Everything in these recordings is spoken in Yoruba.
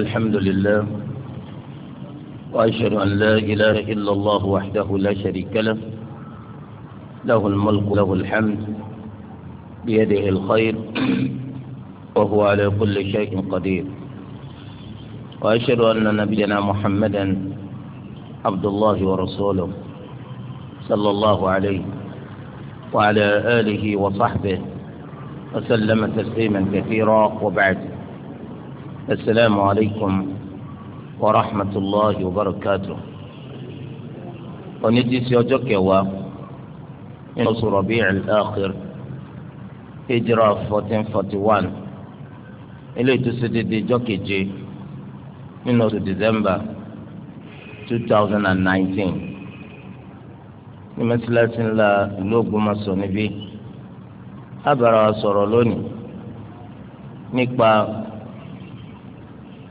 الحمد لله وأشهد أن لا إله إلا الله وحده لا شريك له له الملك له الحمد بيده الخير وهو على كل شيء قدير وأشهد أن نبينا محمدا عبد الله ورسوله صلى الله عليه وعلى آله وصحبه وسلم تسليما كثيرا وبعد السلام عليكم ورحمة الله وبركاته ونجي سيوجك يوا نص ربيع الآخر هجرة 1441 إلي تسدد جوكي جي من نص ديسمبر 2019 ní mẹ́tíláṣí ńlá ìlú Ògbómọ̀ṣọ́ abara wa sọ̀rọ̀ lónìí nípa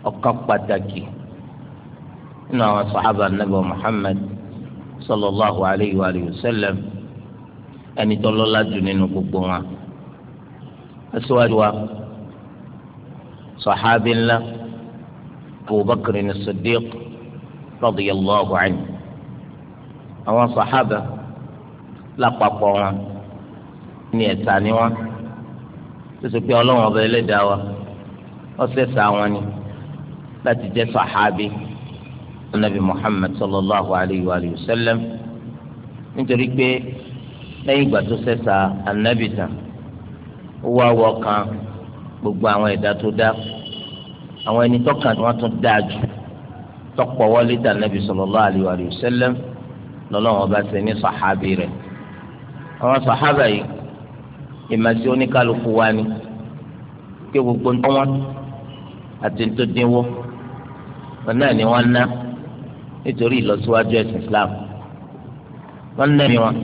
ọ̀kan pàtàkì nínú àwọn sàhábà nàbà Muhammad sallallahu alayhi wa sallam ẹni tó lọ́lá jù nínú gbogbo wọn aṣíwájú wa sàhábì ńlá Abubakar ní Siddiq radiyallahu anhu àwọn sàhábà lápapọ̀ wọn ní ẹ̀ta ni wọ́n tó ṣe pé ọlọ́run ọba ẹlẹ́dàá wa ọ̀sẹ̀sà wọn ni láti jẹ́ sàhábì anabi muhammad sallallahu alayhi wa sallam nítorí pé lẹ́yìn ìgbà tó ṣẹ̀sà anabi tán ó wá wọ kan gbogbo àwọn ẹ̀dá tó dá àwọn ẹni tọ́kàn wọn tún dáa jù tọ́pọ̀ wọlé tà anabi sallallahu alayhi wa sallam lọ́lọ́run ọba ṣe ní sàhábì rẹ̀ àwọn sàhábà yìí ìmàsí oníkálukú wa ni kí gbogbo ń tọ́ wọn àti ń tó dínwó wọn náà ni wọ́n ná nítorí ìlọsíwájú ẹ̀sìn Islam wọ́n ná ẹ̀mí wọn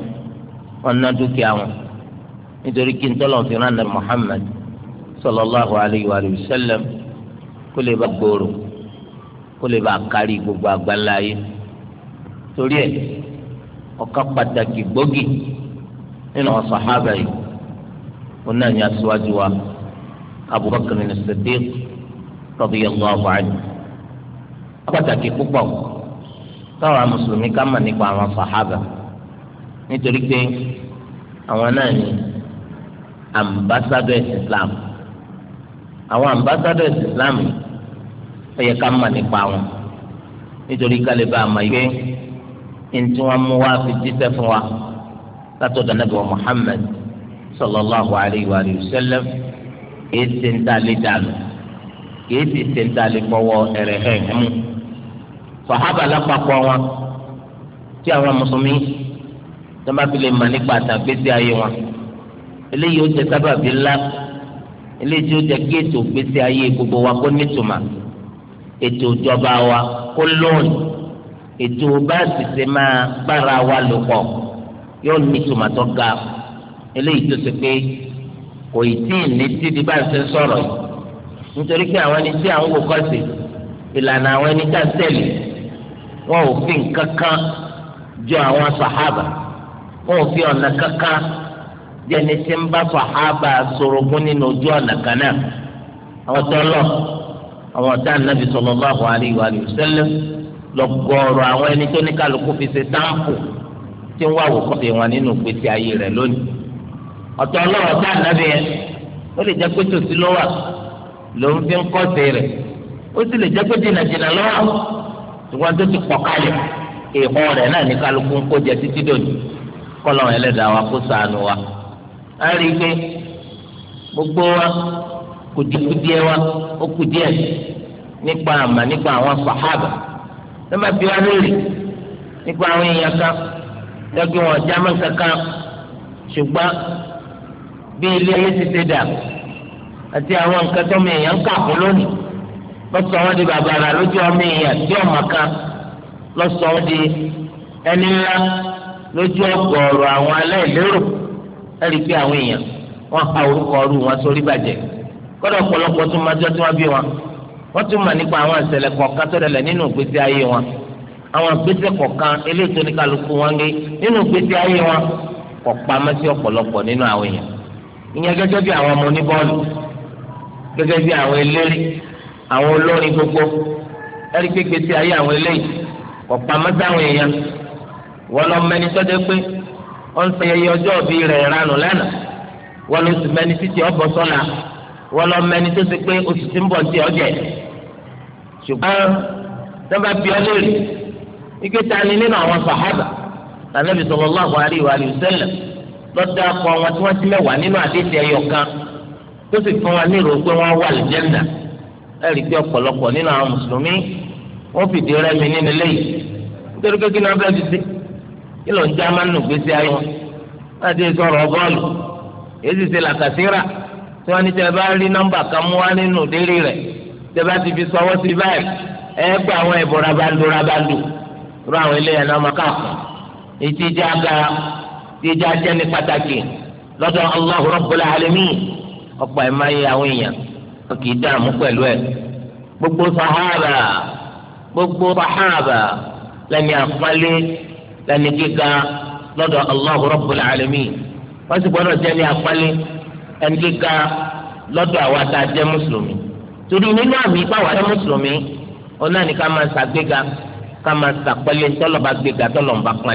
wọ́n ná dúkìá wọn nítorí kí n tọ́lọ̀ fi rán nàbì Muhammad sallallahu alayhi wa sallam kó lè bá gbòòrò kó lè bá kárí gbogbo àgbáńlá yìí torí ẹ̀ ọ̀kan pàtàkì gbòógì nínú àwọn sàhábà yìí òun náà ní aṣíwájú wa abubakar ní sadiq radiyallahu anhu pàtàkì púpọ̀ táwọn mùsùlùmí ká mà nípa àwọn sàhábà nítorí pé àwọn náà ní ambassadors islam àwọn ambassadors islam ó yẹ ká mà nípa wọn nítorí kálí bá a mọ̀ pé ntí wọn mú wá fi jíṣẹ́ fún wa látọ̀dọ̀ nàbẹ̀wò muhammed. صلى الله عليه وآله وسلم ti ń dalé dànù kìí ti ti ń dalé kọ́wọ́ ẹ̀rẹ̀ hẹ̀ mú. sàhábà lápapọ̀ wọn tí àwọn mùsùlùmí tó bá fi lè mọ̀ nípa àtàgbèsè ayé wọn eléyìí ó jẹ sábàbí ńlá eléyìí tí ó jẹ kí ètò ayé gbogbo wa kó nítumà ètò ìjọba wa kó lóòn ètò bá sì ṣe máa bára wa lò pọ̀ yóò nítumà tó ga eléyìí tó ṣe pé kò ì tí ì ní tí di bá ṣe ń sọ̀rọ̀ yìí nítorí pé àwọn ẹni tí à ń wò kọ́sì ìlànà àwọn ẹni tá tẹ̀lé wọn ò fi nǹkan kan jọ àwọn sàhábà wọn ò fi ọ̀nà kankan jẹ́ ẹni tí ń bá sàhábà sorogún nínú ojú ọ̀nà kan náà àwọn tọ́lọ̀ àwọn ọ̀tá nàbì sallallahu alaihi wa sallam lọ́gọ́ọ̀rọ̀ àwọn ẹni tó ní kálukú fi ṣe sáǹpù tí ń wá wò kọ́sì wọn nínú ìgbésí ayé rẹ̀ lónìí. ọ̀tọ̀ ọlọ́run ọ̀tá ànábì yẹn ó lè jẹ́ pé tòsí ló lòun fi ń kọ́ sí rẹ̀ ó sì lè jẹ́ pé tó ti náà ní kálukú ń jẹ títí dòní wa kó ṣàánú wa á rí i pé gbogbo wa kùdìkùdìẹ wa ó kù nípa àmà nípa àwọn sàhábà ẹ má bí wa lórí nípa àwọn èèyàn kan wọn kankan ṣùgbọ́n bí ilé ayé ti ṣe dà àti àwọn nǹkan tó mi èèyàn kà fún lónìí lọ́sọ̀ wọn di bàbàrà lójú ọmọ èèyàn tí ọmọ kan lọ́sọ̀ wọn di ẹni ńlá lójú ọgọ́rọ̀ àwọn aláìlérò ẹ̀rí pé àwọn èèyàn wọ́n ha orúkọ ọrú wọn sórí bàjẹ́ kọ́dọ̀ ọ̀pọ̀lọpọ̀ tún máa jọ tí wọ́n bí wọn wọ́n tún mọ̀ nípa àwọn ìṣẹ̀lẹ̀ kọ̀ọ̀kan tó dẹ̀lẹ̀ nínú ìgbésí ayé wọn àwọn ìgbésẹ̀ kọ̀ọ̀kan eléyìí tó ní kálukú wọn gé nínú ìgbésí ayé wọn kọ̀ pamọ́ ọ̀pọ̀lọpọ̀ nínú àwọn èèyàn ìyẹn gẹ́gẹ́ bí àwọn ọmọ oníbọ́ọ̀lù gẹ́gẹ́ bí àwọn eléré àwọn olórin gbogbo ẹ̀rí pépé tí ayé àwọn eléyìí ọ̀pá mọ́tàwọn èèyàn wọ́n lọ mẹ́ni tọ́jọ́ pé wọ́n sọ ẹyẹ ọjọ́ òbí rẹ̀ ránù lánàá wọ́n lọ títí lọ tó ti pé oṣù tí ń bọ̀ ti ṣùgbọ́n sábà bí ọ léèrè ike ta nínú àwọn sàhábà lànà lọ́dọ̀ akọ wọn tí wọ́n ti mẹ́wàá nínú àdéhìí ẹyọ kan tó sì fún wa nírò pé wọ́n wà lìjẹ́nà ẹ̀rí pé ọ̀pọ̀lọpọ̀ nínú àwọn mùsùlùmí wọ́n fìdí rẹmi nínú eléyìí nítorí pé kí ni wọ́n fẹ́ ti ṣe kí ló ń já máa ń nù gbèsè ayé wọn láti sọ̀rọ̀ bọ́ọ̀lù èyí ṣe làkàṣírà tí wọ́n ní tẹ́ bá rí nọ́mbà kan mú wá nínú dérí rẹ̀ tẹ́ bá ti fi sọwọ́ sí báyìí ẹ jíjẹ ajẹni pàtàkì lọ́dọ̀ Allahu Rabbul Alamin ọ̀pọ̀ ẹ̀ máa ń yẹ àwọn èèyàn wọn kì í dààmú pẹ̀lú ẹ̀ gbogbo sahaba gbogbo sahaba lẹ́ni àpọ́nlé lẹ́ni lọ́dọ̀ Allahu Rabbul Alamin wọ́n sì gbọ́dọ̀ jẹ́ ní lọ́dọ̀ a mùsùlùmí torí nínú àmì ìpàwọ́ mùsùlùmí ká máa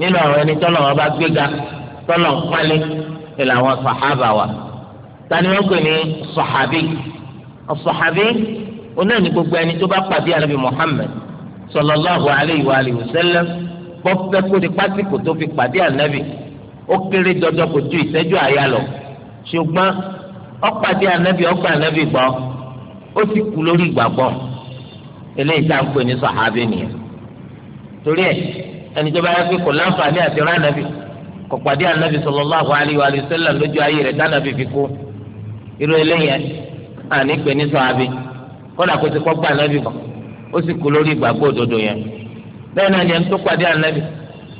nínú àwọn ẹni tọ́lọ̀ wọn bá gbéga tọ́lọ̀ ń pálí ni làwọn sàhábà wà tani wọn pè ní sàhábì sàhábì onáà ní gbogbo ẹni tó bá pàdé ànábì Muhammad sallallahu alayhi wa alihi wa sallam bọ́fẹ́ kó di pásíkò tó fi pàdé ànábì ó kéré jọjọ kò ju ìṣẹ́jú àyà lọ ṣùgbọ́n ó pàdé ànábì ó gba ó sì kú lórí ìgbàgbọ́ eléyìí tá à ń pè ní sàhábì nìyẹn torí ẹ̀ ẹni tó bá yẹ pé kò láǹfààní àti rán ànábì kò pàdé ànábì sallallahu alaihi wa sallam lójú ayé rẹ̀ tánàbì fi kú irú eléyẹn àní pè ní sàhábì kọ́nà kó ti kọ́ gbà ànábì bọ̀ ó sì kú lórí ìgbàgbọ́ òdodo yẹn bẹ́ẹ̀ náà yẹn tó pàdé ànábì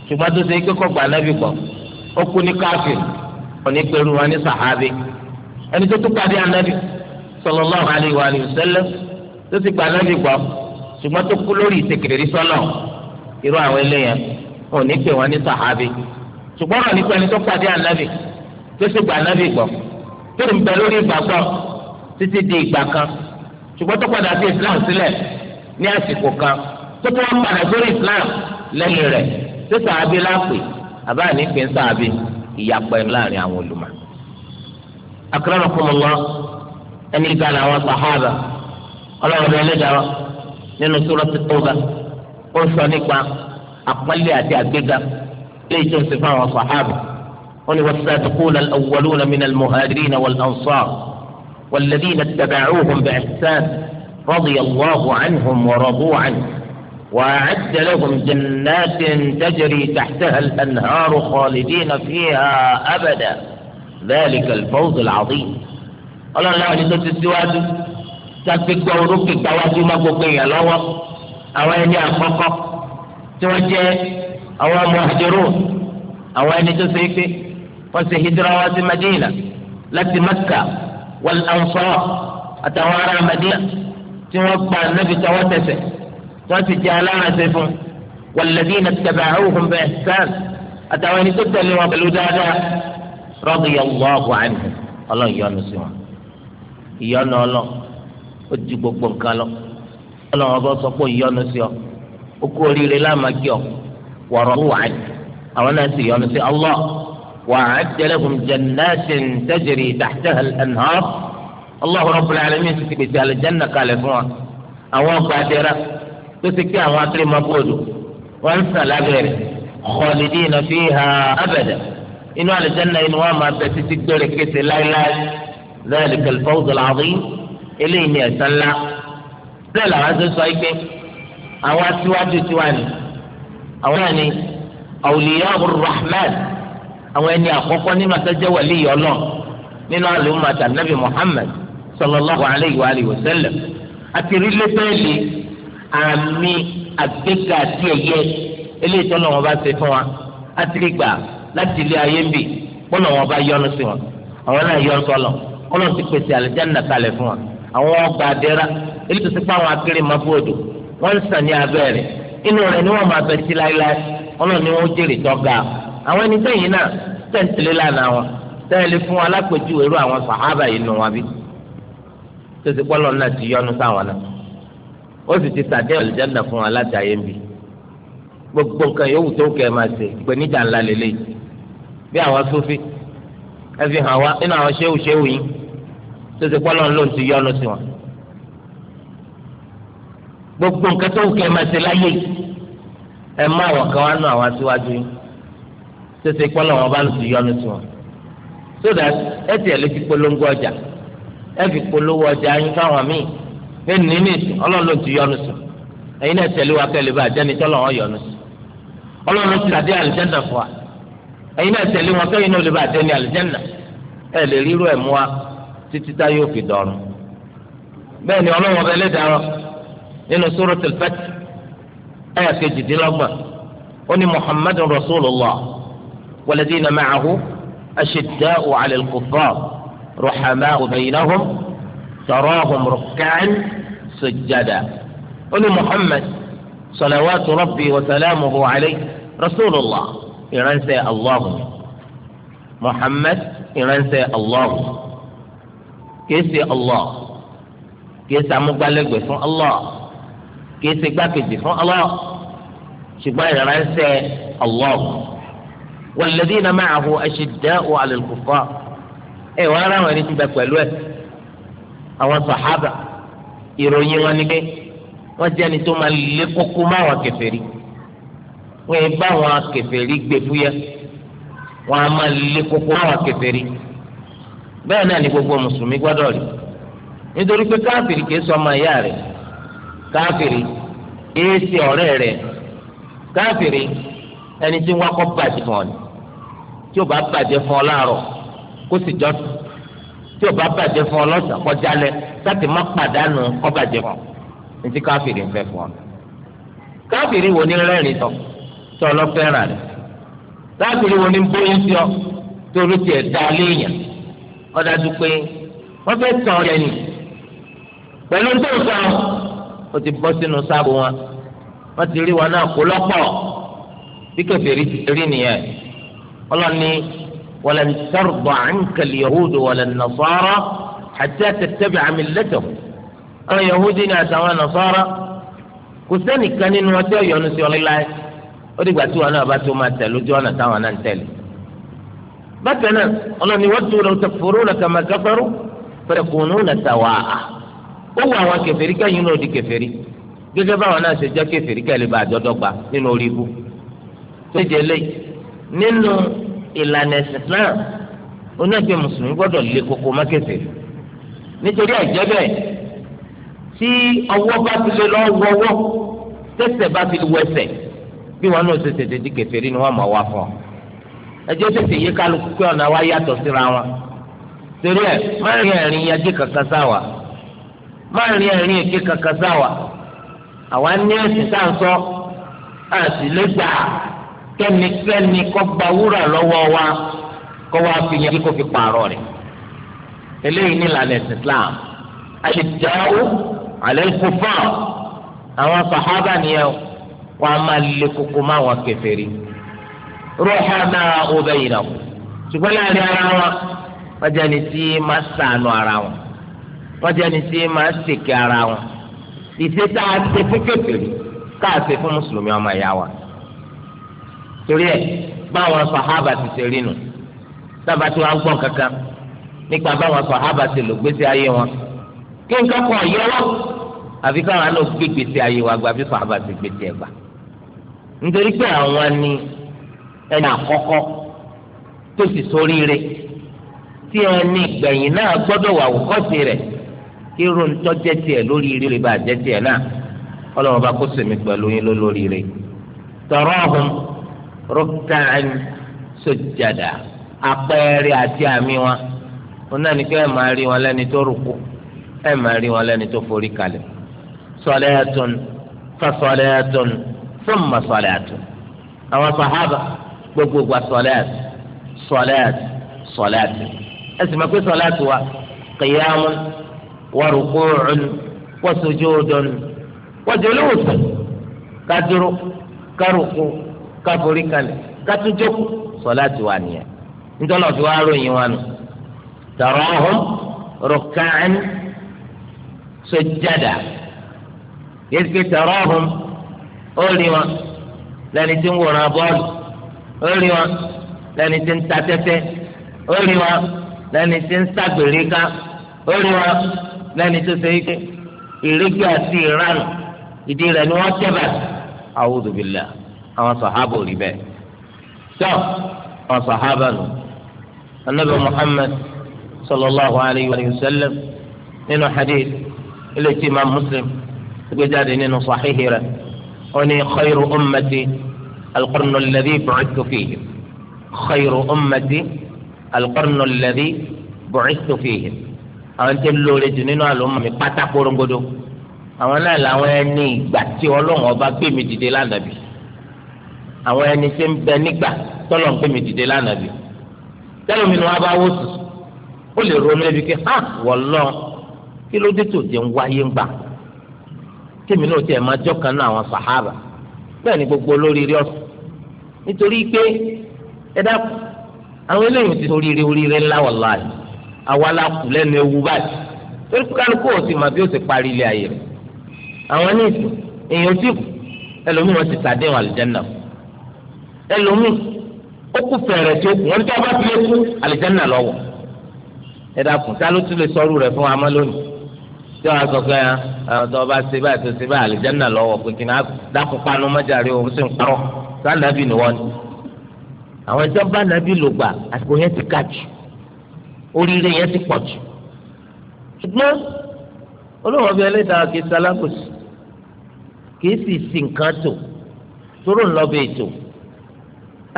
ṣùgbọ́n tó ṣe é kékọ́ gbà ànábì bọ̀ ó kú ní káfíìn òní pẹ̀lú wọn ní sàhábì ẹni tó tó pàdé ànábì sallallahu alaihi wa sallam tó ti gbà ànábì bọ̀ ṣùgbọ́n tó kú lórí ìṣèkèrè irú àwọn eléyẹn ò pè wọ́n ní sàhábì ṣùgbọ́n wọ́n nípa ẹni tó pàdé ànábì tó sì gba ànábì gbọ́ tó ń bẹ lórí ìgbàgbọ́ títí di ìgbà kan ṣùgbọ́n tó padà sí islam sílẹ̀ ní àsìkò kan tó tó wọ́n padà sórí islam lẹ́yìn rẹ̀ tó sàábí lápè àbá nípe ń sàábí ìyapẹ́ láàrin àwọn olùmọ̀. akramakumullah ẹni gba làwọn sàhábà ọlọ́run ẹlẹ́dàá nínú súrà ó sọ nípa àpọ́nlé àti àgbéga léyìí tó fún àwọn sàhábù fáwọn sàhábà wọ́n ó ní was-sābiqūna al-awwalūna mina al-muhājirīna wal-ansār والذين اتبعوهم بإحسان رضي الله عنهم ورضوا عنه وأعد لهم جنات تجري تحتها الأنهار خالدين فيها أبدا ذلك الفوز العظيم ọlọ́run láwọn ẹni tó ti síwájú tá a fi gbọ́ orókè gbáwájú má gbogbo èèyàn lọ́wọ́ àwọn ẹni àkọ́kọ́ tí wọ́n jẹ́ àwọn muhajirun àwọn ẹni tó ṣe é pé wọ́n ṣe hijira wá sí Madina láti Makka wal ansar àtàwọn ará Madina tí wọ́n gba anabi tọwọ́ tẹsẹ̀ tí wọ́n sì jẹ́ alárànṣẹ́ fún walladhina taba'uhum bi ihsan àtàwọn ẹni tó tẹ̀lé wọn pẹ̀lú dáadáa radiyallahu anhum ọlọ́run yọ́nú sí wọn ìyọ́nú ọlọ́ ó ju gbogbo nǹkan lọ ọlọ́run ọba sọ pé ìyọnu sí ọ ó kú oríire lámàkí ọ wọ̀rọ̀ wàá àwọn náà sì yọnu sí Allah وأعد لهم جنات تجري تحتها الأنهار الله رب العالمين تتبت على الجنة قال فوان أوان قادرة تتكي أوان كريم مبود وأنسى لا غير خالدين فيها أبدا إنه على الجنة إنه ما تتتك دورك لا لا ذلك الفوز العظيم إليه يسلى bẹ́ẹ̀ làwọn ṣe sọ pé àwọn aṣíwájú tiwa ni àwọn náà ni awliya rahman àwọn ẹni àkọ́kọ́ nínú àtẹ́jẹ́ wà lè yọlọ nínú àlùmọ̀tà nabi muhammad sallallahu alayhi wa alihi wa sallam àti rílé bẹ́ẹ̀lì àmì àgbéga àti ẹ̀yẹ eléyìí tọ́lọ̀ wọn bá ṣe fún wa láti rí gbà láti ilé ayé ń bì kọ́lọ̀ wọn bá yọ́nú sí wọn àwọn náà yọ́nú sọ́lọ̀ kọ́lọ̀ ti pèsè àlùjánnà kalẹ̀ fún wa àwọn ọgbà àdẹ́rà èyí tó ti pa àwọn akéré máa bú odò wọ́n ń sàn ní abẹ́ rẹ̀ inú rẹ̀ ni wọ́n máa bẹ sí láéláé ọlọ́run ni wọ́n jèrè tọ́ga àwọn ẹni tẹ̀yìn náà tẹ̀ǹtẹ̀lé lánàá wọn tẹ́lẹ̀ fún alápèjúwe irú àwọn sàhábà yìí nù wọn bí tó ti pọ́ lọ́nà ti yọnu sáwọn náà ó sì ti tàdé àlùjánnà fún wọn láti ayé ń bì gbogbo nǹkan yòówù tó kẹ́ ẹ máa ṣe ìpèníjà ńlá lélẹ́yìí bí àwọn sófì ẹ fi hàn wá nínú àwọn ṣéwù ṣéwù yìí tó ti pọ́ lọ́nà ló ń ti yọnu sí wọn. gbogbo nǹkan tó ń kẹ́ ẹ máa ṣe láyé ẹ má àwọn kan wá nù àwọn aṣíwájú yín so that ẹ tiẹ̀ lè fi polongo ọjà ẹ fi polówó ọjà yín fáwọn míì ìsìn ọlọ́run ló ti ẹ̀yin náà tẹ̀lé wa kẹ́lẹ́ bá tọ́lọ̀ wọn ọlọ́run ti dàdé fún wa ẹ̀yin náà tẹ̀lé wọn kẹ́yìn náà lè bá lè wa títí nínú suratul Fath ayà kejìdínlọ́gbọ̀n ó ní muhammadu rasulillah rasulullah walladhina ma'ahu ashidda'u 'ala al-kuffar ruhama'u baynahum tarahum ruk'an sujjada ó ní muhammad salawatu rabbi wa salamuhu 'alayhi rasulullah ìránṣẹ́ allahu muhammad ìránṣẹ́ allahu kìí ṣe allah kìí ṣe amúgbálẹ́gbẹ̀ẹ́ fún allah. kì í ṣe gbákejì fún Allah ṣùgbọ́n ìránṣẹ́ Allah walladhina ma'ahu ashidda'u 'ala al-kuffar ẹ wọ́n ara wọn ni ti bẹ pẹ̀lú ẹ̀ àwọn sàhábà ìròyìn wọn ni pé wọ́n jẹ́ ẹni tó máa lé kókó má wọn kèfèrí wọ́n yẹ bá wọn kèfèrí gbé fúyẹ́ wọ́n á máa lé kókó má wọn kèfèrí bẹ́ẹ̀ náà ni gbogbo mùsùlùmí gbọ́dọ̀ rí nítorí pé káfíìrì kìí sọ ọmọ ìyá rẹ̀ káfìrí e ọ̀rẹ́ rẹ̀ káfìrí ẹni tí wọ́n kọ́ bàjẹ́ fún ọ ni tí o bá bàjẹ́ fún ọ láàárọ̀ kó sì jọ́ tí o bá bàjẹ́ lẹ má pàdánù kọ́ bàjẹ́ fún ọ káfìrí wo ni rẹ́rìn tọ̀ tí ọ wo ni bóyún sí ọ torí tiẹ̀ dá léèyàn pé wọ́n fẹ́ ọ ni pẹ̀lú ó ti bọ́ sínú sáàbù wọn wọ́n ti rí wọn náà kó lọ́pọ̀ bí kèfèrí ti rí nìyẹn ọlọ́ni walan tarda anka al-yahudu walan nasara hatta tattabi'a millatahum àwọn yahudi ní àtàwọn nasara kò sẹ́nìkan nínú wọn tí sí ọlọ́lá yẹn ó dìgbà tí wọn náà bá tó máa tẹ̀ lójú ọ̀nà táwọn náà ń tẹ̀lé bákan náà ọlọ́ni waddu law takfuruna kama ó wù àwọn kèfèrí kẹ́yìn náà di kèfèrí gẹ́gẹ́ báwọn náà ṣe jẹ́ kèfèrí kẹ́lẹ́ bá àjọ dọ́gba nínú orí ibú tó jẹ́ lé nínú ìlànà ẹ̀sìn náà onígbẹ́ mùsùlùmí gbọ́dọ̀ lé koko má kèfèrí nítorí àìjẹ́ bẹ́ẹ̀ tí ọwọ́ bá ti lé lọ́wọ́ wọ́wọ́ tẹ́sẹ̀ bá ti wọ ẹsẹ̀ bí wọn náà ṣe tètè di kèfèrí ni wọ́n mọ̀ wá fún ọ ẹjọ́ tètè yé kálukú pé ọ̀nà wa yàtọ̀ síra wọn torí ẹ̀ má rìn ẹ̀rìn yajé kankan sáwàá má rin ẹ̀rín èké kankan sáwà àwa ní ẹ̀sìn tá à ń sọ àti lẹ́gbà kẹ́nikẹ́ni kọ́ gba wúrà lọ́wọ́ wa kọ́ wa fi yẹn kí kò fi pààrọ̀ rẹ̀ eléyìí ní ìlànà ẹ̀sìn Islam àṣìjáwó alẹ́ kò àwọn sàhábà nìyẹn wọn a máa lé koko má wọn kèfèrí rọ́ọ̀hà náà ó bẹ̀ yìí náà ṣùgbọ́n láàrin ara wọn wọ́n ni tí máa sànù ara wọn. wọ́n jẹ́ ẹni tí máa ṣèké ara wọn ìṣe tá a ṣe fún kékeré ká a ṣe fún wa torí ẹ báwọn sàhábà ti ṣe rí nù sábà tí wọ́n gbọ́n kankan nípa báwọn sàhábà ti lò gbèsè ayé wọn kí nǹkan kan yọ wọ́n àfi káwọn náà gbé gbèsè ayé wa gba ti gbèsè ẹ̀ gbà nítorí pé àwọn ni ẹni àkọ́kọ́ tó sì kí irun tó jẹ́ tiẹ̀ lórí ire lè bá jẹ́ tiẹ̀ náà ọlọ́wọ́n bá kó sèmi pẹ̀lú yín lórí ire tọrọ ọ̀hún rúkàn sójàdà apẹ́ẹ́rẹ́ àti àmì wọn wọn náà ní kí ẹ máa rí wọn lẹ́ni tó rúkú ẹ máa rí wọn lẹ́ni tó forí kalẹ̀ sọlẹ́ẹ̀tún fẹsọlẹ́ẹ̀tún fúnmọ̀ sọlẹ́ẹ̀tún àwọn sàhábà gbogbo gba sọlẹ́ẹ̀tún sọlẹ́ẹ̀tún sọlẹ́ẹ̀tún ẹ sì máa pé sọlẹ́ẹ̀tún wa kìyàmù. وركوع وسجود وجلوس كدرو كركو كفركل كتجوك صلاة وانية انت لو توارو يوانو تراهم ركعا سجدا يذكر تراهم أولي lẹni tí ń wòran bọ́ọ̀lù ó rí wọn lẹni tí ń ta tẹ́tẹ́ ó rí wọn lẹni tí ń ṣàgbèrè ká ó rí wọn lẹ́ni tó ṣe é pé ìrégbé àti ìran ìdí rẹ̀ ni wọ́n tẹ̀ bàtì a'udhu billah àwọn sàhábà rí bẹ́ẹ̀ sọ àwọn sàhábà nù anabi muhammed sallallahu alayhi wa sallam nínú hadith ilé tí imam muslim gbé jáde nínú sahihi rẹ̀ ó ní khayru ummati alqurnu ladi bu'ithtu fihim khayru ummati alqurnu ladi bu'ithtu fihim. àwọn tí ń lóore jù nínú àlùmọ́ mi pátá korongodo àwọn náà làwọn ẹni ìgbà tí ọlọ́run ọba gbé mi dìde lánàbì àwọn ẹni tí ń bẹ nígbà tọ́lọ̀ ń gbé mi dìde lánàbì tẹ́lómi ni wọ́n bá wò sùn ó lè ronú ẹbí kí hàn wọ́lọ́ kí ló dé tó jẹ́ ń wáyé ń gbà tèmi náà tiẹ̀ máa jọ́kan náà àwọn sàhábà bẹ́ẹ̀ ni gbogbo olóríire ọ̀sùn nítorí pé ẹ dákun àwọn eléyìí ti sọ oríire oríire ńlá wàláhì àwa la kù lẹ́nu ewu báyìí torí kálukú ò sì mà bí ó sì parí ilé ayé rẹ̀ àwọn ní ìsìn èèyàn ti kù ẹlòmíì wọn ti sàdéhùn àlùjáná ẹlòmíì ó kú fẹ̀rẹ̀ tó kù wọn ní tí wọn bá fi lé kú àlùjáná lọ́wọ́ ẹ dàkún tá ló tún lè sọ ọrú fún wa mọ́ lónìí tí wọn sọ pé ah, àwọn tó ṣe báyìí tó ṣe báyìí àlùjáná lọ́wọ́ pé kí n dákun panu mọ́jàre òun sì ń parọ́ sáà nàbì nìwọ́n àwọn ìjọba nàbì lògbà àsìkò yẹn ti ká jù oríire yẹn ti pọ̀ jù ṣùgbọ́n olóòwò bíi ẹlẹ́dàá kì í salábòsì kì í sì sí nǹkan tò tóró ńlọbẹ ètò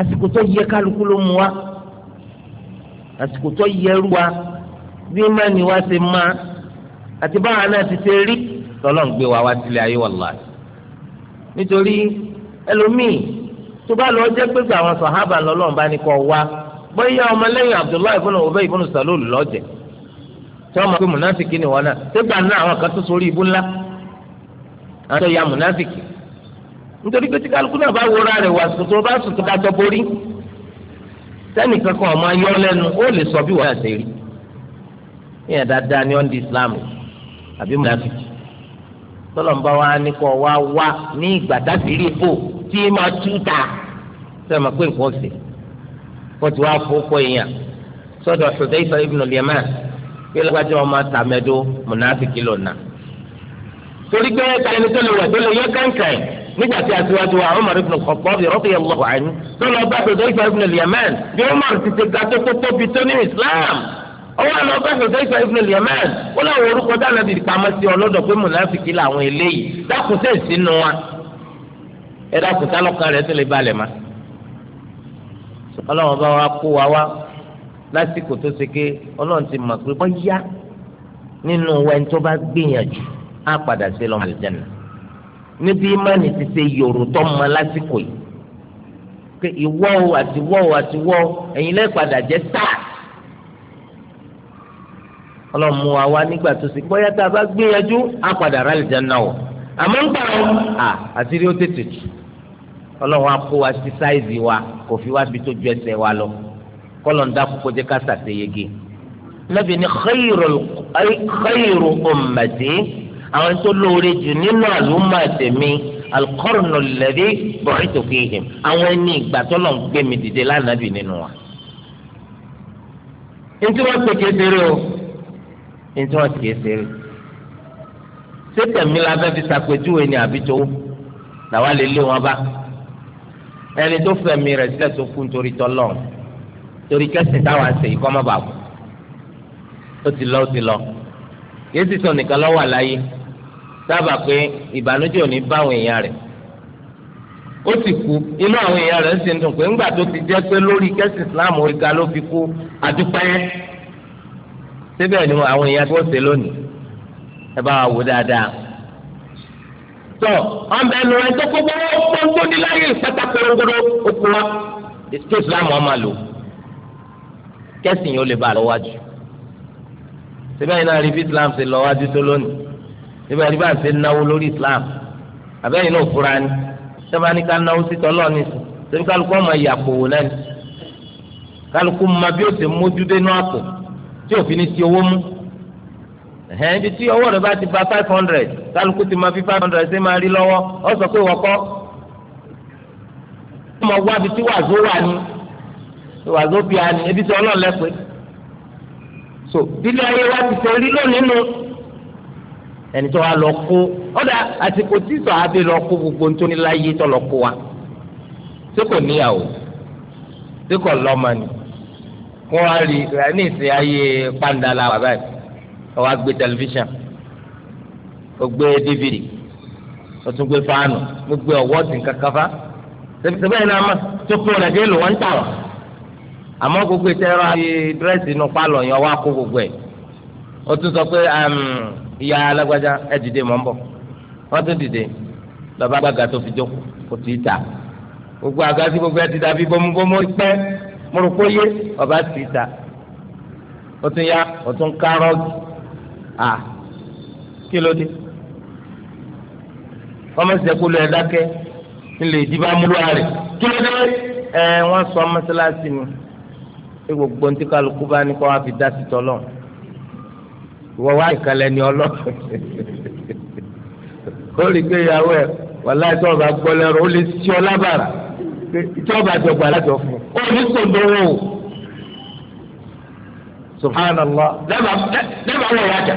àsìkò tó yẹ kálukú ló mu wa àsìkò tó yẹ rú wa bí mẹ́ni wa ṣe má àti báwa náà ti ṣe rí tọ́lọ́n gbé wa wá sílé ayé wàlláhì nítorí ẹlòmíì tó bá lọ jẹ́ pé gbà àwọn sàhábà lọ́lọ́run bá ní bóyá ọmọlẹ́yìn abdullahi ibùnú ọbẹ̀ ibùnú salul lọ́jẹ̀ tí wọ́n máa pé munafiki ni wọn náà tẹ́gbà náà àwọn kan tó sórí ibú ńlá àwọn tó ya munafiki nítorí pé tí kálukú náà bá wúra rẹ̀ wà sùn bá sùn dájọ́ borí sẹ́nìkan kan ọmọ ayọ́ lẹ́nu ó lè sọ bí wọ́n ṣe rí ìyẹn dáadáa ni wọ́n di islam àbí munafiki tọ́lọ̀mùbá wa ní kọ́ wa wá ní ìgbà dábìrì ipò tí máa tú ta wọ́n ti wá fọ́kọ èèyàn sọ́dọ̀ Hudayfa ibn al-Yaman pé lágbájá ọmọ tàmẹ́dó mùnáfíkì lọ́nà. torí pé ẹni tó lè wẹ̀ tó lè yẹ kankan nígbà tí aṣíwájú wa Umar ibn al-Khattab radiyallahu anhu tó lọ bá Hudayfa ibn al-Yaman bí Umar ti ti ga tó tó tóbi tó ní Islam ọwọ́ àlọ́ bá Hudayfa ibn al-Yaman ó láwọn orúkọ dáná ti pamọ́ sí ọlọ́dọ̀ pé mùnáfíkì làwọn eléyìí dákùtẹ́ sínú wa ẹ dákùtẹ́ alọ́kàn rẹ̀ tó lè balẹ̀ máa ọlọ́run bá wa kó wa wá lásìkò tó ṣe ké ọlọ́run ti mọ̀ pé wọ́n yá nínú wẹ́n tó bá gbìyànjú á padà sí lọ́mọ àlùjáná níbi ìmánì ti ṣe yòrò tó mọ lásìkò yìí pé ìwọ́ o àti wọ́ o àti wọ́ ẹ̀yin lẹ́ẹ̀ padà jẹ́ táà ọlọ́run mú wa wá nígbà tó ṣe bóyá tá a bá gbìyànjú á padà rà àlùjáná wọ̀ àmọ́ ń gbà ọ́ àti rí ó tètè jù ọlọ́run á kó wa sí sáìzì wa kò fi wá bi tó ju ẹsẹ̀ wa lọ kọ́lọ̀ ń dákú kó jẹ́ ká sàṣeyege lẹ́bi ni khayru ummati àwọn tó lóore jù nínú àlùmọ́ àtẹ̀mí alukọ́rùnù lẹ́dí bọ̀rẹ́tò kéhìm àwọn ẹni ìgbà tó lọ́n gbé mi dìde lánàbì nínú wa. ntí wọ́n pè ké seré o ntí wọ́n pè ké seré sẹ́tẹ̀mí la fẹ́ fi sàpèjúwe ni àbí tó làwọn lè lé wọn bá ẹni tó fẹ̀mí rẹ̀ sílẹ̀ tó kú nítorí tọ́lọ̀ torí kẹ́sìn táwọn àṣẹ yìí kọ́ má bàa kú ó ti lọ ó ti lọ yéésì sọ nìkan lọ́wọ́ àlàyé sábà pé ìbànújẹ́ ò bá àwọn èèyàn rẹ̀ ó sì kú inú àwọn èèyàn rẹ̀ sì ń dùn pé ńgbà tó ti jẹ́ pé lórí kẹ́sì islam oríga ló fi kú àdúpẹ́ síbẹ̀ ni àwọn èèyàn tó ṣe lónìí ẹ bá wa wò dáadáa tọ ọmọ ẹnu rẹ tó kó gbogbo gbogbo níláyè ìpátá korongodo òkú wa ètò ìsìlámù ọmọ lò kẹsìn yóò lè bá lọ wájú síbẹ̀ yìí náà rí bí islam ṣe lọ wájú tó lónìí síbẹ̀ rí bá ṣe náwó lórí islam àbẹ́yìn náà fura ni sábà ní ká náwó sítọ́ lọ́ọ̀ni sùn síbi kálukú ọmọ ìyà kòwò náà ni kálukú mọ bí ó ṣe mójú dénú àpò tí òfin ti owó mú ẹ̀hẹ́n ibi tí ọwọ́ rẹ bá ti ba five hundred kálukú ti máa fi five hundred ṣe máa rí lọ́wọ́ ọ sọ pé wọ́kọ́ ọmọ wá ibi tí wàzó wà ní wàzó bíi àní ebi tí ọlọ́ọ̀ lẹ́pẹ́ so bílẹ̀ ayé wa ti tẹ̀ rí lónìí nu ẹni tó wa lọ kó ọ̀dà àsìkò tí sọ abẹ lọ kó gbogbo nítorí láyé tó lọ kó wa tí kò níyàwó tí kò lọ́mọ ni wọ́n á rí ní ìsìn ayé pàǹdà la wà báyìí ó wá gbé tẹlifíṣàn ó gbé dvd ó tún gbé fáànù ó gbé ọwọ́ tì ń kankan fa sẹ́fẹ̀sẹ̀ yìí náà mọ̀ tó kún ọ̀nà dé lò wọ́n ń tà wọ́n àmọ́ gbogbo ìtẹ́rọ ayé dírẹ́sì inú pálọ̀ yẹn wá kó gbogbo ẹ̀ ó tún sọ pé um, ìyá alágbájá ẹ̀ dìde mọ́ ń bọ̀ wọ́n tún dìde lọ́ba gbàgà tó fi jókòó kò tí ì tà gbogbo àga tí gbogbo ẹ ti dàbí bọ́múbọ́mú pẹ́ mọ̀rọ̀kọ́ yé ọba ti ta ó tún ya ó tún kárọ́ọ̀gì à kí ló dé ọmọ sẹkulu ẹ dákẹ́ nílẹ̀ ìdìbò amúlùwà rẹ kí ló dé ẹ wọ́n sọ mọ́sálásí mi pé gbogbo ntí kálukú bá ní kó wá fi dá sí tọlọ ìwọ wá ìkàlẹ̀ ni ọlọ ó rí pé ìyàwó ẹ wàlá tí ọba gbọ́ lẹ́rọ ó lè sí ọ lábàrà tí ọba jọgbà lájọ fún ọ ní sọdọ wọn o. سبحان الله wọ̀ yájà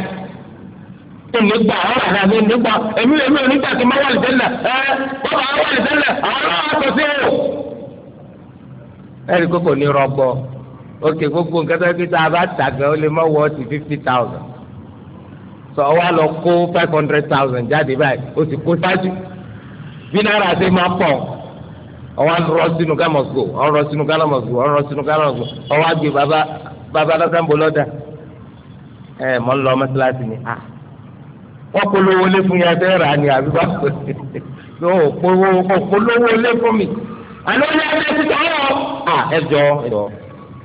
èmi gba àwọn àrà mi nígbà èmi èmi ò nígbà tí mo wà lìtẹ́lẹ̀ ẹ bọ́dà àwọn wà lìtẹ́lẹ̀ àwọn àwọn kò sí o. ẹ̀rí kókò ní rọgbọ òkè gbogbo nǹkan tó fi tá a bá tàgẹ́ ó lè mọ wọ́ ti fifty thousand sọ wá lọ kó five hundred thousand jáde báyìí ó sì kó sáájú bí náírà ṣe máa pọ̀ ọwọ́ rọ sínú gámọ̀sù ọ̀rọ̀ sínú gámọ̀sù ọ̀rọ̀ sínú gámọ̀sù ọwọ́ àgbè bàbá bàbá lọ́sẹ̀ ń bọ̀ lọ́dà ẹ mọ̀ ń lọ mọ́sálásí ni a wọ́n polówó lé fún yẹn fẹ́ rà ni àbí bá kò sí òpolówó lé fún mi àná ní ẹgbẹ́ ti tọ́ ọ. à ẹ jọ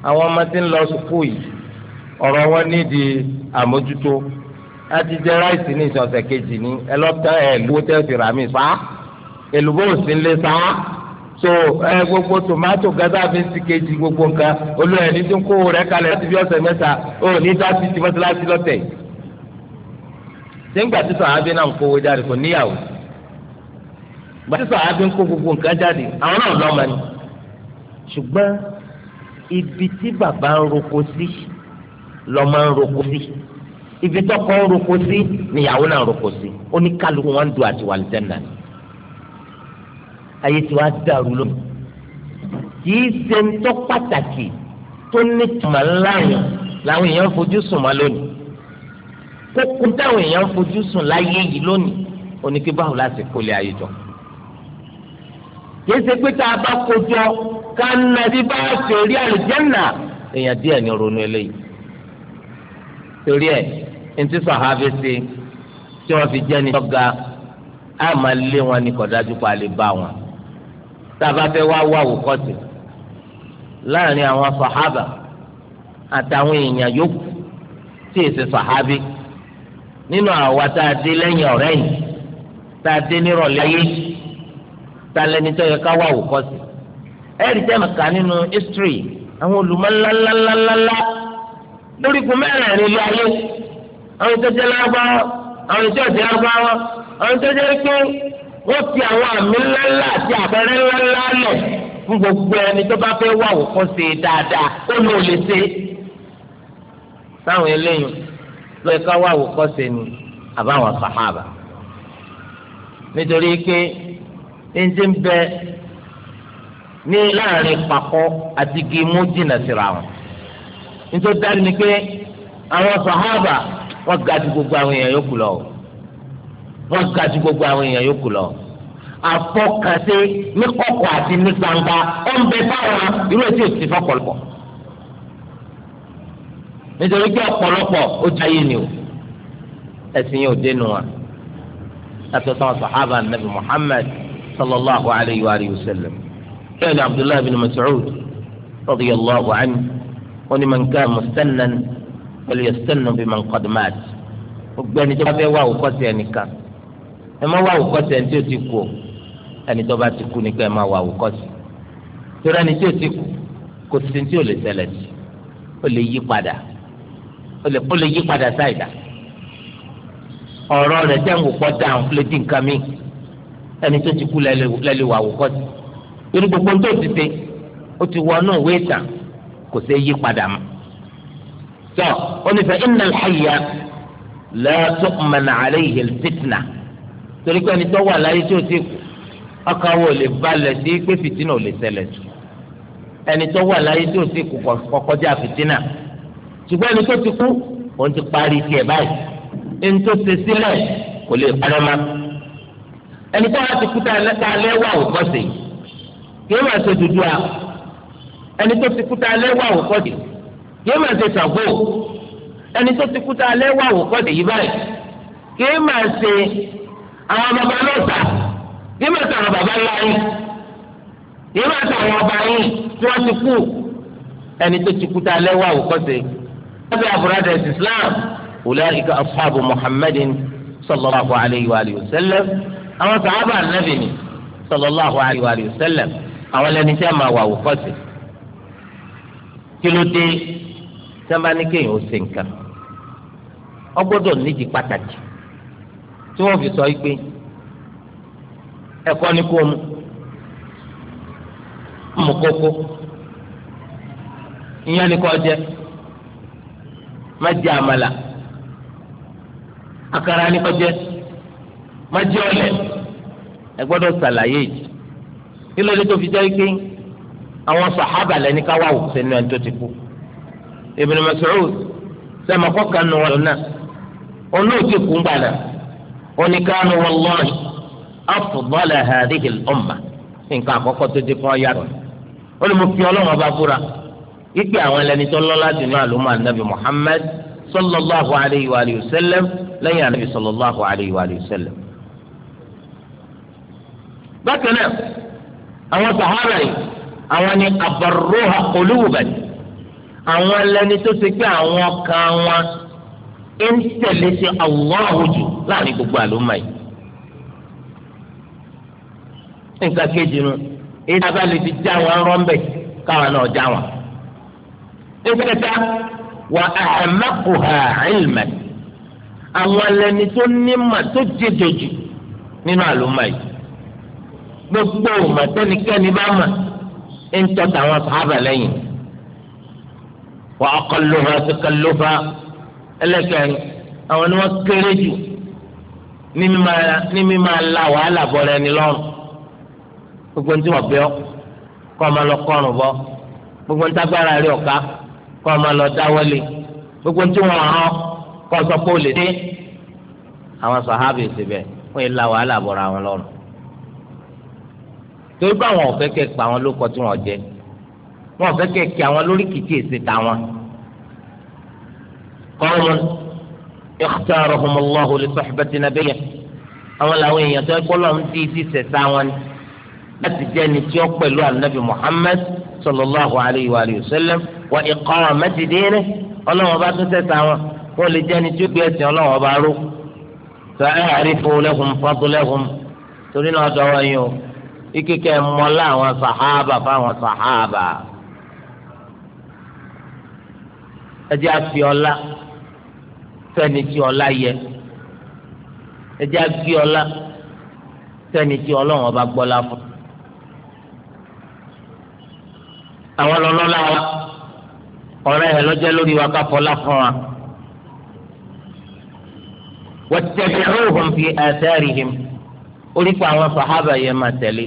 àwọn ọmọ tí ń lọ sùkúù yìí ọ̀rọ̀ wọn nídìí àmójútó láti jẹ ráìsì ní ìsọ̀sẹ̀ kejì ní ẹlọ́tẹ̀ ẹ̀ lówó tẹ́sí rà mí sá èlùbọ́ òsínlé sá so ẹ gbogbo tomato gaza fi ń ti kejì gbogbo nǹkan olú ẹni tó ń kó rẹ kalẹ̀ láti fi ọ̀sẹ̀ mẹ́ta ó ní dási ti mọ́tíláṣí lọ́tẹ̀ sẹ́ńgbà tí sàábí náà ń kówó jáde kò níyàwó gbà tí sàábí ń kó gbogbo nǹkan jáde àwọn náà lọ́mọ ni ṣùgbọ́n ibi tí bàbá ń roko sí lọ́mọ ń roko sí ibi tọkọ ń roko sí níyàwó náà ń roko sí oníkálukú wọn ń du àtiwálẹ̀ tẹ́ ni ayé tí wàá dàrú lónìí kìí ṣe ń tọ́ pàtàkì tó ní tùmọ̀ ńlá yẹn làwọn èèyàn fojú sùn mọ́ lónìí kókó táwọn èèyàn fojú sùn láyé yìí lónìí oníkí báwo láti kólé ayé jọ kìí ṣe pé tá a bá kojọ ká nà bí bá a ṣe rí àlùjẹ́nà èèyàn díẹ̀ ní ronú eléyìí torí ẹ̀ ntí sọ̀hábí sí tí wọ́n fi jẹ́ ní tọ́ga á máa lé wọn ní kọ̀dájú pa lè bá wọn tába fẹ́ wá wá àwòkọ́sì láàrin àwọn sàhábà àtàwọn èèyàn yòókù tí èsì sàhábì nínú àwa tá a dé lẹ́yìn ọ̀rẹ́ yìí tá a dé nírọ̀lẹ́ ayé tá a lẹni tó yẹ ká wá àwòkọ́sì ẹ̀rí tẹ́ màkà nínú history àwọn olùmọ̀ ńláńláńláńlá lórí kun mẹ́rin ilé ayé àwọn tó jẹ́ lárúbáwọ́ àwọn tó jẹ́ lárúbáwọ́ àwọn tó jẹ́ pé wọ́n ti àwọn àmì ńláńlá àti àbẹ̀rẹ̀ ńláńlá lẹ̀ fún gbogbo ẹni tó bá fẹ́ wà òkun ṣe dáadáa ó lò lè ṣe. táwọn eléyìí ló ẹ̀ka wà òkun ṣe ni àbáwọn sàhábà nítorí pé ẹnjẹ ń bẹ ní láàrin pàkọ́ àti gímú jìnnà síra wọn nítorí dájú ni pé àwọn sàhábà wọn ga gbogbo àwọn èèyàn yòókù lọ wọ́n ga ju gbogbo àwọn èèyàn yòókù lọ àfọkàṣe ní kọ̀kọ̀ àti ní gbangba ó ń bẹ fáwọn irú ètò ìsìn fọ́pọ̀lọpọ̀ nítorí pé ọ̀pọ̀lọpọ̀ ó jayé ni o ẹ̀sìn yẹn ò dénú wa láti ọ̀sán sàhábà nàbì Muhammad sallallahu alayhi wa sallam kẹ́lẹ́ Abdullahi bin Mas'ud radiyallahu anhu wọ́n ní man kana mustannan falyustanna biman qad mat gbogbo ẹni tó bá fẹ́ wá òkọ́sí ẹnìkan ẹ má wá àwòkọ́sí ẹni tí ó ti kú o ẹni tó bá ti kú ni pé ẹ má wá àwòkọ́sí torí ẹni tí ó ti kú kò sí tí ó lè ṣẹlẹ̀ sí ó lè yí padà ó lè yí padà sáìdá ọ̀rọ̀ rẹ̀ tẹ́ pọ̀ dáhùn lè nǹkan mi ẹni tó ti kú lẹ́lẹ́ wà àwòkọ́sí torí gbogbo tó ti ṣe ó ti wọnú ìwé ìtàn kò sí yí padà mọ́ tọ́ onífẹ̀ẹ́ innal hayya la tu'man alayhi al-fitna torí pé ẹni tó wà láyé tí ó ti kú ọkàn wo lè balẹ̀ sí pé fìtínà ò lè ṣẹlẹ̀ tù ẹni tó wà láyé tí ó ti kú kọkọjá fìtínà ṣùgbọ́n ẹni tó ti kú òun ti parí tiẹ̀ báyìí ẹni tó ṣe sílẹ̀ kò lè parẹ́ má ẹni tó wà ti kú tá a lẹ́wà ò kọ́ sí kí ó máa ṣe dúdú a ẹni tó ti kú tá a lẹ́wà ò kọ́ sí kí ó máa ṣe sàgbó ẹni tó ti kú tá a lẹ́wà ò kọ́ sí yìí báyìí kí ó máa ṣe àwọn bàbá náà tà yìí máa tà àwọn bàbá ńlá yín yìí máa tà àwọn ọba yín tí wọ́n ti kú ẹni tó ti kú tá a lẹ́wọ́ àwòkọ́sẹ̀ lábẹ́ àbúradà islam ulaika ashabu muhammadin sallallahu alayhi wa sallam àwọn sàhábà ànábì ni sallallahu alayhi wa sallam àwọn lẹni tí a máa wà àwòkọ́sẹ̀ kí ló dé sábà ní kéèyàn pàtàkì tí wọ́n fi sọ yìí pé ẹ̀kọ́ ni kò mu mu kókó ìyẹn ni kò jẹ má jẹ àmàlà àkàrà ni kò jẹ má jẹ ọ̀lẹ̀ ẹ gbọ́dọ̀ ṣàlàyé yìí kí ló dé tó fi jẹ́ pé àwọn sàhábà lẹni ká wà wùsẹ̀ ní ẹni tó ti kú Ibn Mas'ud sẹ́mi akọ́kànnù wọn lọ́nà olóòtú kú ń gbà oníkanu wọlọ́ọ̀nì afdala hadhihi al-umma nǹkan àkọ́kọ́ tó dé kọ́ yàtọ̀ ó ní mo fi ọlọ́run ọba búra ipe àwọn ẹlẹ́ni tó lọ́lá jù ní àlùmọ́ ànábì Muhammad sallallahu alayhi wa sallam lẹ́yìn ànábì sallallahu alayhi wa sallam. bákan náà àwọn sahara yìí àwọn ni abarruha quluban àwọn ẹlẹ́ni tó ti pé àwọn kan wọn. ń tẹ̀lé sí Allahu jù láàrin gbogbo àlùmọ́ yìí. nǹkan kejì nu èyí na a bá já wọn rọ́ńbẹ̀ káwọn náà já wọn. ìfẹ́ta wà ahmaquha ilman àwọn ẹlẹ́ni tó ní mà tó jẹjọjù nínú àlùmọ́ yìí. gbogbo bá mà ń tọ́ta sábà lẹ́yìn. wa aqalluha ẹlẹ́kẹ̀rin àwọn ni wọ́n kéré jù ní mímá la wàhálà bọ̀rẹ̀ ẹni lọ́rùn gbogbo ní tí wọ́n bẹ́ ọ kọ́ ọ máa lọ kọ́rùn bọ́ gbogbo ní tágbára rí ọ̀ka kọ́ ọ lọ dáwọ́lé gbogbo ní tí wọ́n hàn kọ́ sọ pé ó lè dé àwọn sàhábì síbẹ̀ wọ́n yìí la wàhálà bọ̀rẹ̀ àwọn lọ́rùn torí pé àwọn ọ̀fẹ́ kẹ́ pa àwọn lóko tí wọ́n jẹ wọ́n ọ̀fẹ́ kẹ́ kí àwọn lórí kìkì èsì tàwọn. قوم اختارهم الله لصحبة نبيه àwọn làwọn èèyàn tó ẹkọ lọ́n ti ti sẹ̀sà wọn ni láti jẹ́ ẹni tí ó pẹ̀lú anabi muhammed sallallahu alayhi wa sallam wa iqamati dinihi ọlọ́wọ́n bá tún sẹ̀sà wọn wọ́n lè jẹ́ ẹni tí ó gbé ẹ̀sìn ọlọ́wọ́n bá ró fa'arifu lahum fadlahum torí náà dọ̀wọ́ yín o ikíkẹ́ mọ́lá àwọn sàhábà fáwọn sàhábà ẹ jẹ́ àfi ọlá sẹ́ni tí ọlá yẹ ẹjẹ́ agbé ọlá sẹ́ni tí ọlọ́run ọba gbọ́lá fún. àwọn lọ́lọ́lá wa ọ̀rẹ́ ẹ̀ lọ́jọ́ lórí wa ká fọlá fún wa. wattabi'uhum fi atharihim orípa àwọn sàhábà yẹn máa tẹ̀lé.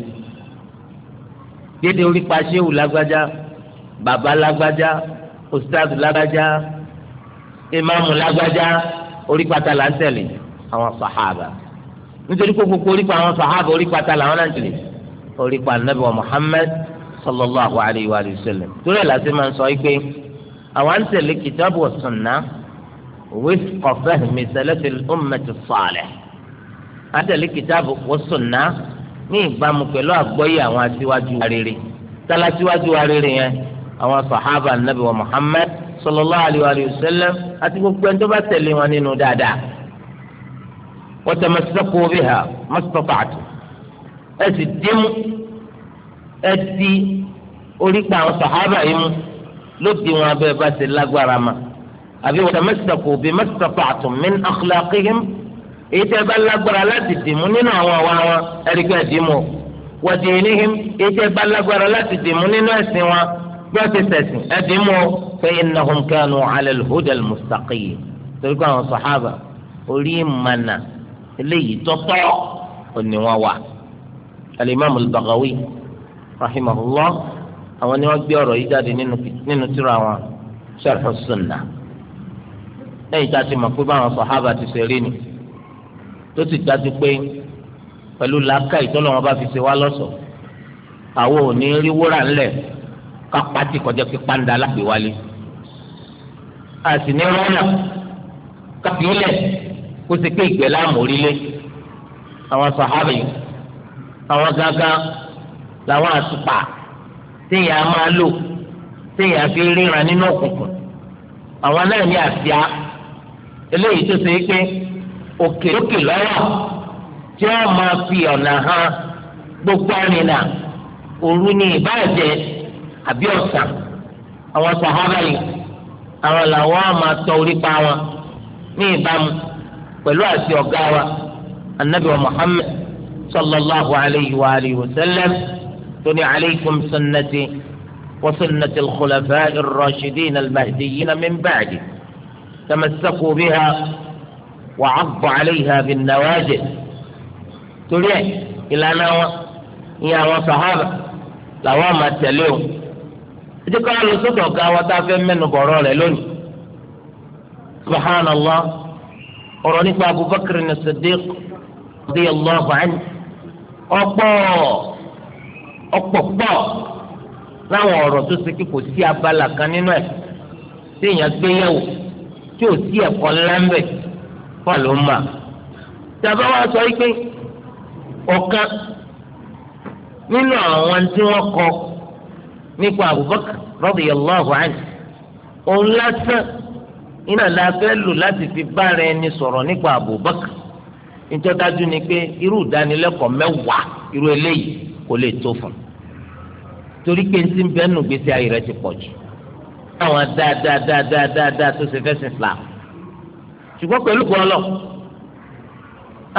dédé orípa ṣéwù lágbájá bàbá lágbájá ustaz lágbájá ìmáàmù lágbájá orípata là ń tẹ̀lé àwọn sàhábà nítorí pé gbogbo orípa àwọn sàhábà orípata làwọn náà tẹ̀lé orípa anabi wa Muhammad sallallahu alayhi wa sallam torí ẹ̀ làásì máa ń sọ pé àwọn ń tẹ̀lé kìtàbù wa sunnah wifqa fahmi salafil ummati salih à ń tẹ̀lé kìtàbù wa sunnah ní ìbámu pẹ̀lú àgbọ́yé àwọn aṣíwájú wa rere tálá aṣíwájú wa rere yẹn àwọn sàhábà anabi wa Muhammad sallallahu alaihi wa sallam àti gbogbo ẹni tó bá tẹ̀lé wọn nínú dáadáa wa tamassaku biha mastata'tum ẹ sì dé mú ẹ di orípa àwọn sàhábà yìí mú lóde wọn abẹ́ bá ti lágbára ma àbí wa tamassaku bi mastata'tum min akhlaqihim èyí tẹ́ bá lágbára láti dìmú nínú àwọn àwa wọn ẹ̀ríkẹ́ dìmú wa dinihim èyí tẹ́ bá lágbára láti dìmú nínú ẹ̀sìn wọn bí wọ́n ti sẹ̀sìn ẹ̀dín mú fa innahum kanu ala al-huda al-mustaqim torí pé àwọn sàhábà orí ìmànà eléyìí tọ́tọ́ òní wọn wà. al-imam al-Baghawi rahimahullah àwọn ni wọ́n gbé ọ̀rọ̀ yìí jáde nínú tírà wọn sharh as-sunnah lẹ́yìn tá a ti mọ̀ pé báwọn sàhábà ti ṣe ni tó ti dájú pé pẹ̀lú làákà ìtọ́lọ́wọ́n bá fi ṣe wá lọ́sọ̀ọ́ àwọn ò ní rí wúrà ńlẹ̀ kápátì kọjá pé pàǹdà alágbèwálé àti ní rọ́nà kápílẹ̀ kó ti pé ìgbẹ́ láàmú orílẹ̀ àwọn sàhábì àwọn gángan làwọn àtùpà téèyàn máa lò téèyàn fi ríran nínú òkùnkùn àwọn náà ní àsíá eléyìí tó ṣe é pé òkè lókè lọ́wọ́ tí wọ́n máa fi ọ̀nà hàn gbogbo àrìnà òru ni ìbáàjẹ́ àbí ọ̀sà àwọn sàhábà yìí àwọn làwọn àmà tọ orí pa wọn ní ìbámu pẹ̀lú àti ọ̀gá wa anabi wa muhammed sallallahu alayhi wa alayhi wa sallam tóní alaykum sannati wa sannati al-khulafa ar-rashidin al-mahdiyyin min ba'di tamassaku biha wa 'addu 'alayha bin-nawajid torí ẹ̀ ìlànà wọn ìyẹn àwọn sàhábà làwọn máa tẹ̀lé o. ẹ jẹ́ ká lọ sọ́dọ̀ ọ̀gá wa tá a fẹ́ mẹ́nu bọ̀rọ̀ rẹ̀ lónìí subhanallah ọ̀rọ̀ nípa abubakar ní sadiq radiyallahu anhu ọ̀pọ̀ ọ̀pọ̀ pọ̀ láwọn ọ̀rọ̀ tó ṣe kí kò sí abala kan nínú ẹ̀ tí èèyàn gbé yẹ̀wò tí ò sí ẹ̀kọ́ ńlá fún àlùmà tàbá wa sọ pé ọ̀kan nínú àwọn tí wọ́n kọ́ nípa Abubakar radiyallahu anhu òun lásán iná la lò láti fi bára ẹni sọ̀rọ̀ nípa Abubakar nítọ́dájú ni pé irú ìdánilẹ́kọ̀ọ́ mẹ́wàá irú eléyìí kò lè tó fún un torí pé ntí bẹ́ẹ̀nù gbèsè ayé rẹ ti pọ̀ jù àwọn dáadáadáadáa tó ṣe fẹ́sìn Islam ṣùgbọ́n pẹ̀lú gbọ́lọ̀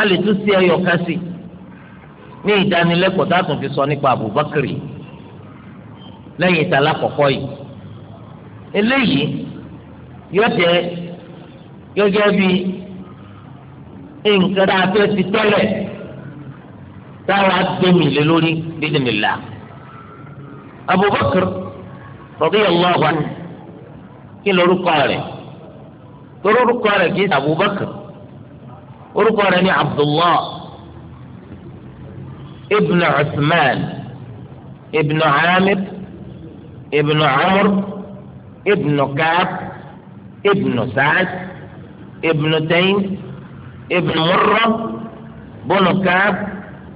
a lè tún sí ẹyọ ní ìdánilẹ́kọ̀ọ́ tá a fi sọ nípa Abubakar lẹ́yìn ìtàlá kọ̀kọ́ yìí eléyìí yóò jẹ́ gẹ́gẹ́ bí nǹkan tá a fẹ́ ti tẹ́lẹ̀ táwa gbẹ̀mí lé lórí bídìmìlá Abubakar radiyallahu anhu kí lorúkọ rẹ̀ lorúkọ rẹ̀ kì í Abubakar orúkọ rẹ̀ ní Abdullah ibn Uthman ibn Amir. ابن amr ابن كعب ابن سعد ابن تيم ابن murra بن كعب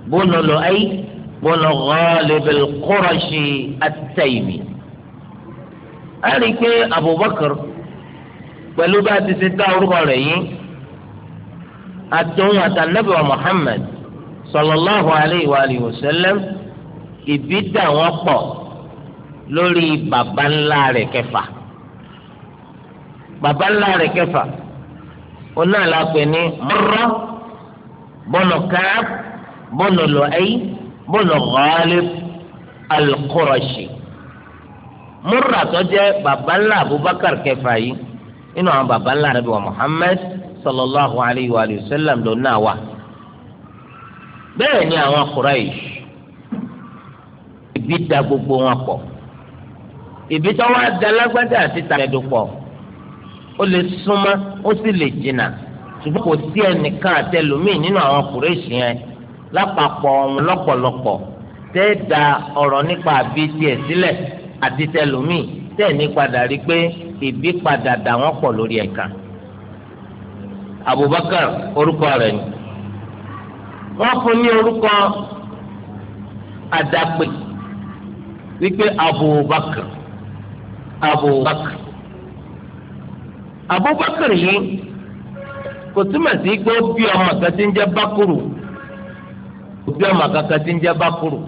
بن لؤي بن غالب القرشي التيمي. at-taymi. بكر rí i pé abubakar pẹ̀lú bá a ti ṣe dá orúkọ rẹ̀ yìí àtòun àtànàbì wa muhammad sallallahu alayhi wa sallam ìbí dà wọ́n pọ̀ lórí baba ńlá rẹ̀ kẹfà baba ńlá rẹ̀ kẹfà oná làpè ní mọ́rọ́ bọ́nù káàb bọ́nù lọ́ẹ́yì bọ́nù Ghalib al-Qurashi mọ́rọ́ àtọ́jẹ́ baba ńlá Abubakar kẹfà yìí nínú àwọn baba ńlá Ànábì wa Muhammad sallallahu alayhi wa sallam ló náà wà bẹ́ẹ̀ ni àwọn Quraysh ibi da gbogbo wọn pọ̀ ìbí tó wá da lágbájá àti tàkẹ́dùpọ̀ ó lè súnmọ́ ó sì lè jìnnà ṣùgbọ́n kò sí ẹnìkan àtẹlómìn nínú àwọn kùrẹ́ṣì yẹn lápapọ̀ ọ̀hún lọ́pọ̀lọpọ̀ tẹ́ da ọ̀rọ̀ nípa àbí tiẹ̀ sílẹ̀ àti tẹlómìn tẹ́ ní padà rí pé ìbí padà dà wọ́n pọ̀ lórí ẹ̀ka. Abubakar orúkọ rẹ̀ ni wọ́n fún ní orúkọ àdàpè wípé Abubakar. abubakar abubakar yìí kò túmọ̀ sí pé ó bí ọmọ kan tí ń jẹ́ bákùrù ó bí ọmọ kankan tí ń jẹ́ bákùrù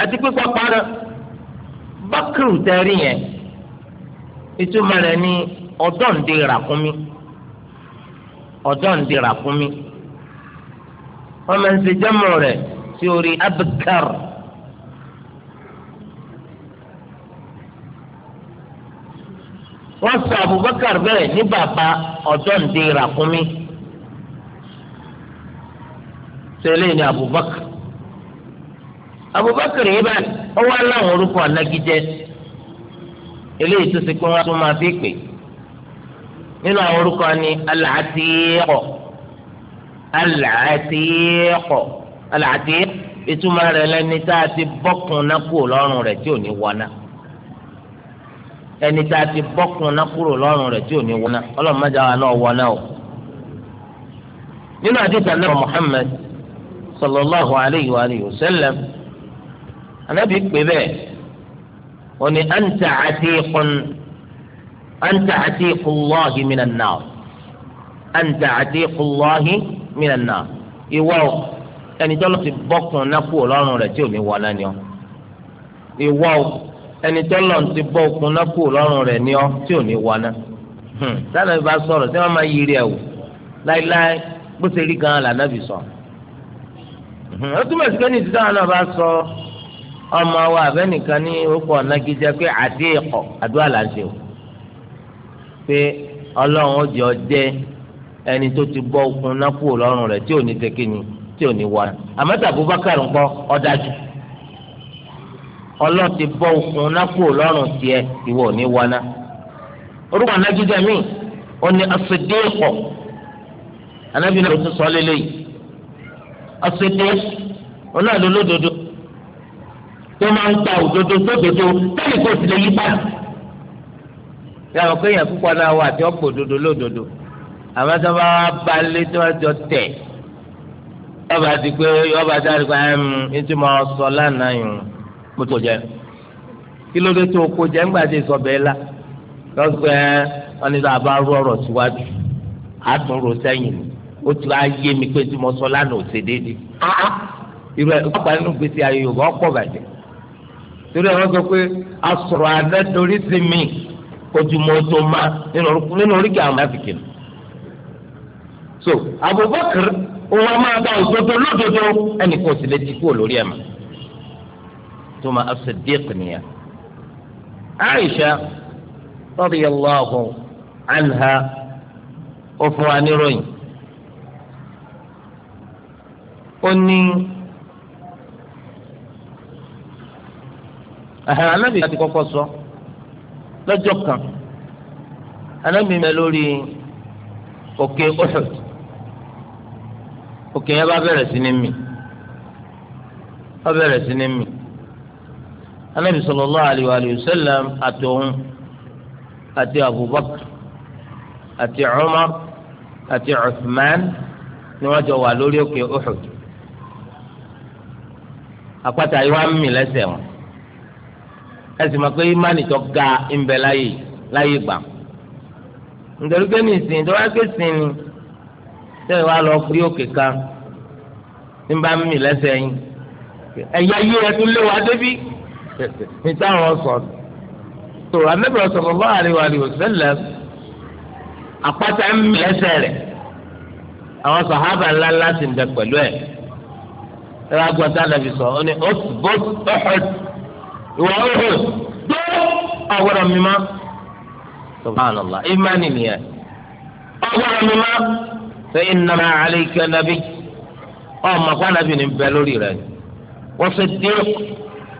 àti pípa parọ́ bákùrù tẹ́rí yẹn ìtumọ̀ rẹ̀ ní ọ̀dọ́ǹde ràkúnmí ọ̀dọ́ǹde ràkúnmí wọ́n rẹ̀ wọ́n sọ Abubakar bẹ́ẹ̀ ní bàbá ọ̀dọ́ǹde ràkúnmí tẹ́lẹ̀ ní Abubakar Abubakar yìí báyìí ó wá láwọn orúkọ anágídẹ eléyìí tó ti pé wọ́n tún máa fi pè nínú àwọn orúkọ ni alaatiikọ alaatiikọ alaatiikọ ìtumọ̀ rẹ̀ lẹ́ni tá a ti bọ́kùn náà kú lọ́rùn rẹ̀ tí ò ní wọ́n náà. ẹni tá a ti bọ́kùn náà kúrò lọ́rùn rẹ̀ tí ò ní wọná ọlọ́run má jáwa náà wọná o. nínú àdìsá náà Muhammad sallallahu alayhi wa alihi wa sallam anábì pé bẹ́ẹ̀ ó ní anta atiqun anta atiqullahi minan nar anta atiqullahi minan nar ìwọ ẹni tó lọ ti bọ́kùn náà kúrò lọ́rùn rẹ̀ tí ò ní wọná ni ọ ìwọ o ẹni tọ́lọ̀ ti bọ́ okun náà kú lọ́rùn rẹ̀ ní ọ tí ò ní wọná sáà hmm. nàbí bá sọ̀rọ̀ tí wọ́n máa yiri ẹ̀ wò láíláí bó ṣe rí gan-an lànàbì sọ. Hmm. ó túmọ̀ sí pé ní ìdílé àwọn bá sọ ọmọ wa àbẹ́nìkan ní orúkọ ọ̀nàgídé pé àdé ẹ̀kọ́ àdúrà là ń ṣe o pé ọlọ́run ó jẹ́ ẹni tó ti bọ́ okun náà kú lọ́rùn rẹ̀ tí ò ní tẹ́kíni tí ò ní wọná àmọ́ tàbí bákàrún kọ́ ọ dájú. ọlọ́run ti bọ́ okun náà lọ́rùn tiẹ̀ ìwọ ò ní wọná. orúkọ anájúdẹ mi ò ní as-siddiqu anábì náà ló sọ onáàlú lódodo tó máa ń gba òdodo sódodo tẹ́lẹ̀ kó sì yí padà. yàrá pé èèyàn púpọ̀ náà wà tí pò òdodo lódodo àmọ́ bá jọ tẹ̀ sọ lánàá yìí. mo jẹ kí ló dé tó kó jẹ ńgbà tí sọ la lọ́sẹ̀ wọn ní sábà rú ọ̀rọ̀ síwájú àtúnrò sẹ́yìn ni ó ti wá yé mi pé tí mo sọ lánàá ò ṣe déédéé irú ẹ̀ ọ̀pá gbèsè bàjẹ́ torí sọ pé adé torí sí mi nínú oríkì àwọn so Abubakar òun a máa ẹnì kan ò sì ثم أصدقني نية عائشة رضي الله عنها وفوان روين أني أها أنا بيتي كوكوسو لا جوكا أنا بملولي أوكي أحد أوكي أبا بيرسيني مي أبا بيرسيني مي anabi sallallahu alayhi wa alayhi wa sallam àtòun àti abubakar àti umar àti uthman ni wọ́n jọ wà lórí òkè uhud àpáta yìí wá ń mì lẹ́sẹ̀ wọn ẹsìn máa pé imáni tó ga ń bẹ láyè gbà nítorí pé nìsín tó wá pé sìn ni tẹ́lẹ̀ lọ rí òkè kan ń bá ń mì yín ẹ̀yà yìí ẹ̀ tún lé wa débí ní táwọn sọ tó anabi sallallahu alaihi wa sallam àpáta ń mi lẹ́sẹ̀ rẹ̀ àwọn sàhábà ńlá ńlá sì ń bẹ pẹ̀lú ẹ̀ ẹ̀rọ agbọ̀ntà nàbì sọ ọ ní Uhud ìwà Uhud dó ọ̀gbọ́dọ̀ mi má subhanallah ìmánì nìyẹn ọ̀gbọ́dọ̀ mi má fa innama alayka nabiy ọ̀ màkà nàbì ní bẹ lórí rẹ̀ wọ́n ṣe dé.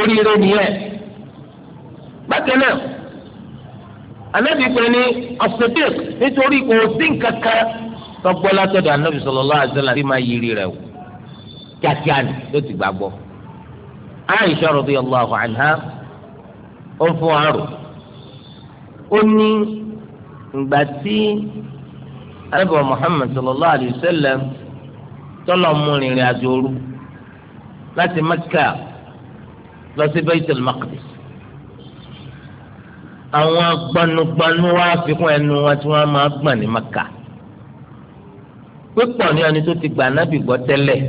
oríire nìyẹn bákan náà anabi pè ní ọ̀sẹ̀dẹ̀k nítorí kò sí nǹkan kan látọ̀dọ̀ anabi sallallahu alaihi wasallam máa yiri rẹ̀ wò kíákíá ni ló ti Aisha anha ó fún ó ní ìgbà tí anabi Muhammad tọ́lọ̀ mú rìnrìn àjò láti Mẹ́kà. lọ sí Baitul Maqdis àwọn gbanugbanu wa fikún ẹnu wọn tí wọn máa gbà ní Maka pípọ̀ ní ẹni tó ti gbà nábì gbọ́ tẹ́lẹ̀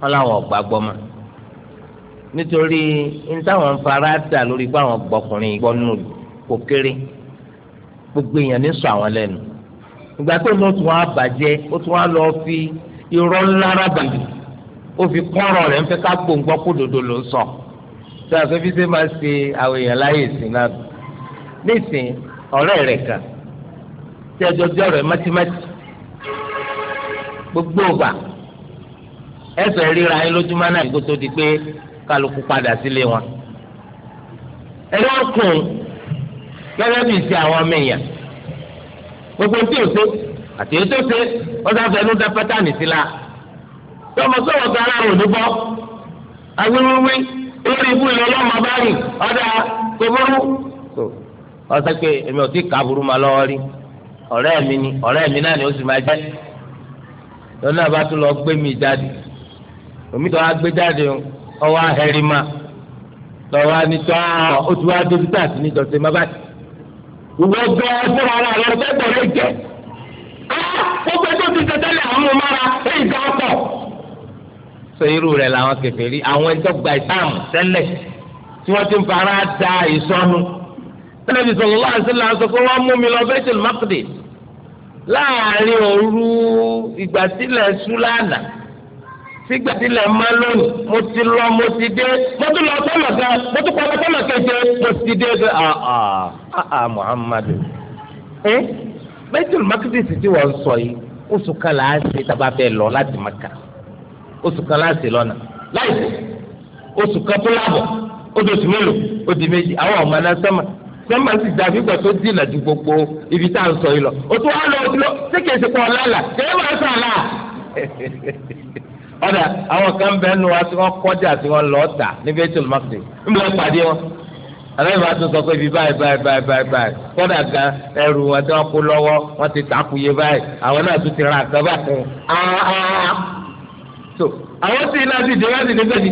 wọn làwọn ọ̀gbà gbọ́ mọ́ nítorí ní táwọn ń fara dà lórí pé àwọn gbọkùnrin gbọ́ nù kò kéré gbogbo èèyàn ní sọ àwọn lẹ́nu ìgbà tó ní o tún wá bàjẹ́ o tún wá lọ fi irọ́ ńlá rábàlì o fi kọ́rọ̀ rẹ̀ ń fẹ́ ká gbòǹgbọ́ kó dodo ló ń sọ. So sọ àfẹ́bí ṣe máa ṣe àwọn èèyàn láyè sí náà nísìnyí ọ̀rẹ́ rẹ̀ kan tí ẹjọ́ jẹ́ ọ̀rẹ́ mátímátì gbogbo ọba ẹsẹ̀ ríra yín lójúmọ́ náà kó tó di pé kálukú padà sílé wọn ẹni wọn kùn gẹ́gẹ́ bíi ti àwọn ọmọ èèyàn gbogbo tí o ṣe àti ètò ṣe wọn sáfẹ dá pátánì sí la tọmọ sọ̀rọ̀ sọ ara rò ní bọ awíwíwí. lórí ibú ilé ọlọ́mọ bá rìn ọ̀dà kò ọ̀sẹ̀ pé èmi ò tí ì ma lọ́wọ́ rí ọ̀rẹ́ mi ni ọ̀rẹ́ mi náà ni ó sì máa jẹ́ lọ́nà lọ gbé mi jáde omi tó wá gbé jáde ọwọ́ ahẹ́rì ma lọ́wọ́ anitọ́ ó ti wá a ní ìjọsìn má báyìí. ìwọ ti sọ irú rẹ̀ làwọn kèfèrí àwọn ẹni tó gba ìsáàmù tẹ́lẹ̀ tí wọ́n ti ń fara da ìsọnu tẹ́lẹ̀ bí sọ̀rọ̀ wá sí la sọ pé wọ́n mú mi lọ Baitul Maqdis láàrin òru ìgbà sílẹ̀ súlànà sígbà sílẹ̀ má lónìí mo ti lọ mo ti dé mo tún lọ sọ́nà kan mo tún kọ́ lọ sọ́nà keje mo ti dé ṣe àà ah, ah, Muhammadu ẹ eh? Baitul Maqdis ti wọ́n sọ yìí oṣù kan là á ṣe tá a bá fẹ́ lọ láti Maka oṣù kan láti lọ́nà láìsí oṣù kan tó láàbọ̀ ó oṣù mélòó ó méjì àwọn ọmọ náà sẹ́mà sẹ́mà sì dàbí ìgbà tó dìnnà ju gbogbo ibi tá à ń sọ yìí lọ o tún lọ o tún lọ ṣé kìí ṣe pọ̀ lálà kìí máa sàn là. ọ̀dà àwọn kan bẹ́ẹ̀ nu wa tí wọ́n kọjá tí wọ́n lọ tà ní Baitul Maqdis ń bẹ́ẹ̀ pàdé wọn àlẹ́ ìbá tó sọ pé ibi báyìí báyìí báyìí báyìí báyìí kọ́dà gan ẹrù wọn tí wọ́n kó lọ́wọ́ wọ́n ti tàkùyé báyìí àwọn náà tún ti ra àkàbà fún un so àwọn sì iná sì dé láti dé sẹ́ni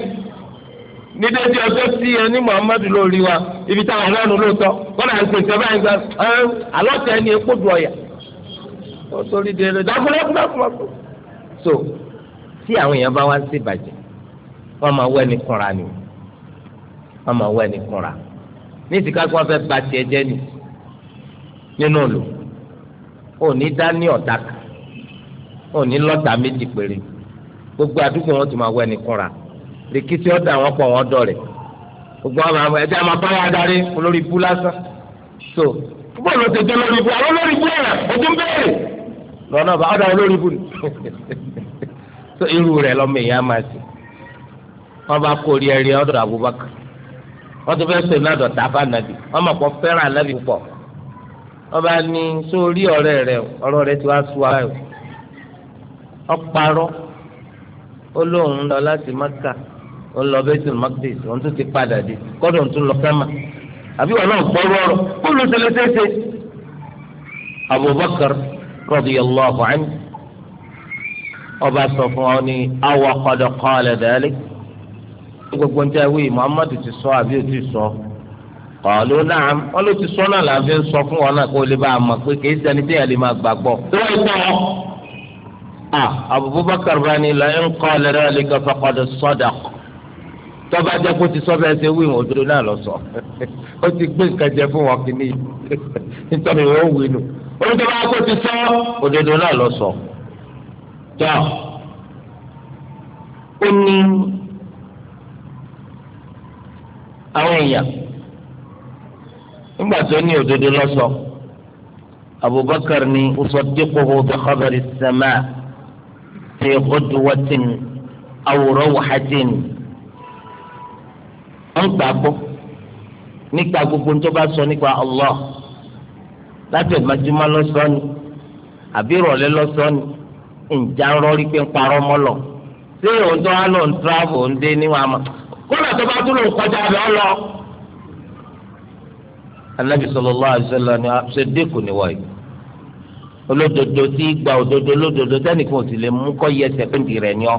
ní dédé ọjọ́ sí ẹ ní muhammadu lórí wa ibi táwọn ọlọ́run lóòótọ́ kọ́nà àti pèsè báyìí gba alọ́tẹ̀ ẹni epo du ọ̀yà ó sórí de lọ dákúrẹ́ dákúrẹ́ so tí àwọn èèyàn bá wá sí ìbàjẹ́ wọ́n máa wọ ẹni kúnra ni wọ́n máa wọ ẹni kúnra ní ìsìká kí wọ́n fẹ́ ba tiẹ̀ jẹ́ ni nínú òlò òní dání ọ̀tá kan òní lọ́tà méjì péré gbogbo àdúgbò wọn ti máa wọ ẹni kúnra rìkítí ọ̀dà wọn pọ̀ wọn dọ̀rẹ̀ gbogbo àwọn àwọn ẹ̀jẹ̀ àmọ́ báyà darí olórí ibú lásán so lórí ibú àwọn olórí ibú ojú ń so irú èèyàn máa sì bá Abubakar sọ iná bá nàbì bá ní ó lóun lọ láti maka ó lọ bẹ́tùl makdis òun tún ti padà dé kọ́dọ̀ òun tún lọ sámà àbí wọn náà gbọ́ rọrùn kóòlù tó lè tẹ́sẹ̀. abubakar radiyallahu anhu ọba sọ fún ọ ní awọ kọdọ kọọlẹ dẹẹlẹ gbogbo njẹ wí muhammadu ti sọ àbí o ti sọ kọọlù náà wọn ló ti sọ náà làbẹ sọ fún ọ náà kó o lè bá a pé kì í Ah, Abubakar bani la ń kọ́ lẹ́rẹ́ àlẹ́kẹ́ faqad sadaq tọ́ba jẹ́ kó ti sọ bẹ́ẹ̀ ṣe wí òdodo náà lọ sọ ó ti gbé nǹkan jẹ fún wọn kìíní nítorí ó wí nù òdodo náà kó ti sọ òdodo náà lọ sọ tọ́ ó ní àwọn èèyàn nígbà tó ní òdodo lọ sọ Abubakar ni ó sọ dípò ó bẹ khabari samaa. في غدوة أو روحة ń gbàgbọ́ gbogbo tó bá sọ nípa Allah láti ọ̀gbájúmọ́ lọ́sọ̀ọ́ ni àbí ìrọ̀lẹ́ lọ́sọ̀ọ́ ni ǹjà ń rọrí pé ń parọ́ mọ́lọ̀ ṣé òun tó wá lọ ń tíráàbù ń dé níwọ̀n àmọ́ kódà tó bá tún ń kọjá lọ. olódodo tí gba òdodo lódodo tẹnìkan ò sì lè mú kọ́ yẹ sẹ́pẹ́ǹtì rẹ̀ ni ọ́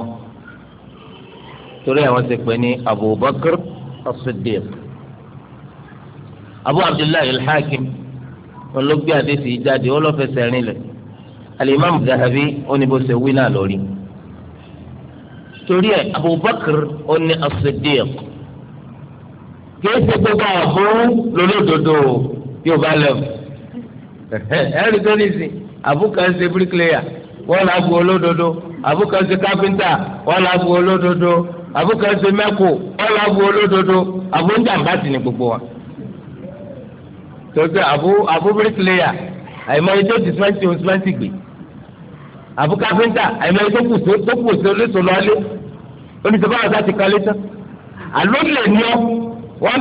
torí àwọn ti pè ní Abubakar as Abu Abdullahi al-Hakim olóògbé àdéhùn ìjáde olófẹsẹ̀ rinlẹ̀ alimami Zahabi oníbọ̀sẹ̀ wíńà lórí torí ẹ Abubakar oní as-Siddiq kìí ṣe gbogbo àbúrú lólódodo yóò bá lẹ́wọ̀ ẹ̀rí tó ní sìn àbúkan ṣe bíríkìlẹ́yà wọ́n là bu olódodo àbúkan ṣe kápẹ́ńtà wọ́n là bu olódodo àbúkan ṣe mẹ́kù wọ́n là bu olódodo àbújàmbá sì ni gbogbo wa. tòótọ́ àbú àbú bíríkìlẹ́yà àìmọ̀ ẹjọ́ ti sẹ́ńtì ohun sẹ́ńtì gbè àbú kápẹ́ńtà àìmọ̀ ẹjọ́ kù tó kù sí olóṣò lọ́lé oníṣẹ́fà àti àti kalẹ́ tán àló lè ní ọ wọ́n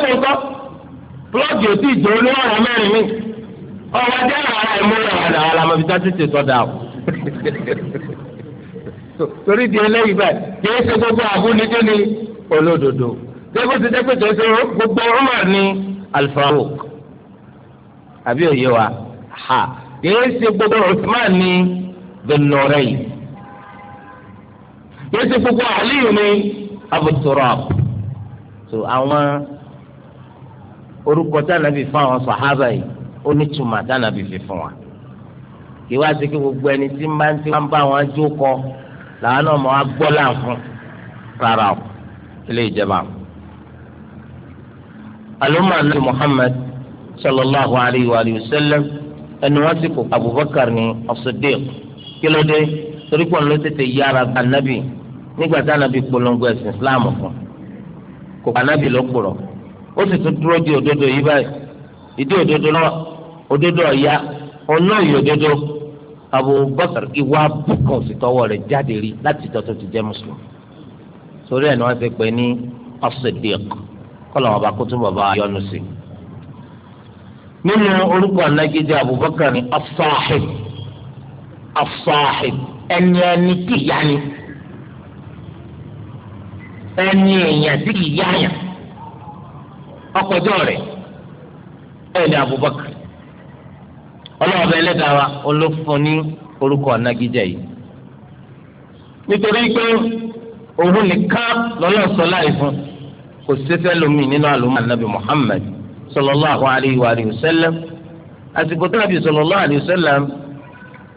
sọ plọ́ọ̀gì ò tí ì jẹ́ olú ọ̀rọ̀ mẹ́rin mi ọ̀rọ̀ jẹ́ ara ẹ̀ múlẹ̀ ọ̀dà wa làmọ́ fi dá tètè sọ̀dà o. torí di eléyìí báyìí kì í ṣe gbogbo àbúnidé ni olódodo gbogbo ti dẹ́pẹ́ tó ṣe gbogbo Umar ní Al-Faruq àbí òye wa ha kì í ṣe gbogbo Uthman ní Dhun-Nurayn kì í ṣe gbogbo Aliyu ní Abu Turab so àwọn orúkọ tánàbì fún àwọn sàhábà yìí ó ní tùmọ̀ tánàbì fi fún wa ìwà sí kí gbogbo ẹni tí máa ń tí wọn bá wọn jó kọ làwọn náà mọ agbọ́ láǹfọ̀n rárá o ilé ìjọba o. àlùmọ́ àlùmọ́ Muhammad sallallahu alayhi wa sallam ẹni wọ́n ti kó Abubakar ní as-Siddiq kí ló dé torí pọ̀ ló tètè yára anabi nígbà tí anabi polongo ẹ̀sìn Islam fún kò anabi ló kúrò ó sì tún dúró di òdodo yìí báyìí ìdí òdodo náà òdodo ọ̀ya ọ̀nà ìyòdodo Abubakar ìwà bùkọ̀ sì tọwọ́ rẹ̀ jáde rí láti tọ́tọ́ ti jẹ́ mùsùlùmí torí ẹ̀ ni wọ́n ti pè ní as-Siddiq kọ́lọ̀ wọn bá kó tún bàbá yọnu sí. nínú orúkọ anágídé Abubakar ni as-Sahib as ẹni ẹni tí ìyá ni ẹni èèyàn tí kì í ọkọjọ́ rẹ̀ bẹ́ẹ̀ Abubakar ọlọ́ọ̀bẹ ẹlẹ́dàá olófin ní orúkọ anagijẹ yìí nítorí pé òun nìkan lọ́lọ́sọ láì fún kò sẹ́sẹ́ lómi nínú àlùmọ́ anabi Muhammad sallallahu alayhi wa sallam àsìkò tó nàbì sallallahu alayhi wa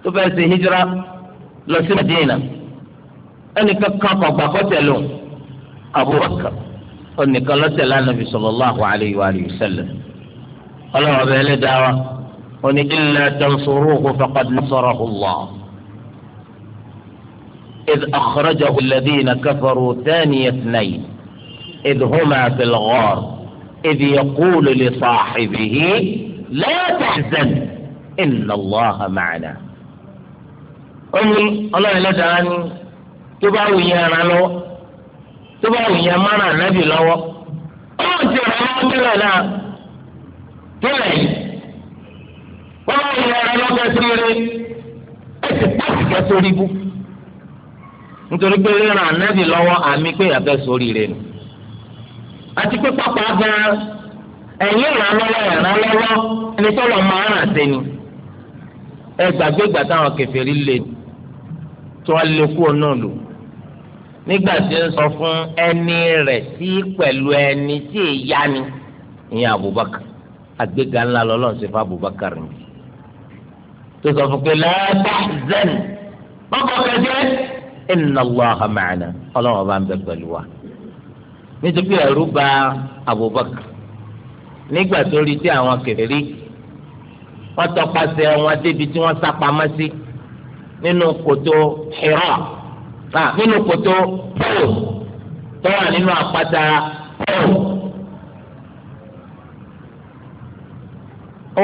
tó fẹ́ ṣe hijira lọ sí Madina ẹnì kankan Abubakar. onìkan lọ́sẹ̀ lánàbì sallallahu alayhi wa alihi wa sallam ọlọ́wọ́ bẹ́ẹ̀ lé dáwà oní illa tansuruhu faqad nasarahu Allah idh akhrajahu alladhina kafaru thaniya ithnayn idh huma fil ghar idh yaqulu li sahibihi la tahzan inna Allaha ma'ana. ó ní ọlọ́wọ́ lé dáwà ni tó bá wù yín ara lọ́wọ́. tó bá wù yẹn mọ́ra ànábì lọ́wọ́ na ti rà wọ́n tẹ́lẹ̀ náà tẹ́lẹ̀ yìí wọ́n wù yẹn rà lọ́kẹ́ sí eré ẹ̀ pàṣẹ bú nítorí pé ríran ànábì lọ́wọ́ àmì pé yàtọ̀ sórí rẹ̀ nù àti pé pápá gan ẹ̀yìn ìrànlọ́wọ́ ìrànlọ́wọ́ ẹni ẹ gbàgbé lé nígbà tí ń sọ fún ẹni rẹ̀ sí pẹ̀lú ẹni tí ìyá ni ìyẹn Abubakar àgbéga ńlá lọ́lọ́run ṣe fún Abubakar nìyí tó sọ fún pé lẹ́ẹ̀dá zen mọ́kọ́ kẹjẹ inna Allaha ma'ana ọlọ́run ọba ń bẹ pẹ̀lú wa nítorí ẹ̀rú bà Abubakar nígbà tó rí tí àwọn kèfèrí wọ́n tọpasẹ̀ wọn débi tí wọ́n sá pamọ́ sí nínú kòtò Hira. Ah, nínú kòtò pọ́ọ̀ tó wà nínú àpáta pọ́ọ̀.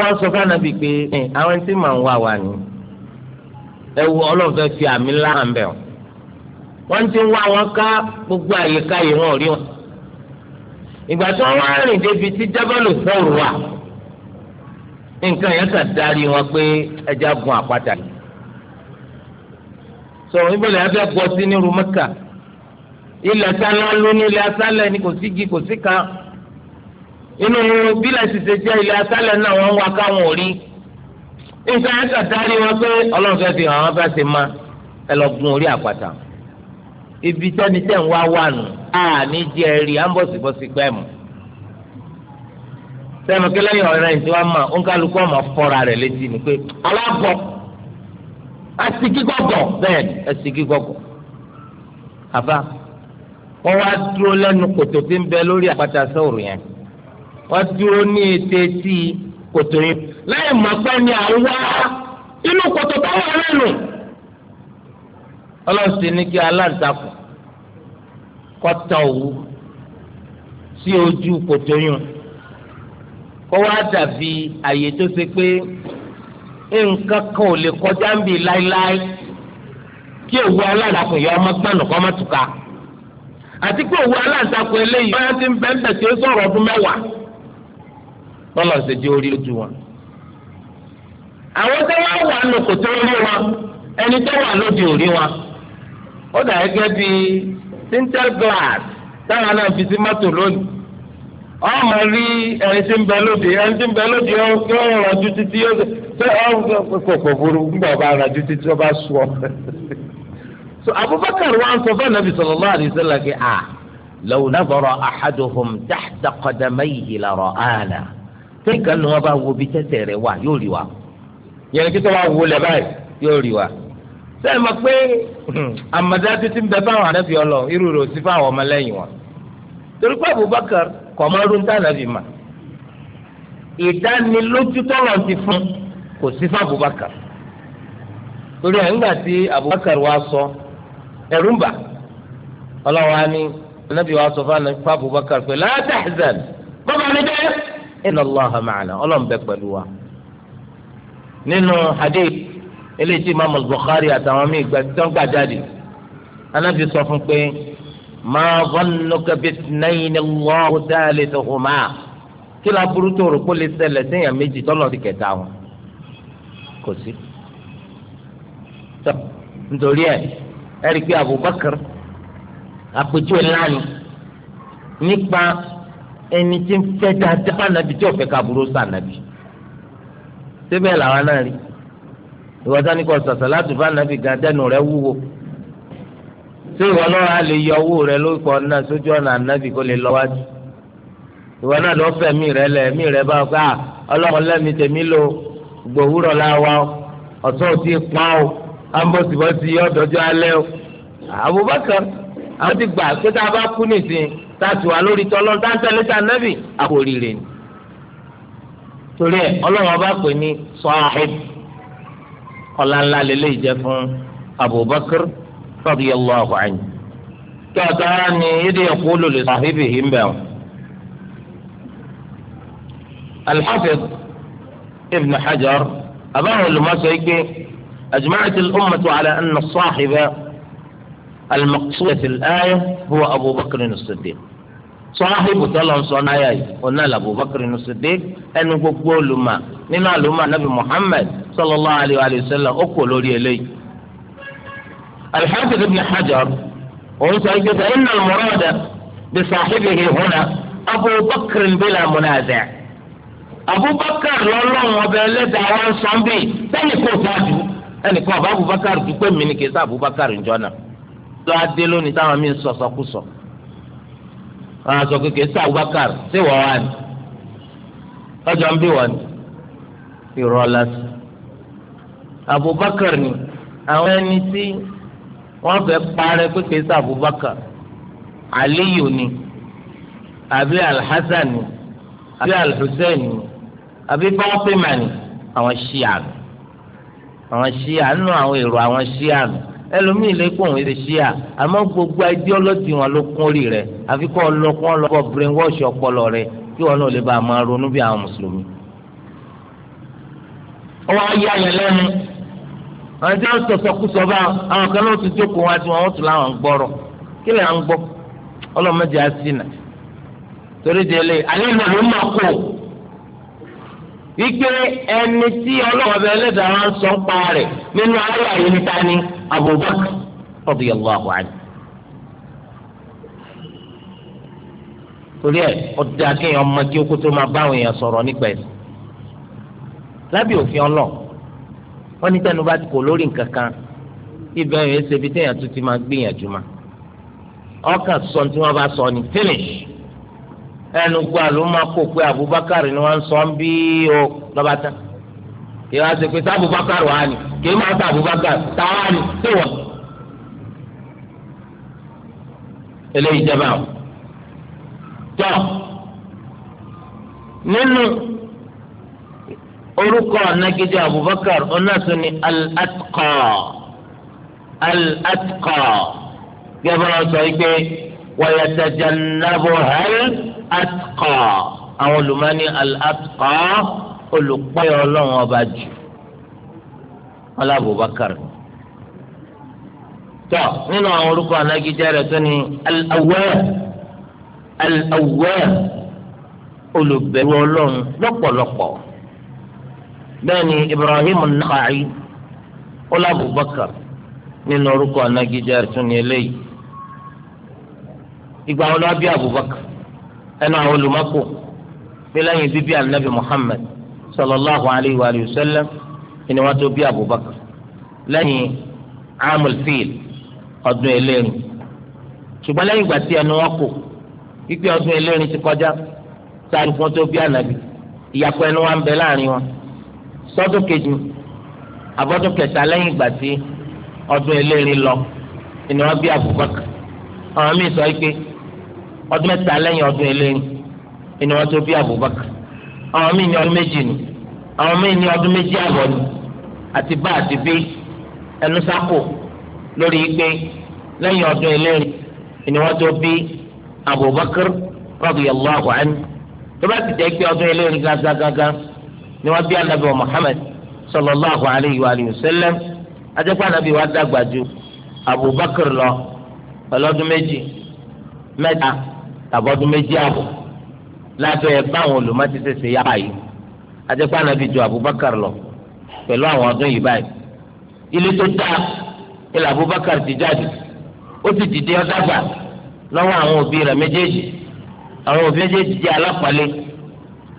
wọ́n sọ fún anabi pé àwọn ẹni tí màá ń wá wa ni ẹ wo ọlọ́run fẹ́ fi àmì ńlá hàn bẹ́ẹ̀ wọ́n ti ń wá wọn ká gbogbo àyíká yìí wọn ò rí wọn. ìgbà tí wọ́n wá rìn débi tí jábọ́lù fọ́ọ̀rù wà nǹkan yẹn kà dárí wọn pé ẹja gun àpáta yìí. sọ níbo lè fẹ́ bọ́ sí ní rumaka ilẹ̀ sálá ló ilẹ̀ ni kò sí igi kò sí kan inú bílẹ̀ ṣiṣẹ́ jẹ́ ilẹ̀ asálẹ̀ náà wọ́n wá káwọn ò rí nǹkan àtàtàrí wọn pé ọlọ́run fẹ́ fi hàn ma ẹ lọ gun ibi tẹ́ni tẹ́ ń wá wà nù á ní jẹ́ rí ambọ̀sibọ́sí pẹ́ mu sẹ́mi kí lẹ́yìn ọ̀rẹ́ mà ó ń kálukú ọmọ asigi gọgọ bẹ́ẹ̀ ni asigi gọgọ àbá wọn wá dúró lẹ́nu kòtò tí ń bẹ lórí àpáta sọ̀rọ̀ yẹn wọn dúró ní ètè tí kòtò yẹn láì mọ̀ pé ni àwa inú kòtò táwọn lẹ́nu ọlọ́sìn ní kí aláǹtakùn kọ́tà òwú sí ojú kòtò yẹn kó wá dàbí àyè tó ṣe pé. nǹkan kan ò lè kọjá ń bì láéláé kí òwú aládàkùn yọ ọmọ gbọ́nù kọ́ mọ́ tùkà àti pé òwú aládàkùn eléyìí báyọ̀ ti ń bẹ́ńbẹ̀ tí ó sọ̀rọ̀ ọdún mẹ́wàá lọ́lọ́ ṣe di orí lójú wọn. àwọn tó wá wà nù kò tó rí wọn ẹni tó wà lóde òrí wọn ó dà gẹ́gẹ́ bí tinted glass táwọn náà fi sí mọ́tò lónìí ọmọ ṣé ọ̀hún kòkò burú nígbà ọba arajú títí ọba sùn ọ. so abubakar wa ń sọ fún anabi sallallahu alaihi wasallam kí a ah, law nadhara ahaduhum tahta qadamayhi la ra'ana tẹ́ǹkan ni wọ́n bá wo bí tẹ́tẹ̀ rẹ̀ wà yóò rí wa yẹn kí tó wo lẹ́ báyìí yóò rí wa sẹ́yìn mọ̀ pé àmọ̀dájú ti ń bẹ fáwọn anábì ọlọ irú rẹ̀ ò sí fáwọn ọmọlẹ́yìn wọn torí pé Abubakar kọ̀ ọmọ ọdún mà ìdánilójú tọ́lọ̀ ti fún kò sí fún Abubakar torí ẹ̀ ńgbà tí Abubakar wa sọ ẹ̀rú ń bà ọlọ́wọ́ á ní anabi wa sọ fún Abubakar pé la tahzan bọ́bá mi jẹ́ inna Allaha ma'ana ọlọ́run bẹ pẹ̀lú wa nínú hadith eléyìí tí Imam Bukhari àtàwọn míì gbà jáde anabi sọ fún pé ma zannuka bitnayni Allahu thalithuhuma kí la burú tó rò pé lè ṣẹlẹ̀ sẹ́yìn méjì tọ́lọ̀ ti kẹta wọn kò sí. tọ́ nítorí ẹ̀ ẹ̀rí pé Abubakar àpèjúwe lánàá nípa ẹni tí ń fẹ́ dáadáa ànábì tí òfẹ́ kaburú sànábì síbẹ̀ làwọn náà rí ìwọ sani kọ sàṣàlátù bá ànábì gan dẹnu rẹ wúwo tí ìwọ náà á lè yọ owó rẹ lórúkọ náà sójú ọ̀nà ànábì kó lè lọ wájú ìwọ náà lọ fẹ́ mi rẹ lẹ mi rẹ bá ká ọlọ́mọ lẹ́mi tèmi lò gbogbo òwúrọ̀ láwa o ọ̀sán òtí pa o ambọ̀sibọ̀sì yọ ọ̀dọ́jọ́ alẹ́ o Abubakar àwọn ti gbà pé tá a bá kú nìsín tá a ti wà lórí tọ́lọ́ dáńtẹ́lẹ́ tá a nẹ́bì àkórìrè ni torí ẹ ọlọ́run ọba pè ní sọ́ọ́hìn ọ̀làńlá lélẹ́yìí jẹ́ fún Abubakar radiyallahu anhu kí ọ̀tá ni ìdí ẹ̀kú lòlẹ̀ sàhíbì ń bẹ̀ ọ́. ابن حجر أباه المسيكي أجمعت الأمة على أن الصاحب المقصود في الآية هو أبو بكر الصديق صاحب تلون صنايعي قلنا أبو بكر الصديق أن يقول لما لما نبي محمد صلى الله عليه وآله وسلم أقول لي لي الحافظ ابن حجر وسيجد أن المراد بصاحبه هنا أبو بكر بلا منازع abubakar lọ́lọ́run ọbẹ ẹlẹ́dàá wa ń sọ ń bì sẹni kò dájú ẹnìkan ọba abubakar dúpẹ́ mi ni kì í sá abubakar ń jọnà lọ adé lónìí táwọn míín sọ sọkúsọ wọn á sọ pé kì sá abubakar sí wọ́n wá ní lọ́jọ́ ń bí wọ́n ní irọ́ lásì abubakar ni àwọn ẹni tí wọ́n fẹ́ parẹ́ pé kì í sá abubakar aliyu ni àbí alhassan ni àbí alhussein ni àbí gbọ́n pé màní àwọn ṣí àmì àwọn ṣí àánú àwọn èrò àwọn ṣí àmì ẹlòmíì lè kó òun ṣe ṣí à àmọ́ gbogbo ideology wọn ló kún orí rẹ̀ àfi kọ́ ọlọ́kùn ọlọ́kọ̀ brain wash ọpọlọ rẹ̀ kí wọn náà lè bá a máa ronú bí àwọn mùsùlùmí. ó wá yá yẹn lẹ́nu àwọn tí wọ́n sọ̀sọ̀kúsọ bá àwọn kan náà ti jókòó wá tí wọ́n tún láwọn gbọ́rọ̀ kí lè à ń gbọ́ ọlọ́mọdé á sí nà torí délé alẹ́ ìlú ló kó wípé ẹni tí ọlọ́wọ́ bẹ ẹlẹ́dàá wọn sọ ń pa rẹ̀ nínú ayé àyè níta ni Abubakar radiyallahu anhu. torí ẹ ọdẹ akéèyàn ọmọ kí okó tó máa bá àwọn èèyàn sọ̀rọ̀ nípa ẹ̀sìn lábẹ́ òfin ọlọ wọn ní tẹnu bá ti kò lórí nǹkan kan ibẹ̀ yẹn ṣe ibi téèyàn tún ti máa gbìyànjú ma ọkàn sọ tí wọn bá sọ ni finish ẹnu gba ló máa kó pé Abubakar ni wọ́n sọ ń bí o lọ́ba tán ìwà ṣe pé sábùbákàr wà ní kì máa sá Abubakar táwa ní tó wọ̀. eléyìí jẹba o tọ nínú orúkọ nagidi Abubakar onasun ni al-atqa al-atqa gẹ́gẹ́ bá wọn sọ yìí wọ́n yẹ tẹ̀jẹ̀ nàbọ̀ hẹ́rẹ́ atqa àwọn olùmọ́ni al-atqa olùpẹ́ ọlọ́run ọba jù ọlá Abubakar tọ nínú àwọn orúkọ anagijẹ rẹ tó ní al-awwab al-awwab olùbẹ̀rù ọlọ́run lọ́pọ̀lọpọ̀ bẹ́ẹ̀ ni Ibrahim an-Nakha'i ọlá Abubakar nínú orúkọ anagijẹ rẹ tó ní eléyìí ìgbà wọn lọ bí Abubakar. ẹnu àwọn olùmọ́kò bí lẹ́yìn bíbí anabi muhammed sallallahu alayhi wa sallam ni tó bí abubakar lẹ́yìn amul fiil ọdún eléyìn ṣùgbọ́n lẹ́yìn ìgbà tí ẹnu wọn kò pípẹ́ ọdún ti kọjá sáré fún tó bí anabi ìyàpọ̀ ẹnu wa bẹ láàrin wọn sọ́dún kejì abọ́dún kẹta lẹ́yìn ìgbà tí ọdún lọ bí abubakar mi sọ ọdún mẹ́ta lẹ́yìn ọdún eléyìí ni wọ́n tó bí Abubakar àwọn míì ní ọdún méjì ni àwọn míì ní ọdún méjì àbọ̀ ni àti bá àti bí ẹnu sáko lórí igbe lẹ́yìn ọdún eléyìí ni wọ́n tó bí Abubakar radiyallahu anhu tó bá ti jẹ́ pé ọdún eléyìí gágágágá ni wọ́n bí anabi wa Muhammad sallallahu alayhi wa sallam adékọ́ anabi wa dàgbà ju Abubakar lọ ọlọ́dún méjì mẹ́ta tàbọ́dún méjì àbọ̀ lábẹ́ báwọn olùmọ̀tí ṣẹṣẹ yá báyìí adépa nàbí ju Abubakar lọ pẹ̀lú àwọn ọdún yìí báyìí ilé tó dáa ilé Abubakar ti jáde ó sì dìde ọ̀dàgbà lọ́wọ́ àwọn òbí rẹ̀ méjèèjì àwọn òbí méjèèjì jẹ́ alápàlẹ́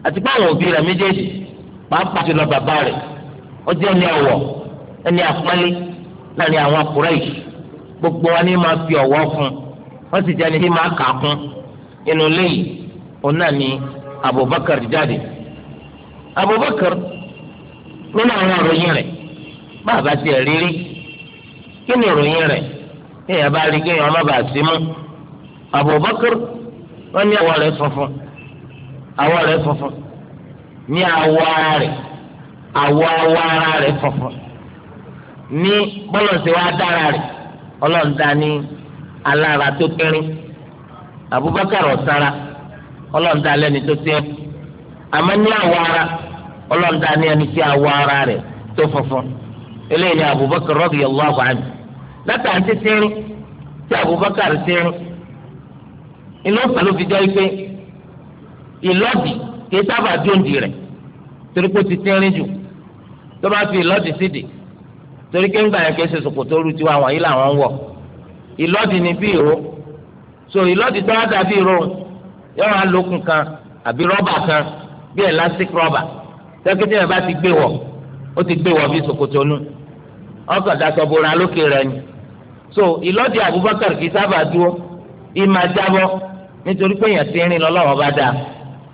àti pé àwọn òbí rẹ̀ méjèèjì pàápàá ti lọ bàbá rẹ̀ ó jẹ́ ẹni ọ̀wọ̀ ẹni àpọ́nlé láàrin àwọn Quraysh gbogbo wa ní máa fi ọ̀wọ̀ fún wọ́n sì jẹ́ ẹni tí máa kà á kún inú léyìí òun náà ni Abubakar jáde Abubakar nínú àwọn ìròyìn rẹ̀ bàbá tiẹ̀ rírí kí ni ìròyìn rẹ̀ kéèyàn bá rí kéèyàn má bàa sí mú Abubakar wọn ní àwọ̀ rẹ̀ funfun àwọ̀ rẹ̀ funfun ní àwọ̀ ara rẹ̀ àwọ̀ àwọ̀ ara rẹ̀ funfun ní bọ́lọ̀sì wa dára rẹ̀ ọlọ́ọ̀dá ní alára tó kẹrin Abubakar ọ̀sára ọlọ́ọ̀dá lẹ́ni tó tẹ́ àmọ́ ní ara ọlọ́ọ̀dá ẹni tí ara rẹ̀ tó funfun eléyìí ni Abubakar radiyallahu anhu látàrí títí tí Abubakar ti inú ọ̀sán ló fi jẹ́ ìlọ́dì kì í sábà dóńdì rẹ̀ torí pé ti tẹ́rín jù tó bá fi ìlọ́dì sídìí torí yẹn kì í ṣe ìlọ́dì ni so ìlọ́dì tó wá dàbí irun yóò wá lókun kan àbí rọ́bà kan bí elastic rọ́bà tẹ́kítẹ́ yẹn bá ti gbé wọ̀ ó ti gbé wọ̀ bí ṣòkòtò nù ọkọ̀ dasọ̀ bora lókè rẹ̀ ni so ìlọ́dì Abubakar kì í sábà dúró ìmà jábọ́ nítorí pé èèyàn ti rìn lọ́lọ́wọ́ bá dáa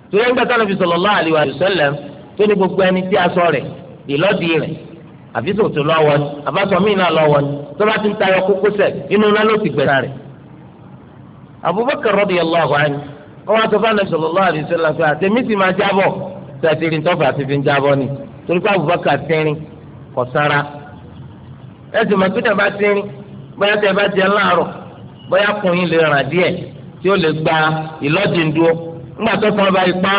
torí ẹgbẹ́ tánà fi sallallahu alaihi wa sallam tó ní gbogbo ẹni tí aṣọ rẹ̀ ìlọ́dì rẹ̀ àfi ṣòkòtò lọ́wọ́ ni àbáṣọ míì náà lọ́wọ́ ni tó bá ti ń tayọ kókósẹ̀ inú náà ló ti gbẹ̀sà rẹ̀ abubakar radiyallahu anhu wọn wá sọ fún anabi sallallahu alaihi wasallam àtẹmí sì máa jábọ̀ tẹsírin tọfà àti fi ń jábọ̀ ni torí pé abubakar tẹrin kò sára ẹsùn mọ pété bá tẹrin bóyá tẹ bá jẹ láàárọ̀ bóyá kùnrin lè ràn díẹ̀ tí ó lè gba ìlọ́dìndúró ńgbà tó sọ ọba ipá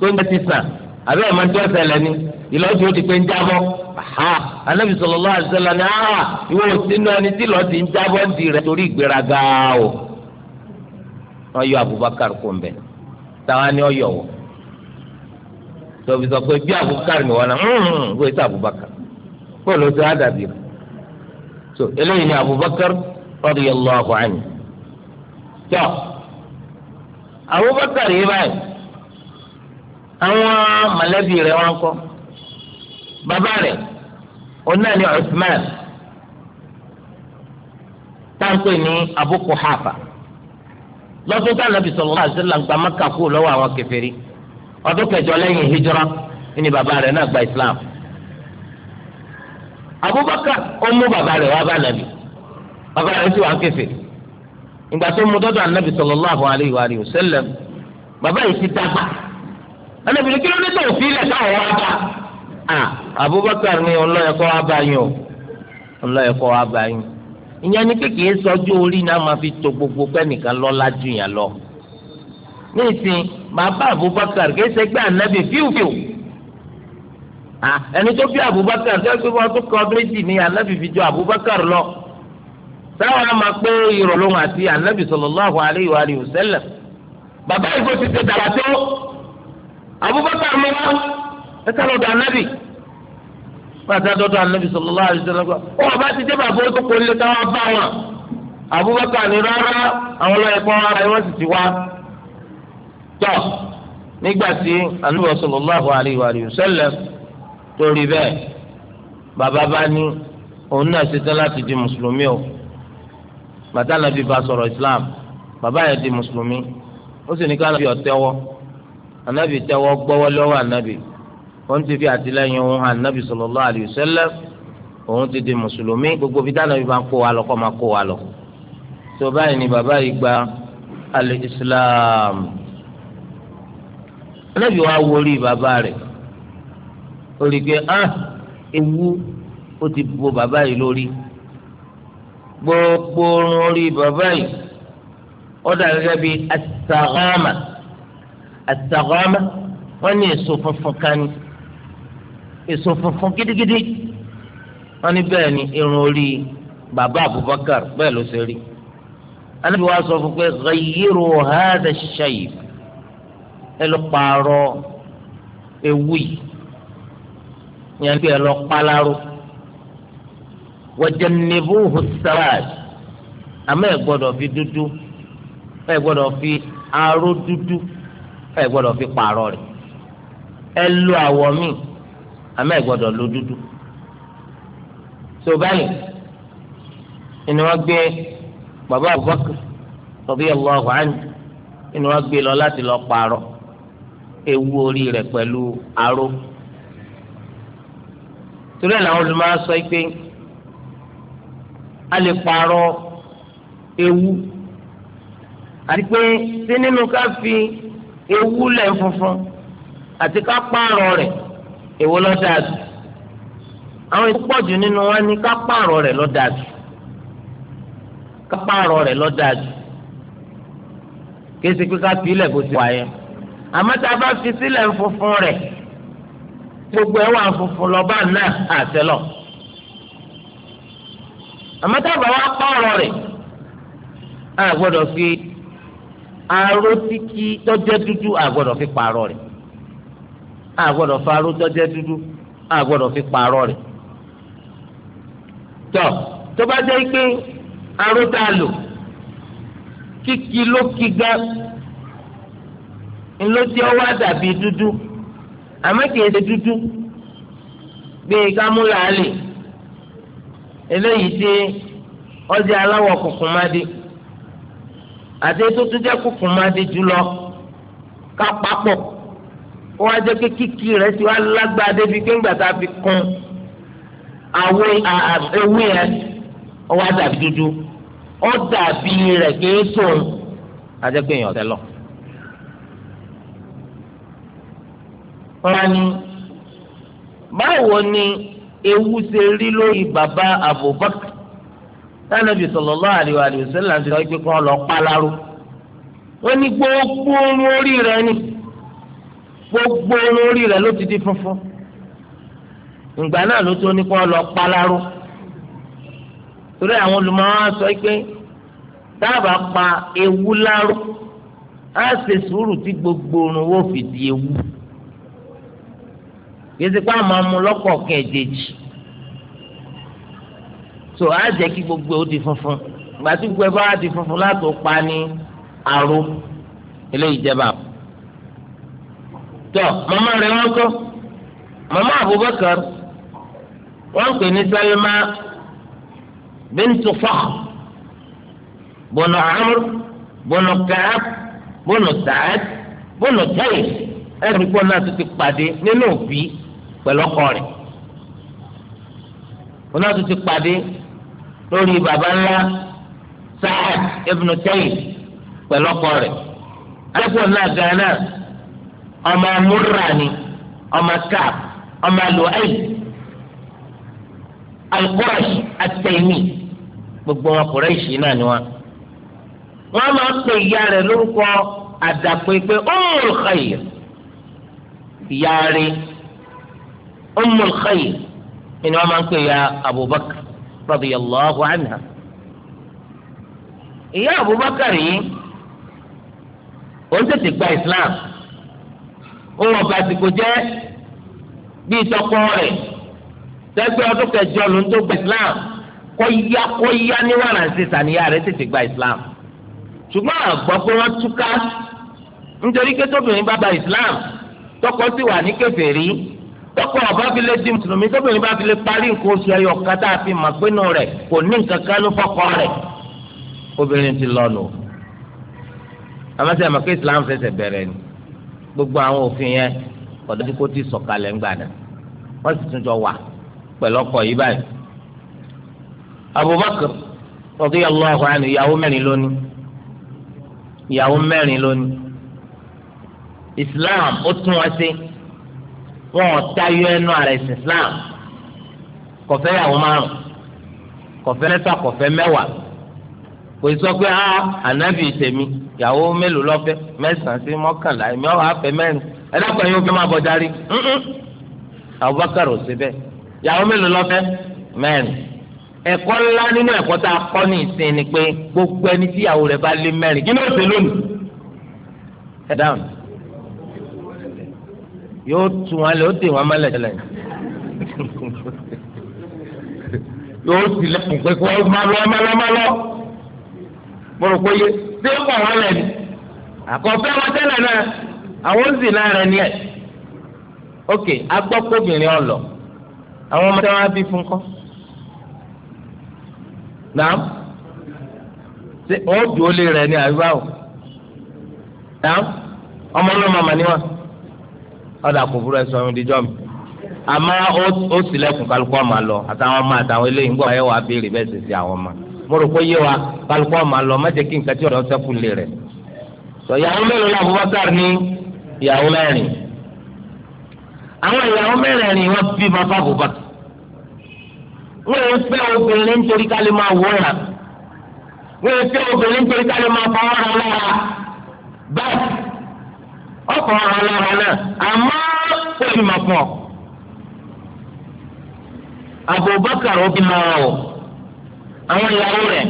tó ń bẹ ti sàn àbí ẹ̀ máa ń tó ẹsẹ̀ lẹ́ni ìlọ́dì ó ti pé ń jábọ́ aha anabi sallallahu alaihi wasallam ni aha ìwọ wọ́n yọ Abubakar kó mbẹ táwa ni ọ yọ wọ tòbí sọ pé bí Abubakar ni wọn náà wọ́n ti Abubakar bọ́ọ̀lù tó á dàbí rẹ̀ so eléyìí ni Abubakar radiyallahu anhu tọ́ Abubakar yìí báyìí àwọn mọ̀lẹ́bí rẹ̀ wọ́n kọ́ bàbá rẹ̀ ni Usman táǹpẹ̀ ní abụkwu hafa. lọ́dún tá nàbì sallallahu alaihi wasallam gba a kú lọ́wọ́ àwọn kèfèrí ọdún kẹjọ lẹ́yìn hijra islam abubakar ó mú bàbá rẹ̀ wá bá nàbì bàbá rẹ̀ sì wà ń ìgbà tó mú dọ́dọ̀ wa bàbá yìí ti dàgbà kí ló ní tó káwọn wá bá abubakar ni ọlọ́yẹ̀kọ́ wá ìyẹn ni kékeré sọjú orí náà máa fi to gbogbo pẹ́nìkan lọ́lá ju yàn lọ. ní ìsìn bàbá Abubakar kì í ṣe gbé ànábì fíufíu ẹni tó bí Abubakar tó ẹgbẹ́ wọn tó kọ ọdún méjì ní ànábì fi ju Abubakar lọ. sáwọn a máa pé ìrọ̀lọ́hún àti ànábì sallallahu alayhi wa alihi wa sallam bàbá ìgbò ti ṣe dàgbà tó Abubakar lọ́wọ́ ẹ ká lọ́dọ̀ ànábì pàṣẹ dọ́dọ̀ anabi sallallahu alaihi wasallam ọ bá ti dé bàbá ó tó kó lé káwá bá wọn abubakar ni rárá àwọn ọlọ́yẹ̀kọ́ ara wọn sì ti wá tọ́ nígbà tí anabi sallallahu alaihi wasallam torí bẹ́ẹ̀ bàbá bá ní òun náà ṣetán láti di mùsùlùmí o bàtà nàbí bá sọ̀rọ̀ islam bàbá yẹn di mùsùlùmí ó sì ní ká nàbí ó tẹ́wọ́ anabi tẹ́wọ́ gbọ́wọ́ lọ́wọ́ anabi òun ti fi àtìlẹ́yìn òun hàn nàbì sallallahu alayhi wa sallam òun ti di mùsùlùmí gbogbo fi dáná bíbá ń kó wa lọ kọ́ máa kó wa lọ. tó báyìí ni bàbá yìí gba al-Islam nàbì wa wo orí bàbá rẹ̀ ó rí i pé ah ewu ó ti bo bàbá yìí lórí gbogbo orí bàbá yìí ó dà gẹ́gẹ́ bíi asagama asagama wọ́n ní èso funfun kan ní èso funfun gidigidi wọ́n ní bẹ́ẹ̀ ni irun orí bàbá Abubakar bẹ́ẹ̀ ló ṣe rí anabi wa sọ fún pé ghayyiru hadha shayb ẹ lọ pààrọ̀ ewu yìí yẹn bí ẹ lọ kpalaro wajanibu husawad àmọ́ ẹ gbọ́dọ̀ fi dúdú ẹ gbọ́dọ̀ fi aró dúdú ẹ gbọ́dọ̀ fi pààrọ̀ rẹ̀ ẹ lo àwọ̀ míì àmọ́ ẹ̀ gbọ́dọ̀ lo dúdú so báyìí inú wọn gbé bàbá Abubakar radiyallahu anhu inú wọn gbé lọ láti lọ pààrọ̀ ewu orí rẹ̀ pẹ̀lú aró torí ẹ̀ làwọn olùmọ̀ sọ pé a lè pààrọ̀ ewu àti pé sí nínú ká fi ewu lẹ̀ funfun àti ká pààrọ̀ rẹ̀ èwo ló dáa jù àwọn ìpọ̀ jù nínú wa ní ká pààrọ̀ rẹ̀ ló dáa jù ká pààrọ̀ rẹ̀ ló dáa jù kéésì pé ká fi ilẹ̀ bó ti wà yẹn àmọ́ tá a bá fi sílẹ̀ ń funfun rẹ̀ gbogbo ẹ̀ wà funfun lọ́ba náà àtẹ́lọ̀ àmọ́ tá a bá wá pààrọ̀ rẹ̀ a fi aró tọ́jẹ́ dúdú a fi pààrọ̀ rẹ̀ a gbọ́dọ̀ fa arúgbó jẹ́ dúdú a gbọ́dọ̀ fi pààrọ̀ rẹ̀ tọ́ tó bá jẹ́ pé aró tá a lò kíkí ló kí gá ńlọ́tí ọwọ́ àdàbí dúdú àmọ́ kìí ṣe dúdú bíi kámúláàlì eléyìí tí ọjà aláwọ̀ kùkùmádé àti ètò tó jẹ́ kùkùmádé jùlọ ká papọ̀ kó wá jẹ́ pé kíkì rẹ̀ ti wá lágbára débi pé ńgbà tá a fi kún àwọn ewé yẹn ọwọ́ àdàbí dúdú ó dàbí rẹ̀ kì í sùn àjẹpẹ́ èèyàn tẹ́lọ̀. wọ́n ní báwo ni ewu ṣe rí lórí bàbá Abubakar tánàbì sallallahu alaihi wa sallam ti sọ pé lọ pa láró wọ́n ní gbogbo orí rẹ̀ ni gbogbo lórí rẹ̀ ló ti di funfun ìgbà náà ló tó ní kó lọ paláró torí àwọn olùmọ̀ọ́ sọ pé dábàá pa ewu láró á ṣe sùúrù tí gbogbo orun wò fi di ewu yìí ti pa àmọ́ mu lọ́kọ̀ọ̀kan ẹ̀jẹ̀jì so á jẹ́ kí gbogbo ó di funfun ìgbà tí gbogbo ẹ bá wá di funfun látò pa ní aró eléyìí jẹ́ bàbá tọ màmá rẹ̀ wọ́n kọ́ màmá Abubakar wọ́n pè ní Salma bintu Fakhr bọnà Amr bọnà Ka'ab bọnà Sa'ad bọnà Tayyib ẹnì kan náà tó ti pàdé nínú òbí pẹ̀lú ọkọ rẹ̀ wọn náà tó ti pàdé lórí baba ńlá Sa'ad ibn Tayyib pẹ̀lú ọkọ rẹ̀ ẹnì kan náà gan ọmọ múra ni ọmọ káàb ọmọ lùhẹ́yì alukóraṣì àtẹ̀yìmí gbogbo wọn kóraṣì náà ni wọn. wọn máa pe ìyá rẹ lórúkọ àdàpé pé Ummul Khayr ìyá rẹ Ummul Khayr ni wọn máa pe ìyá Abubakar radiyallahu anha. ìyá Abubakar yìí ó ń tètè gba Islam ó wọ bàtìkò jẹ́ bíi tọkọ rẹ̀ tẹ́gbẹ́ ọdún kẹjọ ló ń tó gba islam kọ́yá kọ́yá ní wàràǹsì sàníyà rẹ̀ tètè gba islam ṣùgbọ́n àgbọ̀ pé wọ́n túká nítorí pé tóbìnrin bá gba islam tọkọ sì wà ní kèfèrí tọkọ ọba fi lè di mùsùlùmí tóbìnrin bá fi lè parí nǹkan oṣù ẹyọ kan tá a fi mà pinnu rẹ̀ kò ní nǹkan kan ló fọkọ rẹ̀ obìnrin ti lọ nù àmọ́ sẹ́yìn mọ̀ pé islam fẹsẹ̀ bẹ̀rẹ̀ ni gbogbo àwọn òfin yẹn ọ̀dájú kó ti sọ̀kalẹ̀ ńgbà náà wọ́n sì tún jọ wà pẹ̀lú ọkọ̀ yìí báyìí. Abubakar radiyallahu anhu ìyàwó mẹ́rin lónìí ìyàwó mẹ́rin lónìí Islam ó tún wá sí wọn ò tayọ ẹnu ààrẹ sí Islam kọfẹ́ ìyàwó márùn kọfẹ́ lẹ́tà kọfẹ́ mẹ́wàá kò sọ pé a ah, ànábì tèmi ìyàwó mélòó lọ́fẹ́ mẹ́sàn-án sí mọ́kànlá èmi ọ̀hún afẹ́ mẹ́rin ẹ̀dọ́gba yóò fi máa bọ̀ darí Abubakar ò sí bẹ́ẹ̀ ìyàwó mélòó lọ́fẹ́ mẹ́rin ẹ̀kọ́ ńlá nínú ẹ̀kọ́ tá a kọ́ ní ìsìn ni pé gbogbo ẹni tí ìyàwó rẹ̀ bá lé mẹ́rin kí ló ṣe lónìí ẹ̀ dáhùn yóò tu wọn lé ó dè wọn mọ́lẹ̀ tẹ́lẹ̀ yóò tilẹ̀kùn pé kó má lọ má lọ má lọ mo ṣé ń bọ̀ wọ́n lẹ̀ ní. àkọ́fẹ́ wọn tẹ́lẹ̀ náà àwọn ń zìnà rẹ̀ ní ẹ̀. ok agbọ́kọ́bìnrin ọ̀lọ́ àwọn ọmọdé wọn bí fún kọ́. nàá ṣe ó lè rẹ̀ ní àríwá o. nàá ọmọ náà ni wọn. ọ̀dà kò burú ẹ sọ díjọ́ mi. àmọ́ ó sílẹ̀kùn kálukọ́ máa lọ àtàwọn ọmọ àtàwọn eléyìí ń bẹ́ẹ̀ sì àwọn mo rò pé yé wa kálukú ọmọ àlọ́ má jẹ́ kí nǹkan tí ọ̀dọ́ sẹ́kù lè rẹ̀. sọ ìyàwó mélòó ní Abubakar ní ìyàwó mẹ́rin àwọn ìyàwó mẹ́rin wọ́n bí bàbá Abubakar wọ́n yẹn fẹ́ obìnrin nítorí ká lè máa wọ́ra wọ́n yẹn fẹ́ obìnrin nítorí ká lè máa fọwọ́ ra bẹ́ẹ̀ ọkọ̀ ra lára náà àmọ́ ó bí ma fún ọ Abubakar àwọn ìyàwó rẹ̀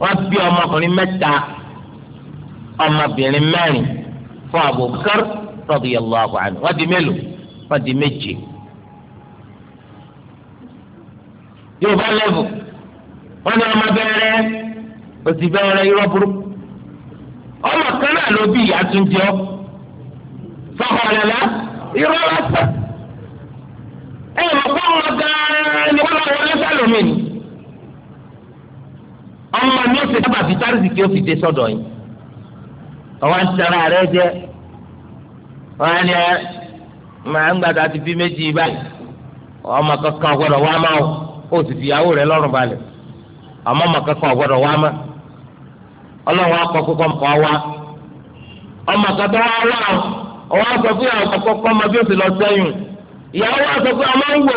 wọ́n bí ọmọkùnrin mẹ́ta ọmọbìnrin mẹ́rin fún Abubakar radiyallahu anhu wọ́n di mélòó wọ́n di méje. yorùbá lẹ́bù wọn ni ọmọ òsì náà ló bí ìyá tún ọ fọkànlélá irọ́ àwọn ni ó ṣe sábà fi tárìsì kí ó fi dé sọ́dọ̀ yìí ọwọ́ ń tẹ̀ra rẹ jẹ́ wọ́n á ní ẹ ń gbàdá ti méjì báyìí ọmọ kankan wá máa ó sì fi ìyàwó rẹ lọ́rùn balẹ̀ ọmọ ọmọ kankan wá máa ọlọ́run kókó ọmọ ọwọ́ fún ń ò lè lọ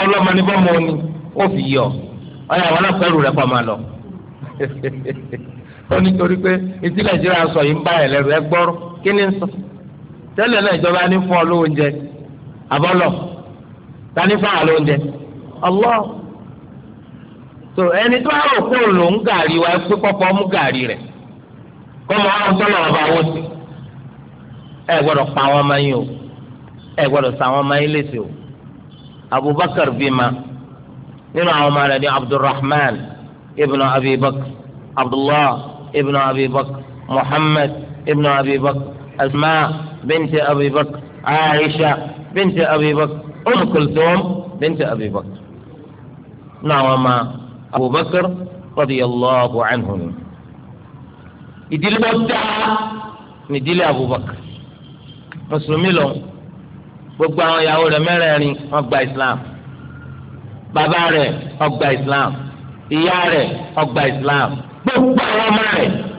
ọmọ ọlọ́mọ ọ̀ ó fi yọ ọyọ àwọn náà rẹ kọ́ máa lọ. ó ní torí pé etí nàìjíríà sọ yìí ń bá ẹ ọ lóúnjẹ ta ní fún àwọn lóúnjẹ tó ẹni tó àrò kó ló ń gàrí wa pé kọ́kọ́ mú gàrí rẹ̀ kọ́ mọ àwọn tó bá sí ẹ pa àwọn ọmọ o ẹ sa àwọn o Abubakar bíi nínú àwọn ọmọ lani abdulrahman ibnu abi bakr abdullah ibnu abi bakr muhammad ibnu abi bakr asma binti abi bakr aisha binti abi bakr umm kultum binti abi bakr nínú àwọn ma ọmọ abubakar radiyallahu anhu ìdílé bá dáa ní ìdílé abubakar mùsùlùmí lọ gbogbo àwọn ìyàwó rẹ̀ mẹ́rẹ̀ẹ̀rin wọ́n gba islam. Baba rẹ̀ ọgbà islam ìyá rẹ ọgbà islam gbogbo àwọn ọmọ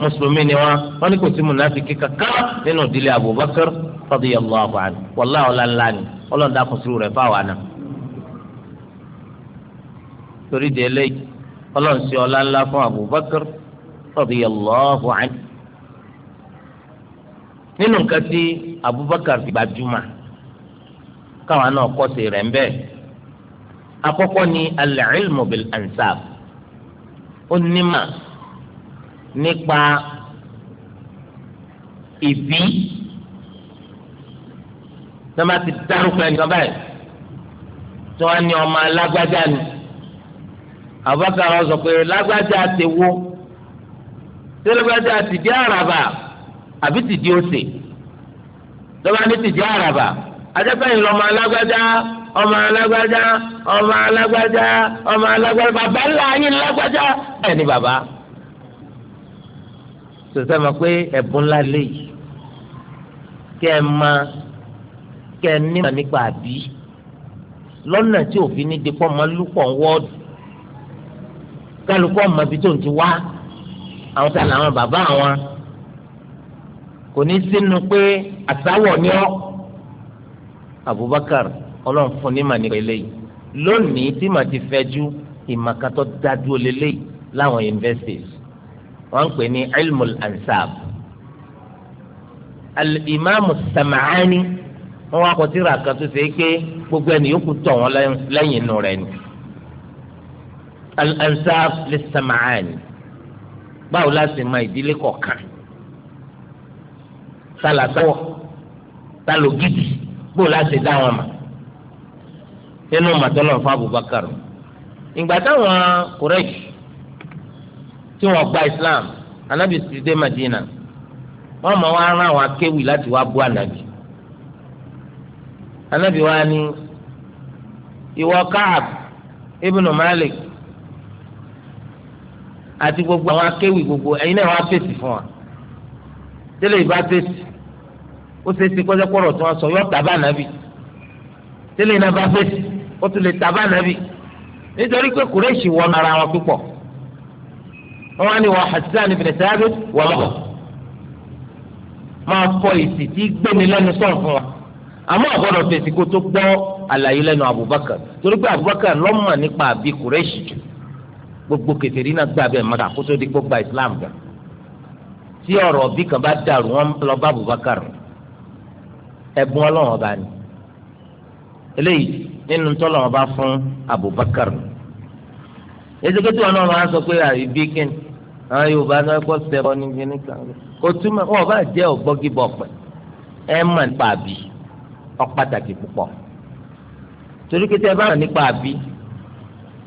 Musulmi mùsùlùmí ni wọn wọn ní kò sí mùnàfíkì kankan nínú ìdílé abubakar radiyallahu anhu wàláhùn ọ̀la ńlá ni ọlọ́run dákun sùúrù rẹ fáwọn náà torí de eléyìí sí fún abubakar nínú nǹkan tí abubakar gbajúmọ̀ káwọn náà kọ́ sí rẹ̀ ń àkọ́kọ́ ni al-ilmu bil ansab ó nímà nípa ìbí tó bá ti dárúkọ ẹnìkan báyìí tó wá ní ọmọ alágbájá ni àbákà wọn sọ pé lágbájá ti wó tí ti di àràbà àbí ti di òsè tó bá ti di àràbà ajẹ́pẹ́yìn lọ́mọ alágbájá ọmọ alágbájá ọmọ alágbájá ọmọ alágbájá bàbá ńlá yín lágbájá ẹ̀ ní bàbá. sọ̀tẹ́ ma pé ẹ̀bùn ńlá léyìí kẹ́ ẹ ma kẹ́ ẹ nímọ̀ nípa àbí lọ́nà tí òfin ní dipọ́ máa lúpọ̀ ń wọ́ọ̀dù kálukú ọmọ ibi tó ń ti wá àwọn tá làwọn bàbá àwọn kò ní sínú pé àtàwọ̀ ni ọ́ Abubakar ọlọ́run fún ní mà nípa eléyìí lónìí tí mà ti fẹjú ìmàkàtọ́ dájú lélẹ́yìí láwọn universities wọ́n ń pè ní ilmul ansab alimami samaani wọ́n wá kọ tírà kan tó ṣe é pé gbogbo ẹni yòókù tọ̀ wọ́n lẹ́yìn inú rẹ̀ ni al-ansab li samaani báwo la sì máa ìdílé kọ̀ọ̀kan sálàsáwọ̀ sálògidì bó la sì dá wọn mọ̀ nínú màtọ́lọ̀ fún Abubakar ìgbà táwọn Quraysh tí wọ́n gba Islam anabi ti dé Madina wọ́n mọ̀ wá rán àwọn akéwì láti wá bú anabi anabi wa ni ìwọ Káàb ibnu Malik àti gbogbo àwọn akéwì gbogbo ẹ̀yin náà wá fèsì fún wa tẹ́lẹ̀ ìbá fèsì ó ṣe é ṣe kọ́sẹ́kọ́rọ̀ tí wọ́n sọ yọ̀ọ́ tàbá anabi tẹ́lẹ̀ iná bá fèsì ó tún lè tàbá nàbì nítorí pé kùrẹ́ẹ̀sì wọnú ara wọn púpọ̀ wọn ni wọn Hassan ibn Thabit wọ́n lọ́kọ̀ máa kọ èsì tí gbẹ̀mí lẹ́nu sọ̀rọ̀ fún wa àmọ́ àgbọ̀dọ̀ fèsì kó tó gbọ́ àlàyé lẹ́nu Abubakar torí pé Abubakar lọ́mọ̀ nípa àbí kùrẹ́ẹ̀sì jù gbogbo kẹfẹ́rì náà gbà bẹ́ẹ̀ mọ́ta kó tó di gbogbo Islam gan tí ọ̀rọ̀ bí kan bá dàrú wọn lọ bá Abubakar ẹ̀bùn ọlọ́run ọba ni eléyìí nínú tọ́lọ̀ wọn bá fún Abubakar ezekete wọn náà máa sọ pé àìbí ah, kíni àwọn Yorùbá náà kọ́ sẹ́wọ́ ní kíní kan kò túmọ̀ wọn bá jẹ́ ọ̀gbọ́gìbọ̀ pẹ̀ ẹ mọ̀ nípa àbí ọ̀pàtàkì púpọ̀ torí kété ẹ bá mọ̀ nípa àbí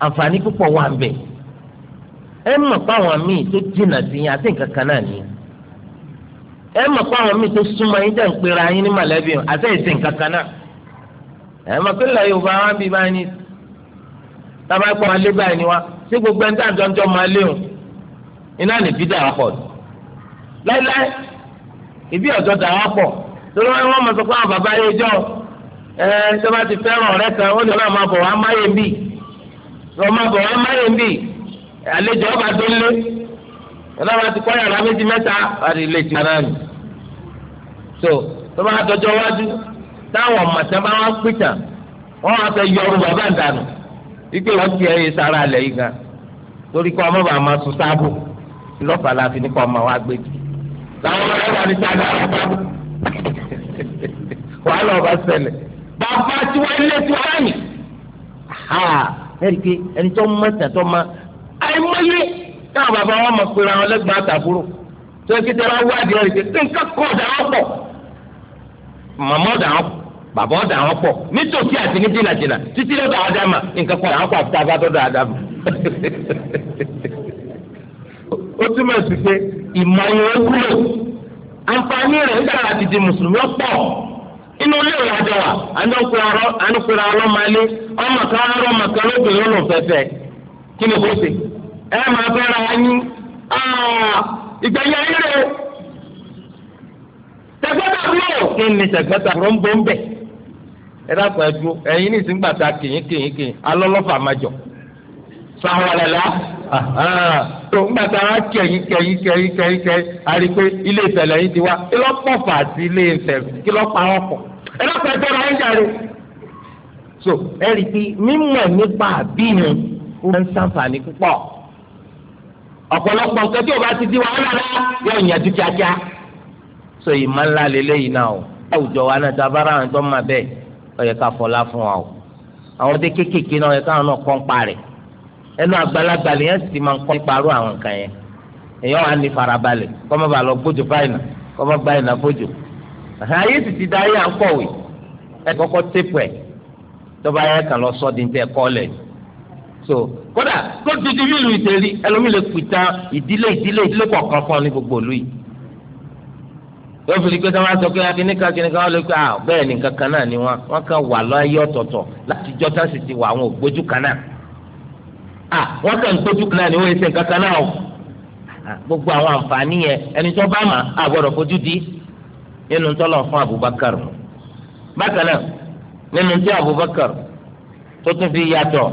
àǹfààní púpọ̀ wà ń ẹ mọ̀ páwọn míì tó jìnnà sí yín àti nǹkan kan náà nìyẹn ẹ mọ̀ páwọn míì tó súnmọ́ yín tẹ̀ ń pera yín ní mọ̀lẹ́bí àti ẹ̀sìn nǹkan kan náà ẹ̀ mọ̀ pé lẹ́yìn òfò àwọn bíi báyìí ní tábà pọ̀ máa lé báyìí ni wá sí gbogbo ẹni tá àjọjọ́ máa léhùn iná ní bí dàá pọ̀ láíláí ìbí ọ̀jọ́ dàá pọ̀ lórí wọn wọ́n mọ̀ sọ pé àwọn bàbá yẹn jọ ẹ ṣé bá ti fẹ́ràn ọ̀rẹ́ kan ó lè máa máa bọ̀ máyé bì lọ́ máa máyé bì àlejò ọba tó lé ọlọ́run ti kọ́ yàrá méjì mẹ́ta láti so tó bá táwọn ọmọ tí wọn bá wọn pìtà wọn wá fẹ́ yọrù bàbá ìdànù wípé wọn ti ẹyẹ sára alẹ yìí gan torí kọ ọmọ bàá máa sùn sáàbù lọfà láfi ní kọ ọmọ wa gbé jù táwọn ọmọ rẹ wà ní sáàbù sáàbù wàhálà ọba ṣẹlẹ̀ bàbá tiwa ilé tiwa láyìn ẹni pé ẹni tó ń mọ̀tà tó ma àìmọye táwọn bàbá wọn mọ̀ pé àwọn lẹ́gbàá àtàbúrò tó ń kí wá di ẹ̀rí pé nǹkan kọ̀ ọ̀dà wọn pọ̀. mama ọ̀dà wọn bàbá ọ̀dà wọn pọ nítòsí àti ní jìnnàjìnnà títí lọ́dọ̀ àdàmà nǹkan kan àwọn kọ àfitá bá dọ́dọ̀ àdàmà. ó túmọ̀ sí pé ìmọ̀ yẹn wúlò àǹfààní rẹ̀ nígbà láti di mùsùlùmí ọ̀pọ̀ inú ilé ìwádìí wa ànúkúra ọlọ́mọlé ọmọ kan lóbìnrin ló fẹ́fẹ́ kí ni kò sí ẹ máa fẹ́ ra yín tẹ̀gbẹ́tàbúrò kí ni tẹ̀gbẹ́tàbúrò ń bọ̀ ń bẹ̀ ẹ dàpọ̀ ẹ dúró ẹ̀yin ní ìsìn gbàtà kìnyín kìnyín kìnyín alọ́lọ́fà máa jọ sàwọlẹ̀lá tó ńgbàtà wa kẹ̀yìn kẹ̀yìn kẹ̀yìn kẹ̀yìn kẹ̀yìn àrí pé ilé ìfẹ̀lẹ̀ yìí ti wá kí lọ́ pọ̀ fà sí ilé ìfẹ̀ kí lọ́ pa wọn pọ̀ ẹ lọ́pọ̀ ẹ tọ́ra ń jàre. so ẹ rí i pé mímọ̀ nípa àbínú ó máa ń sàǹfààní púpọ̀ ọ̀pọ̀lọpọ̀ nǹkan tí o bá ti di wàhálà rẹ yóò yànjú kíákíá so ìmọ̀ ńlá lélẹ́yìn náà o àwùjọ wa náà tá a bá rà àwọn tó máa bẹ́ẹ̀ ó yẹ ká fọlá fún wa o àwọn ọdẹ kéékèèké náà ó yẹ káwọn náà kọ́ ń parẹ̀ ẹnu àgbàlagbà lèyàn sì máa ń kọ́ ń parọ́ àwọn nǹkan yẹn èyàn wà ní farabalẹ̀ kọ́mọ́ bá lọ gbójú báyìí kọ́mọ́ gbá ìnà fójò ayé sì ti da à ń kọ̀wé ẹ kọ́kọ́ tẹ́pù ẹ̀ tọ́ba ayé kan lọ sọ́ di ní tẹ́ kọ́ so kódà tó ti di mílùú ìtẹ̀rí ẹlòmílẹ̀ pìtàn ìdílé ìdílé ìdílé kọ̀ọ̀kan fún yóò fi pé táwọn sọ pé akínníkà kínníkà wọn lè pé ah bẹ́ẹ̀ ni kankan náà ni wọn wọn kàn wà láyé ọ̀tọ̀ọ̀tọ̀ láti jọ́tà sì ti wà àwọn ògbójú kan náà ah wọn kàn gbójú kan náà ni wọn ṣe kankan náà o ah, gbogbo àwọn àǹfààní yẹn ẹni tó bá mà á gbọdọ̀ fojú di nínú tọ́lọ̀ fún Abubakar bákan náà nínú tí Abubakar tó tún fi yàtọ̀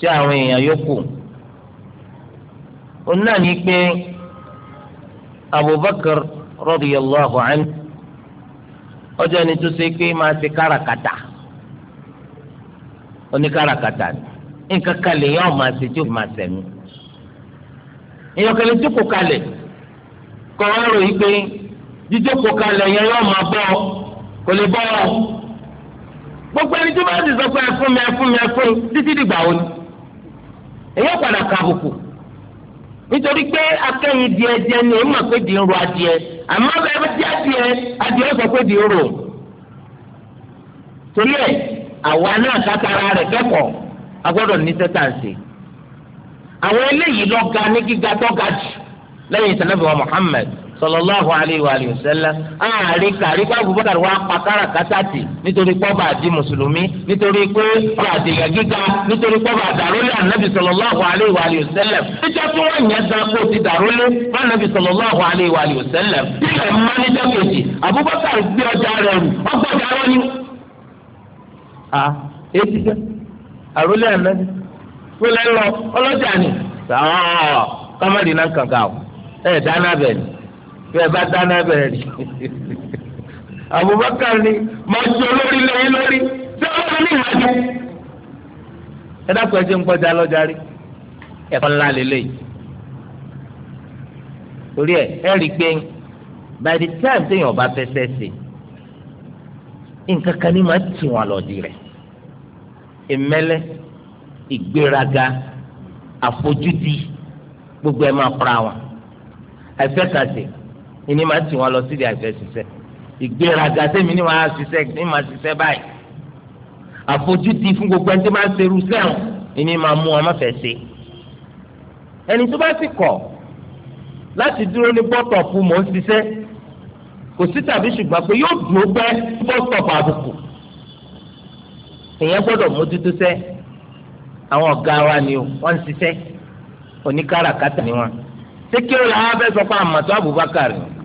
sí àwọn èèyàn yòókù òun náà ní pé radiyallahu anhu ọjọ́ ẹni tó ṣe pé máa ṣe káràkátà oníkáràkátà ni nǹkan kalẹ̀ yóò máa ṣe tí ó máa ṣẹ̀mí ìyọkẹ́lẹ́ jókòó kalẹ̀ kọ́ ọ́rọ̀ yìí pé jíjókòó kalẹ̀ gbogbo ẹni tó bá ti sọ pé ẹ fún mi ẹ fún mi ẹ fún mi títí dìgbà wo èyí kàbùkù. nítorí pé akẹ́yìn di ẹ̀jẹ̀ ni èmi mọ̀ pé di ń ro adìẹ àmọ́ bẹ́ẹ̀ bá di adìẹ adìẹ sọ pé di torí ẹ̀ àwa náà kátara rẹ̀ a ga ní gíga tó ga jù Muhammad sallallahu alayhi wa alihi wa sallam ààrí kàrí kó Abubakar wá pa kárakáta tì nítorí pọ́bà àti mùsùlùmí nítorí pé ọ̀rọ̀ àdìgà gíga nítorí pọ́bà àdàrólé ànábì sallallahu alayhi wa alihi wa sallam níjọ́ tí wọ́n yẹn gan kó ti dàrólé ànábì sallallahu alayhi wa alihi wa sallam ilẹ̀ mọ́ níjọ́ kejì Abubakar gbé ọjà rẹ̀ rù ọgbà dàrọ́ ni. a etí gẹ́ àrólé ànábì wọlé lọ ọlọ́jà ni bí ẹ bá dáná bẹ̀rẹ̀ rí Abubakar ni máa ṣe olórí lẹ́yìn lórí tí wọ́n bá ní ìrìnàjò. ẹ dákun ẹ ṣe ń gbọ́dọ̀ lọ́jà rí ẹ̀kọ́ ńlá lélẹ́yìí torí ẹ ẹ rí i pé by the time téèyàn bá fẹsẹ̀ ṣe nǹkan kan ní máa tì wọ́n lọ́ọ́ rẹ̀ ìmẹ́lẹ́ ìgbéraga àfojúdi gbogbo ẹ̀ máa para wọn ẹ̀fẹ́ kan sí ìní máa tì wọn lọ síbi àìfẹ́ ṣiṣẹ́ ìgbéraga sẹ́mi ní wàá ṣiṣẹ́ ní máa ṣiṣẹ́ báyìí àfojúdi fún gbogbo ẹni tó máa ń ṣerú sẹ́wọ̀n ìní máa mú wọn mọ́fẹ́ ṣe ẹni tó bá sì kọ̀ láti dúró ní bọ́tọ̀pù mò ń ṣiṣẹ́ kò sí tàbí ṣùgbọ́n pé yóò dúró pẹ́ bọ́tọ̀pù àbùkù èèyàn gbọ́dọ̀ mójútó sẹ́ àwọn ọ̀gá wa ni wọ́n ń ṣiṣẹ́ oníkàràkátà ni wọ́n ṣé kí ó làwọn abẹ́ sọ fún àmọ̀tó Abubakar ni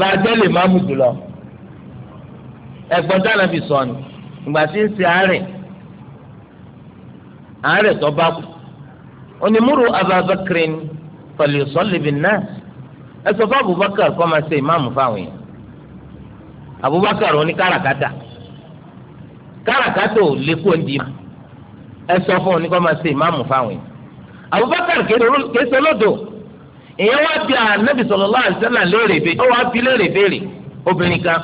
làjẹ́ lè má mú jùlọ ẹ̀gbọ́n dáná fi sọ ni ìgbà tí ń ṣe àárẹ̀ àárẹ̀ tó bá kú onímúru ababakirin pẹ̀lú sọ́lẹ̀bìn náà ẹ sọ fún Abubakar kó máa ṣe ìmáàmù fáwọn yẹn Abubakar oní káràkátà káràkátà ò lékò ń di ẹ sọ fún oní kó máa ṣe ìmáàmù fáwọn yẹn Abubakar kèsè lọ́dọ̀. èyí wá bí anabi sallallahu alaihi wasallam léèrè béèrè ó wá bí léèrè béèrè obìnrin kan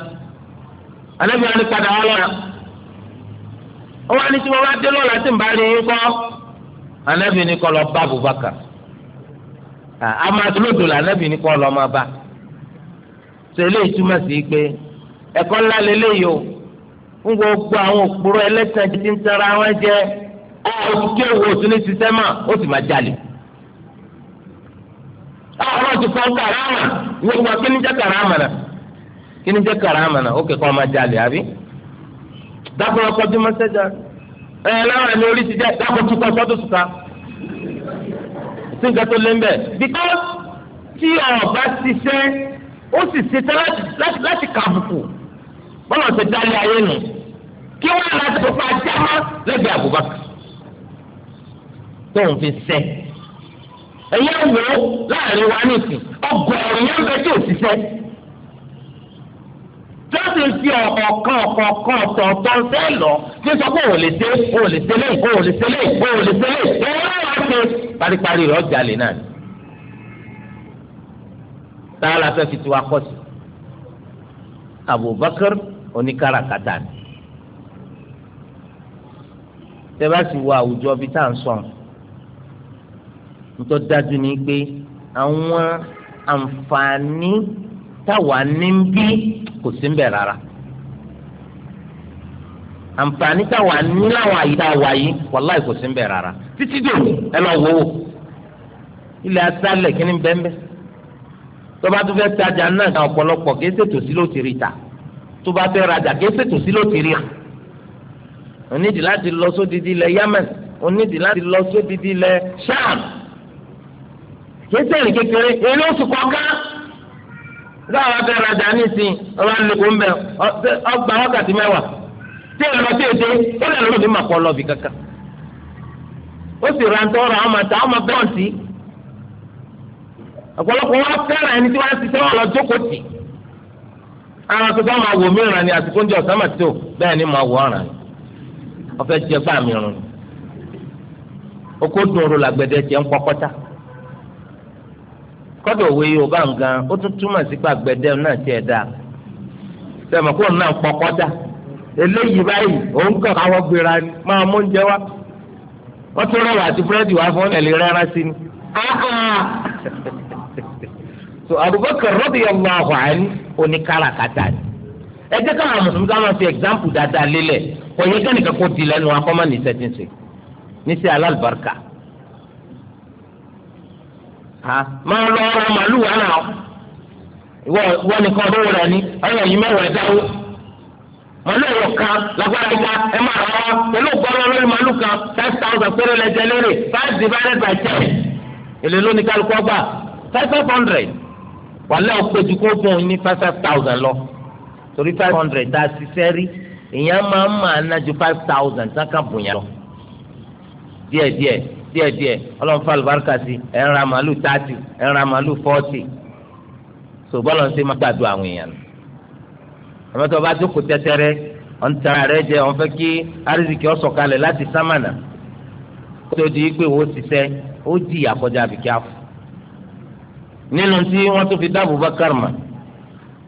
anabi wá padà wá lọ́la ó wá ní tí wọ́n wá dé lọ́la tí bá rí anabi lọ bá Abubakar amadolodo la anabi ní kọ́ lọ máa bá ṣe eléyìí túmọ̀ sí pé ẹ̀kọ́ ńlá lélẹ́yìí o ń gbogbo àwọn òpùrọ̀ ẹlẹ́tàn títí ń tẹ́ra wọn jẹ́ àwọn ti kọ́ karama ìwé wọn kí ni jẹ́ karama náà kí ni jẹ́ karama náà ó kẹ́kọ̀ọ́ máa jalè àbí dákun ọkọ̀ tí wọ́n sẹ́jà ẹ̀ láwọn ẹ̀mí orí ti jẹ́ dákun tó kọ́ sọ́dún sùkà sí nǹkan tó lé ń bẹ̀ because tí ọba ṣiṣẹ́ ó sì ṣiṣẹ́ láti kàbùkù bọ́lá ti dálé ayé nù kí wọ́n láti fọ́pá jámá lẹ́gbẹ̀ẹ́ Abubakar tóun fi sẹ́ẹ̀ ẹ̀yẹ́ wò ó láàrin wa nìsín ọgọ́rùn-ún yẹn bẹ tí ò ti fẹ́. Jọ́sìn fi ọ̀kọ̀ọ̀kan ọ̀kọ̀ọ̀kan ọ̀tọ̀ọ̀tọ̀ ń fẹ́ lọ. Ṣé sọ pé òun lè ṣe òun lè ṣe léyìn òun lè ṣe léyìn òun lè ṣe léyìn òun lè wá ṣe. Paríparí rẹ̀ ọjà lè náà ni. Táwa la fẹ́ fi tiwa kọ́ sí. Abubakar oníkàràkátà ni. Tẹ́ bá sì wo àwùjọ bíi tá à ń sọ̀rọ̀ nítorí dájú ni pé àwọn àǹfààní táwa ní ń bí kò sí ń bẹ̀ rárá àǹfààní táwa ní láwọn àyíká wa yìí wàláì kò sí ń bẹ̀ rárá títí dòní ẹ lọ wò ó ilẹ̀ asálẹ̀ kí ni tó bá tó fẹ́ tajà náà kan ọ̀pọ̀lọpọ̀ kì í ṣètò sí ló ti rí ta tó bá fẹ́ rajà kì í ṣètò sí ló ti rí ta onídìí láti lọ sódìdí ilẹ̀ Yemen onídìí láti lọ sódìdí ilẹ̀ Sham e sẹ́yìn kékeré èrè oṣù kọ̀ọ̀kan láwọn abẹ́rẹ́ rajà nísìnyí ọba lóko ń bẹ ọgbà wákàtí mẹ́wàá tí èrè lọ sí èdè ó lè lọ́ọ́ ní màpọ̀ lọ́ọ̀bì kaka ó sì ra ntọ́ ra ọmọ ta ọmọ bọ́ǹtì ọ̀pọ̀lọpọ̀ wọn fẹ́ràn ẹni tí wọ́n ti sẹ́wọ̀n lọ jókòó tì àwọn akẹ́kọ̀ọ́ máa wò mí bẹ́ẹ̀ ni kọ́dọ̀ òwe yorùbá nǹkan ó tún túmọ̀ sí gbàgbẹ́dẹ náà tiẹ̀ dá sẹ́mi kó náà pọkọ́ dá eléyìí báyìí òun kàn káwọ́ gbéra ni máa mú oúnjẹ wá wọ́n tún rẹwà àti búrẹ́dì wá fún ẹ̀lẹ́ rárá sí ni. so Abubakar radiyallahu anhu oní káràkátà ni ẹ jẹ́ káwọn mùsùlùmí káwọn fi example dáadáa lélẹ̀ kò yẹ kẹ́nìkan kó di lẹ́nu akọ́mọ́ ní sẹ́tíǹsì ní sẹ́ alálùbáríkà máa lọ ọ̀rọ̀ màlúù wà náà ìwọ nìkan ló rẹ ni ọyọ yìí mẹwàá dáwó màlúù ẹ̀rọ kan lágbára ìta ẹ máa rọ ọ pẹ̀lú gbọ́dọ̀ lórí màlúù kan five thousand péré lẹ́jẹ̀ lérè five divided by ten èlé lónìí kálukú ọgbà five hundred wàlẹ́ òpèjú kó fún un ní five thousand lọ torí five hundred dá ṣiṣẹ́ rí ìyẹn máa ń máa ná ju five thousand sákàbùyàn lọ díẹ̀díẹ̀ díẹ̀díẹ̀ ọlọ́run fa àlùbáríkà sí ẹ̀ ń ra màálù tààtì ẹ̀ ń ra màálù fọ́ọ̀tì sòbọ́lọ̀ ń ṣe má gbàdo àwọn èèyàn àmọ́ tó o bá jókòó tẹ́tẹ́rẹ́ ọ̀n tara rẹ jẹ ọ̀n fẹ́ kí arizikì ó sọ̀kalẹ̀ láti sámànà kó tó di pé wọ́n ti sẹ́ ó di àkọjá àbíkí àfọ̀ nínú tí wọ́n tó fi dáàbò bá kárìmà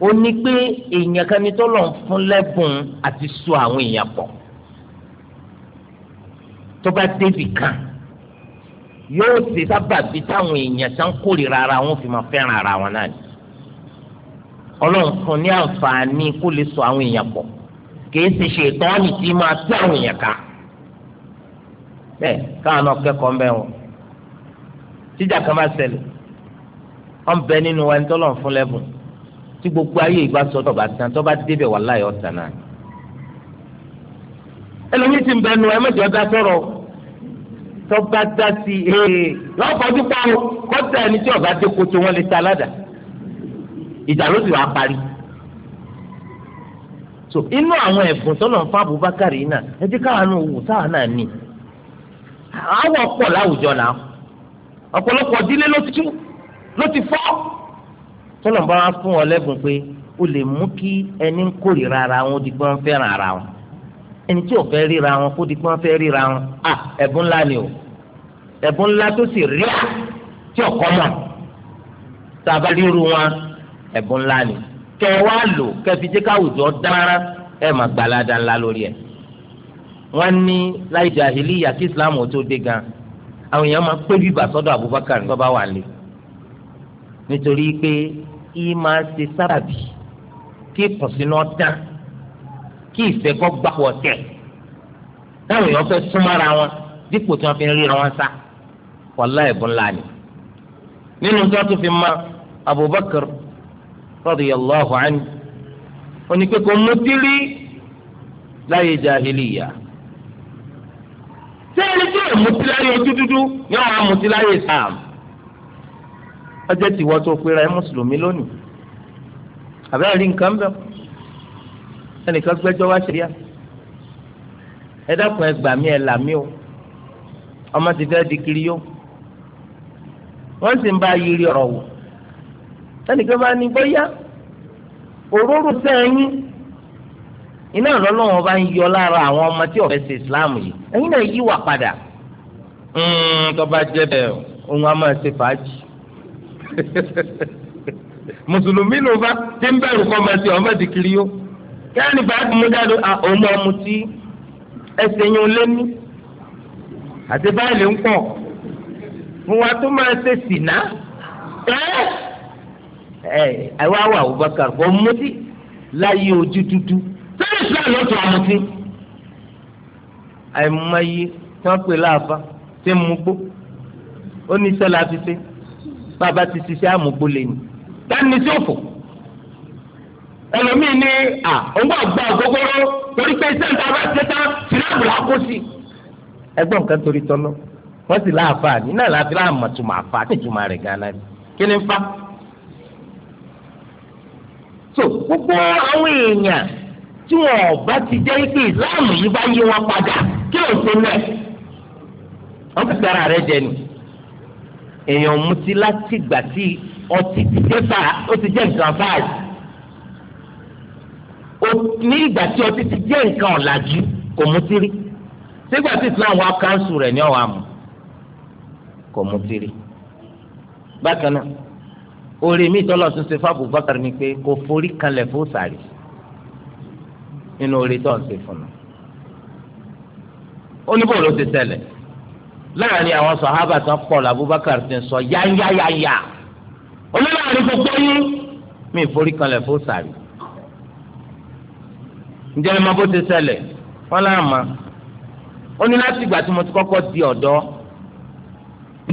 ó ní pé èèyàn kan ní tó lọ́n fún lẹ́bùn àti so àwọn èèyàn pọ̀ tó bá débì kan yóò ṣe sábàbí táwọn èèyàn tán kórìíra ara wọn fi máa fẹ́ràn ara wọn náà ni ọlọ́run ní àǹfààní kó lè sọ àwọn èèyàn pọ̀ kìí ṣe ṣètọ́ọ̀nì tí máa tẹ àwọn èèyàn ká bẹ́ẹ̀ káwọn náà kẹ́kọ̀ọ́ ń bẹ́ wọn nínú wa ní fún lẹ́bùn ayé ìgbà sọ tó bá tán tó bá débẹ̀ wà láyọ̀ náà ẹlòmíì ti ń bẹnu tọ́ba dá sí i yọ fọdú pààrọ̀ kọ́tà ẹni tí ọba dé koto wọn lè ta aládàá ìjà ló sì wá parí. so inú àwọn ẹ̀bùn tọ́lọ̀ ń fún Abubakar yìí náà ẹ jẹ́ káwọn náà wò táwọn náà ní. àwọn ọ̀pọ̀ láwùjọ náà ọ̀pọ̀lọpọ̀ dílé ló ti tú ló ti fọ́. tọ́lọ̀ ń bá wá fún ọ lẹ́bùn pé ó lè mú kí ẹni ń kórìíra ara wọn di pé fẹ́ràn ara wọn ẹni tí ò fẹ́ ríra wọn kó di pé wọ́n fẹ́ ríra wọn à ẹ̀bùn ńlá ni o ẹ̀bùn ńlá tó sì rí à tí ọ̀kọ́ mọ̀ tá a bá ríru wọn ẹ̀bùn ńlá ni kẹ wá lò kẹ fi jẹ́ káwùjọ dára ẹ̀ máa gbalada ńlá lórí ẹ̀ wọ́n ní láì jàhílíyà kí islam ò tó dé gan àwọn èèyàn máa pé bíbà sọ́dọ̀ abubakar tó bá wà lé nítorí pé ìmọ̀ ṣe sábàbí kí kùnsínú ọ̀dán kí ìfẹ́ kọ́ gbapò tẹ̀ táwọn èèyàn fẹ́ súnmọ́ra wọn dípò tí wọ́n fi ń ríra wọn sá wàlá ẹ̀bùn ńlá ni. nínú tí wọ́n tún fi ma Abubakar radiyallahu anhu oníkókò mutiri láyé jahiliya sẹ́yìn tí yóò mutí láyé ojú dúdú ni wọ́n á mutí láyé Islam ọjọ́ tí wọ́n tó pera ẹ́ mùsùlùmí lónìí àbẹ́rẹ́ rí nǹkan bẹ́ẹ̀ ẹnìkan gbẹ́jọ́ wá ṣẹlẹ̀ ẹ dákun ẹ gbà mí ẹ là mí o ọmọ ti fẹ́ di kiri yó wọ́n sì ń bá yiri ọ̀rọ̀ wò ẹnìkan bá ní bóyá òróró sẹ́yìn iná ìrọ̀lọ́wọ́n bá ń yọ lára àwọn ọmọ tí ọ̀fẹ́ ṣe Islam yìí ẹ̀yin náà yí wà padà tó bá bẹ́ẹ̀ òun á máa ṣe fàájì mùsùlùmí ló bá ti ń bẹ̀rù kọ́ máa ṣe ọmọ ìdíkiri yó yẹ́nì báàgì mú jáde ọmọ ọmọ tí ẹsẹ̀ yín lé ní àti báyìí ń pọ̀ fún wa tó máa ṣe sìnà ẹ́ ẹ́ àwa wà Abubakar kò mú tí láyé ojú dúdú sẹ́yìn Islam lọ́tọ̀ ọmọ tí àìmọye tí wọ́n pè láàfa tí ń mú gbó ó ní sọ́la fi ṣe bàbá ti ṣiṣẹ́ àmúgbó lẹ́yìn dání sí òfò ẹlòmíín ní à òun bá gba ògógóró torí pé sẹ́ńtà bá ṣe tán síláàbù là kó sí. ẹgbọ́n nǹkan torí tọ́lọ́ wọ́n sì láàfà nínú àlàáfíà àmọ̀túmọ̀ àfà nítumọ̀ rẹ̀ gánà kí ni fa. so gbogbo àwọn èèyàn tí wọn ò bá ti jẹ́ pé ìsìláàmù yìí bá yí wọn padà kí ló ń ṣe náà wọ́n ti tara rẹ̀ jẹ ni èèyàn mutí láti gbà tí ọtí ti jẹ́ nǹkan báyìí ní ìgbà tí ọtí ti jẹ́ nǹkan ọ̀làjú kò mú tírí sígbà tí islam wá kánṣu rẹ̀ ní ọ̀wà mu kò mú tírí. bákan náà orí mi tọ́lọ̀ tún ṣe fáàbù bákàrẹ́ ni pé kò forí kanlẹ̀ fún sàrí nínú orí tó ń ṣe fún un. ó ní bóòlù ti ṣẹlẹ̀ láàrin àwọn sọ̀hábà tán pọ̀ làbúbákàr ti ń sọ yáyáyáyá olórí àrífọ́ pọ́yú mi forí kanlẹ̀ fún sàrí ǹjẹ́ ẹ máa bó ti ṣẹlẹ̀ wọ́n láà má ó ní láti ìgbà tí mo ti kọ́kọ́ di ọ̀dọ́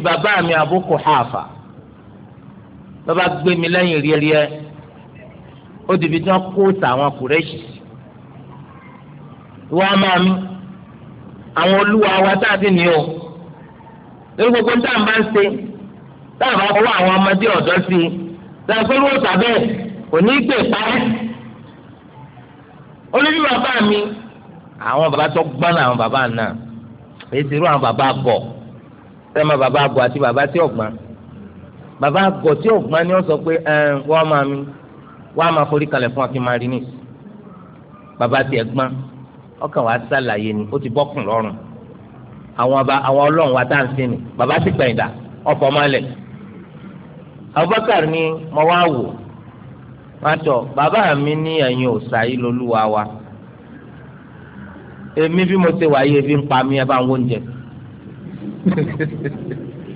bàbá mi Abu Kuhafa bàbá gbé mi lẹ́yìn ríẹ́ríẹ́ ó dìbí tí wọ́n kó sàwọn kùrẹ́ṣì ìwọ ọmọ mi àwọn olúwa wa tá a ti ní o lórí gbogbo tá à ń bá ń ṣe tá à bá kọ́ àwọn ọmọdé ọ̀dọ́ sí i tá a fẹ́ lóòótọ́ kò ní í gbè parẹ́ olóbi bàbá mi àwọn bàbá tó gbọ́n náà àwọn bàbá náà èsì irú àwọn bàbá gọ̀ sẹ́mi bàbá gọ̀ àti bàbá tí ọ̀gbọ́n bàbá gọ̀ tí ọ̀gbọ́n ni wọ́n sọ pé ẹ wọ́n máa mi wọ́n máa forí kalẹ̀ fún akin marini bàbá tí ẹ̀gbọ́n ọkàn wa sàlàyé ni ó ti bọ́kùn lọ́rùn àwọn ọlọ́run wa tá à ń sìn ní bàbá ti gbẹ̀yìn dà ọ̀pọ̀ máa lẹ̀ Abubakar ni mo wá wò mátọ bàbá mi ní ẹ̀yin òòsà yìí lolúwa wa èmi bí mo ṣe wà yìí ebi ń pa mí ẹ bá ń wóúnjẹ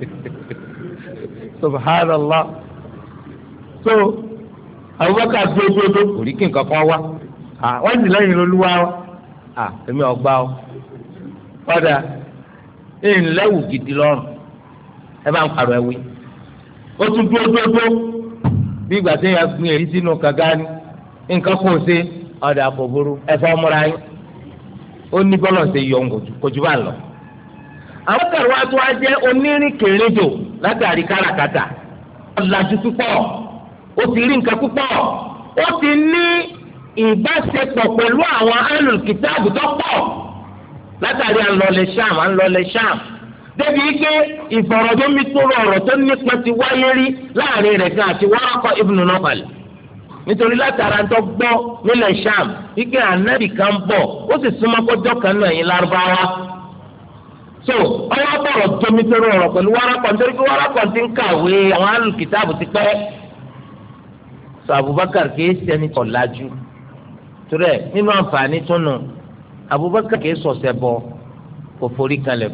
subhanallah so Abubakar gbogbogbò kò nǹkan kan wá wọ́n lẹ́yìn wa èmi ọgbà ọ padà ẹ̀ lẹ́wù gidi lọ́rùn ẹ bá ń parọ́ ẹ wí tún bí ìgbà tí yẹn gbin èyí sínú kànga ni nǹkan kò ṣe ọ̀dà àpòbúrú ẹ̀fọ́ múra yín ó ní bọ́lọ̀ ṣe yọ kojú bá lọ. àwọn tó wá jẹ́ onírìnkèrèdò látàrí káràkátà ọ̀làjú púpọ̀ ó ti rí nǹkan púpọ̀ ó ti ní ìbáṣepọ̀ pẹ̀lú àwọn tó pọ̀ látàrí à ń débi ike ìfọ̀rọ̀dómi tó rọrọ̀ tó nípa ti wáyé rí láàrin rẹ̀ kan àti Waraqa ibn Nawfal nítorí látara ń tọ́ gbọ́ nílẹ̀ Sham ike ànábì kan bọ̀ ó sì súnmọ́ kọjọ́ kan náà yín lárúbáwá so ọwọ́ bọ̀rọ̀ tómi tó rọrọ̀ pẹ̀lú Waraqa nítorí pé Waraqa ti ń kàwé àwọn alùkìtàbù ti pẹ́ so Abubakar kì í ṣẹni kọ̀ lájú torí ẹ nínú àǹfààní tó nù Abubakar kì í sọ̀sẹ̀ bọ kò forí kalẹ̀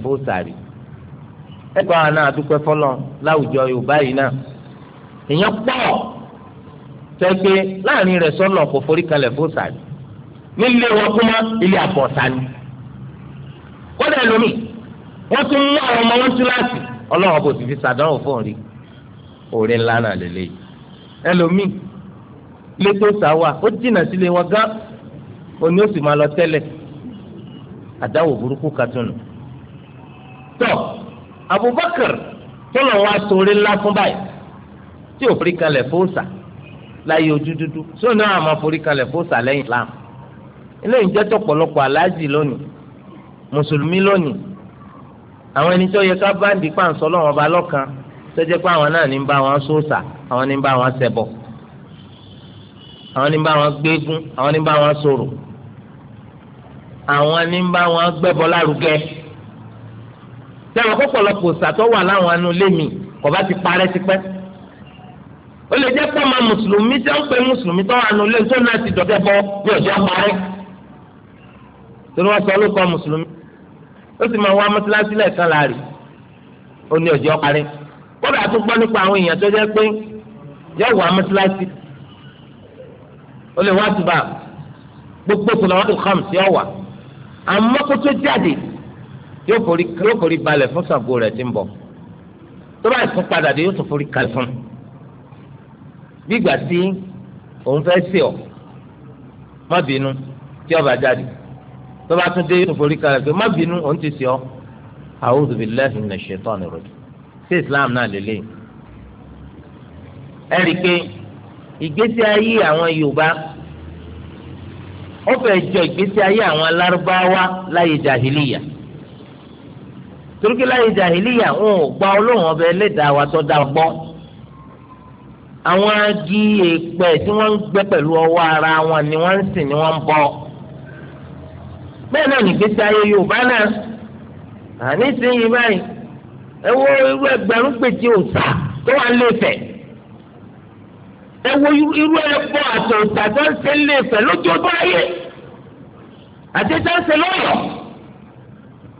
ẹgbẹ́ àwọn náà dúpẹ́ fọlọ́ láwùjọ yorùbá yìí náà èèyàn pọ̀ tẹ́gbẹ́ láàrin rẹ̀ sọ́nà kò forí kalẹ̀ fún sàní nílé wọn kúmọ́ ilé àpọ̀ sàní kọ́dà lómi wọ́n tún mú àwọn ọmọ wọn tún láti ọlọ́wọ́n kò sì fi sàdánwò fún rí òrè ńlá náà lélẹ́yìí ẹlòmíì lẹ́tọ́ sáwà ó jìnnà sílé wọn gán òní ó sì máa lọ tẹ́lẹ̀ àdáwò burúkú kàtúnù tọ́. Abubakar tọ́lọ̀ wá sórí ńlá fún báyìí tí ò forí kalẹ̀ fóòsà láyé ojú dúdú tí ò ní àwọn àmọ́ forí kalẹ̀ fóòsà lẹ́yìn Islam eléyìí jẹ́ tọ̀pọ̀lọpọ̀ aláàjì lónìí mùsùlùmí lónìí àwọn ẹni tó yẹ ká bá ń di pàǹsọ́ lọ́wọ́ ọba lọ́kan tó jẹ́ pé àwọn náà ní ń bá wọn sóòsà àwọn ní ń bá wọn ṣẹbọ àwọn ní ń bá wọn gbégún àwọn ní ń bá wọn sọ̀rọ̀ àwọn ní ń bá wọn gbẹ́bọ lárugẹ tẹ̀wọ̀n kọ́pọ̀lọpọ̀ sàtọ́ wà láwọn anú lémi kò bá ti parẹ́ tipẹ́. ó lè jẹ́ pọ́ máa mùsùlùmí tí wọ́n pe mùsùlùmí tó wà nù lé tó náà ti dọ̀tẹ́ bọ́ bí ọjọ́ parẹ́. torí wọ́n sọ lóko mùsùlùmí ó sì máa wá mọ́tíláṣí lẹ́ẹ̀kan láàrin ó ní ọjọ́ parẹ́. kódà tó gbọ́ nípa àwọn èèyàn tó jẹ́ pé yẹ wà mọ́tíláṣí ó lè wá tùbà gbogbo kùnà wọn tó kàm sí ọ̀wà àmọ́ kó tó jáde yóò forí yóò forí balẹ̀ fún Ṣàngó rẹ̀ tí ń bọ̀ tó bá tún padà dé yóò tún forí kalẹ̀ fún un bí ìgbà tí òun fẹ́ sè ọ́ má bínú tí ọba jáde tó bá tún dé yóò tún forí kalẹ̀ pé má bínú òun ti sè ọ́ a'udhu billahi minash shaitani rajim sí Islam náà lélẹ́yìn ẹ rí i pé ìgbésí ayé àwọn Yorùbá ó fẹ́ jọ ìgbésí ayé àwọn alárúbáwá láyé jahiliya torókè láyé jàhìlíyà ń gba ọlọ́run ọbẹ̀ ẹlẹ́dàá wa tó dá gbọ́ àwọn agi èèpẹ̀ tí wọ́n ń gbẹ́ pẹ̀lú ọwọ́ ara wọn ni wọ́n ń sìn ni wọ́n ń bọ bẹ́ẹ̀ náà nìgbésí ayé yorùbá náà àní sìnyí báyìí ẹ wo irú ẹgbẹ̀rún pèjì òòṣà tó wà lẹ́fẹ̀ ẹ wo irú ẹbọ àti òòṣà tó ń ṣe lẹ́fẹ̀ lójoojúmọ́ ayé àti tó ń ṣe lọ́yọ̀ọ́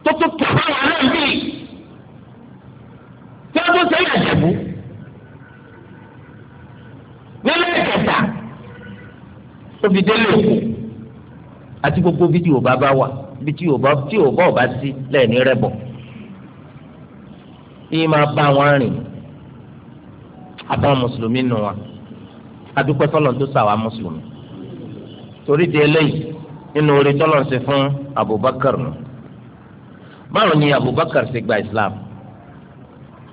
tó tún kí ọ̀rọ̀ yàrá ìbí tí wọ́n tún sẹ́yìn àjẹ̀bú nílé ìkẹta òbí délé òkú àti gbogbo bí tí Yorùbá bá wà bí tí Yorùbá tí Yorùbá ọba sí lẹ́ẹ̀ni rẹ́bọ̀ yìí máa bá wọn rìn àbáwọn mùsùlùmí nù wọn adúpẹ́ tọ́lọ̀ tó sàwà mùsùlùmí torí di eléyìí nínú orí tọ́lọ̀ ń ṣe fún Abubakar nù. báwo ni abubakar ṣe gba islam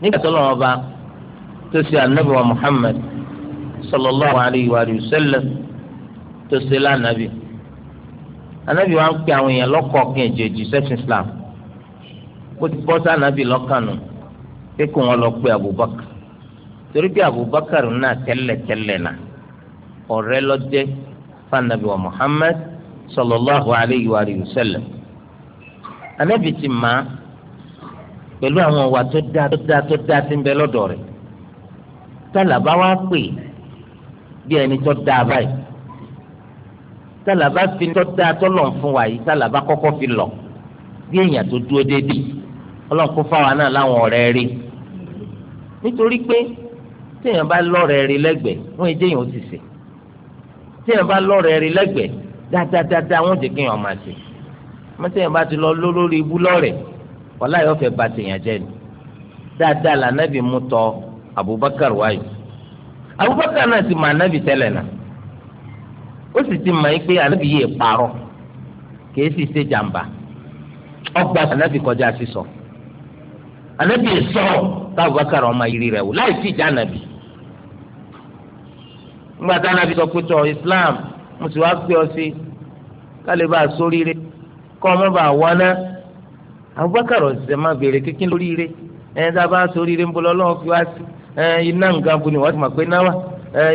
nígbà tó lọ́wọ́ bá tó ṣe anabi wa muhammad sallallahu alayhi wa sallam tó ṣe lánàbì anabi wa ń pe àwọn èèyàn islam bó ti bọ́ sí anabi lọ́kànnù pé lọ abubakar torí pé abubakar náà tẹ́lẹ̀tẹ́lẹ̀ náà ọ̀rẹ́ lọ́jẹ́ wa muhammad sallallahu alayhi wa sallam. anabi ti ma, á pẹ̀lú àwọn ọ̀wà tó dá tó dá tó dá ti ń bẹ lọ́dọ̀ rẹ̀ tálà bá wá pè bí ẹni tó dá a báyìí tálà bá fi tó dá tó lọ̀ fún wa yìí tálà bá kọ́kọ́ fi lọ̀ bí èèyàn tó dúró déédéé ọlọ́run kó fáwa náà láwọn ọ̀rẹ́ rí nítorí pé téèyàn bá lọ́rẹ̀ẹ́ rí lẹ́gbẹ̀ẹ́ wọ́n èdè yẹn ó ti sè téèyàn bá lọ́rẹ̀ẹ́ rí lẹ́gbẹ̀ẹ́ dáadáa wọ́n ti kéèyàn máa sè mọ́tẹ́yìn bá ti lọ lórí ibú lọ́rẹ̀ wàhálà yóò fẹ́ ba tèèyàn jẹ́ ni dáadáa la nábì mú tọ Abubakar wáyé Abubakar náà ti mọ anábì tẹ́lẹ̀ náà ó sì ti mọ̀ ikpe anabi yìí parọ́ kìí sì ṣe jàǹbá ọgbà anábì kọjá anabi anábì sọ̀rọ̀ tábùbákàrà ọmọ ìrì rẹ wò láì sí ìjà anábì ńgbà tá anábì sọ pé tọ Islam mo wá pé ọ sí kálí bá a kọ́ ọmọ bá wọná Abubakar ọ̀sẹ̀ máa béèrè kékin lórí ire ẹ̀ dábàá sórí ire ń bọ̀ lọ́wọ́ fi wá sí iná nǹkan bu ni wọ́n ti mọ̀ pé náwà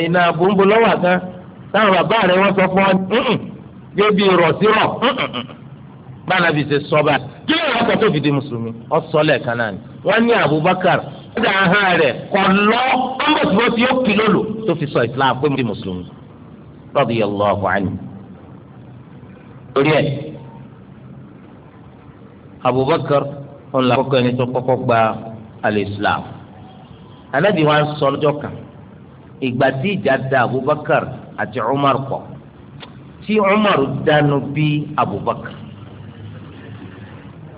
iná abo ń bọ̀ lọ́wọ́ àgán táwọn bàbá rẹ̀ wọ́n sọ fún ọ yóò bí rọ̀ sí rọ̀ Abubakar ọ̀dà ahọ́n rẹ̀ ọmọbìnrin tí ó kì lólo tó fi sọ pé mo di mùsùlùmí abubakar òun là kọ́kọ́ ẹni tó kọ́kọ́ gba al-islam anabi wa ń sọ lọ́jọ́ kan ìgbà tí ìjà da abubakar àti umar pọ̀ tí umar dánu bí abubakar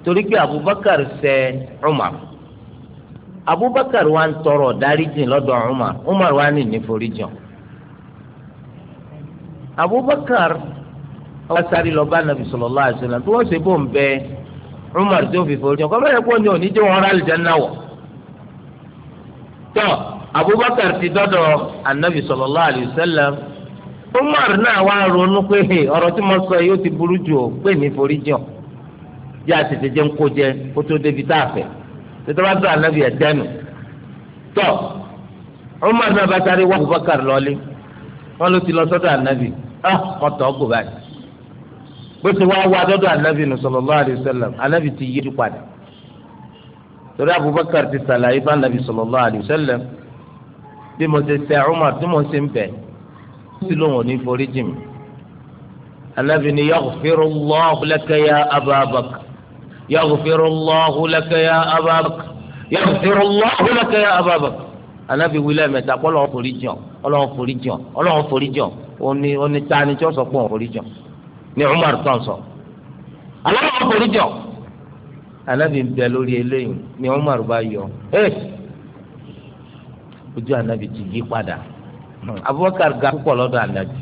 torí pé abubakar ṣẹ̀ umar abubakar wa ń tọrọ dáríjìn lọ́dọ̀ umar umar wa ní ìníforíjìn abubakar ọba sáré lọ bá nàbì sallallahu alaihi wasallam tí wọ́n ṣe bó ń bẹ́ẹ́. Umar tó fi forí jọ kọ́ bẹ́ẹ̀ kó ni wọn rà Tọ Abubakar ti dọ́dọ̀ anabi sallallahu alayhi wa sallam Umar náà wá ronú pé ọ̀rọ̀ tí mo sọ yóò ti burú jù ó pè ní forí jọ jẹ́ ńkó kó tó débi tá a fẹ́ tètè bá anabi ẹ̀ Abubakar ló ti lọ sọ́dọ̀ anabi ọ́ kọ́tọ̀ ọ́ báyìí. bó ti wá wá dọ́dọ̀ anabi nù sallallahu alayhi wa sallam anabi ti yíjú padà torí abubakar ti sàlàyé fún anabi sallallahu alayhi wa sallam bí mo ṣe ṣe Umar tí mo ṣe ń bẹ̀ sí lòun ò ní forí jì mí anabi ni yaghfirullahu laka ya Aba Bakr yaghfirullahu laka ya Aba Bakr yaghfirullahu laka ya Aba Bakr anabi wílẹ̀ mẹ́ta kọ́ lọ́wọ́ forí jì ọ́ ọlọ́wọ́ forí jì n'i Umar tó ń sọ aláwọ̀ kòrí jọ anabi ń bẹ lórí eléyìí ní Umar bá yọ ẹ ojú anabi ti yí padà Abubakar ga púpọ̀ lọ́dọ̀ anabi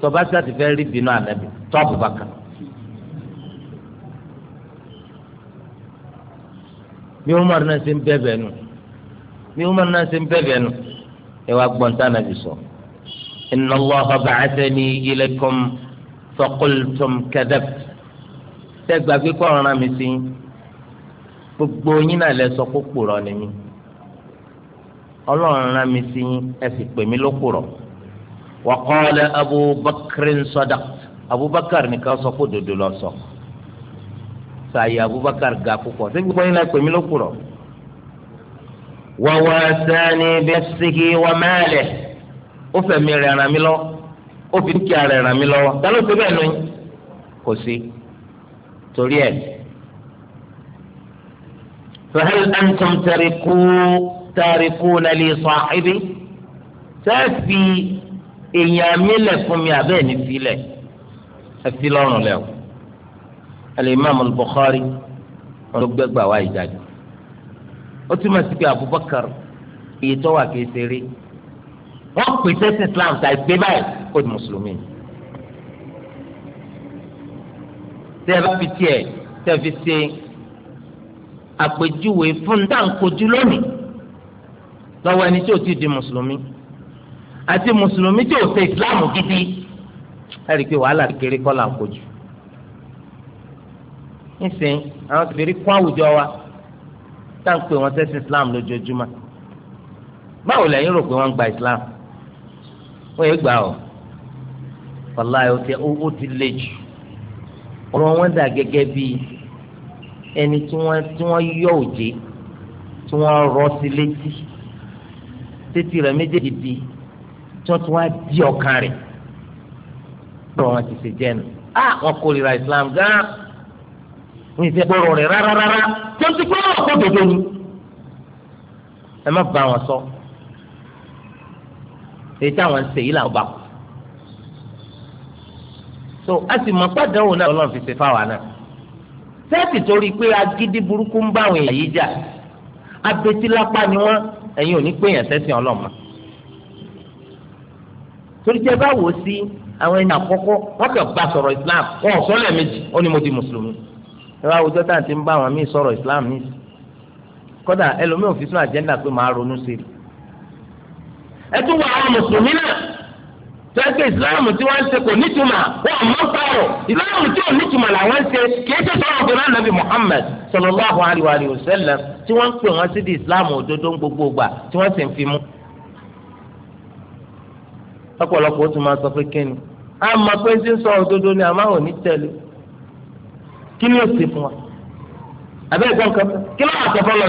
tọba sáti fẹ́ rí bínú anabi tọ́ Abubakar. bí Umar náà ṣe ń bẹ̀bẹ̀ nù bí Umar náà ṣe ń bẹ̀bẹ̀ nù ẹ wá gbọ́n tá anabi sọ inna Allaha ba'athani ilaykum. faqultum kadhabt tẹ́gbà pé kọ́ ọ̀ràn mi sí gbogbo yín náà lẹ sọ pé pòrọ̀ ni mí ọlọ́run rán mi sí ẹ sì pè mí ló pòrọ̀ wa qala Abubakar sadaq Abubakar nìkan sọ pé dodo lọ sọ sàyè Abubakar ga púpọ̀ sí gbogbo yín náà pè mí ló pòrọ̀ wa wasani bi nafsihi wa malihi ó fẹ̀mí rẹ̀ ràn mí lọ́wọ́ ó fi dúkìá rẹ̀ ràn mí lọ́wọ́ ta ló ṣe bẹ́ẹ̀ lóyún kò sí torí ẹ̀. fahal antum tariku tariku nali sahibi sẹ́ẹ̀fì èèyàn mi lẹ̀ fún mi àbẹ́ẹ̀ ní filẹ̀ ẹ lọ́rùn lẹ̀ alimami al-Bukhari ọlọgbẹgbà wa ìjáde ó túmọ̀ sí pé Abubakar iye tó kìí ṣeré wọ́n pè sẹ́sìn islam tàì gbé báyìí ó di mùsùlùmí. tẹ́ ẹ bá fi tiẹ̀ tẹ́ ẹ fi ṣe àpèjúwe fún dáńkojú lónìí lọ́wọ́ ẹni tí ò ti di mùsùlùmí àti mùsùlùmí tí ò ṣe islam gidi ẹ rí i pé wàhálà kékeré kọ́ là ń kojú. nísìnyí àwọn kìfèrí kún àwùjọ wa táǹpẹ̀ wọn sẹ́sìn islam lójoojúmọ́ báwo lẹ́yìn rò pé wọ́n ń gba islam wọ́n yẹ gbà ọ́ wàláyé ó ti ó ti lé jù ọ̀rọ̀ wọn dà gẹ́gẹ́ bí ẹni tí wọ́n tí wọ́n yọ òjé tí wọ́n rọ́ sí létí títí rẹ̀ méjèèjì di tí wọ́n ti wá di ọ̀kan rẹ̀ ọ̀rọ̀ wọn ti ṣe jẹ́ nu a wọn kórìíra Islam gan ní ìṣe gbọ́rọ̀ rẹ̀ rárá rárá tó ti gbọ́rọ̀ kó dodo ni ẹ má bá wọn sọ. So èyí táwọn ń ṣe làwọn bá kú so a sì mọ pàdánwò náà lọ́nà fi ṣe fáwa náà sẹ́ẹ̀tì torí pé agídí burúkú ń bá èèyàn yìí jà abetílápá ni wọ́n ẹ̀yin ò ní pé èèyàn sẹ́sìn ọlọ́mọ torí jẹ́ bá wò ó sí àwọn ẹni àkọ́kọ́ wọ́n kẹ́ bá sọ̀rọ̀ Islam wọn ò sọ lẹ́ẹ̀mejì ó ní mo di mùsùlùmí ẹ wá àwùjọ tá à ń ti ń bá àwọn míì sọ̀rọ̀ Islam ní kódà ẹlòmíì ò fi sún àjẹ́ńdà pé màá ronú sí i ẹ tún wọ àwọn mùsùlùmí náà tẹ́gbẹ́ ìsìláàmù tí wọ́n ń ṣe kò nítumọ̀ wọ́n mọ̀ ń pààrọ̀ ìsìláàmù tí ò nítumọ̀ làwọn ń ṣe kìí ṣe sọ̀rọ̀ ọ̀gbìnrin nàbì Muhammad sallallahu alayhi wa sallam tí wọ́n ń pè wọ́n sí di ìsìláàmù òdodo ń gbogbo gbà tí wọ́n sì ń fi mú. ọ̀pọ̀lọpọ̀ ó tún máa sọ pé kí ni a mọ̀ pé ṣé ń sọ òdodo ni àmọ́ ò ní tẹ̀lé kí ni ó sì fún wa àbẹ́ ìgbọ́n kan kí ló wà sọ fọ́lọ́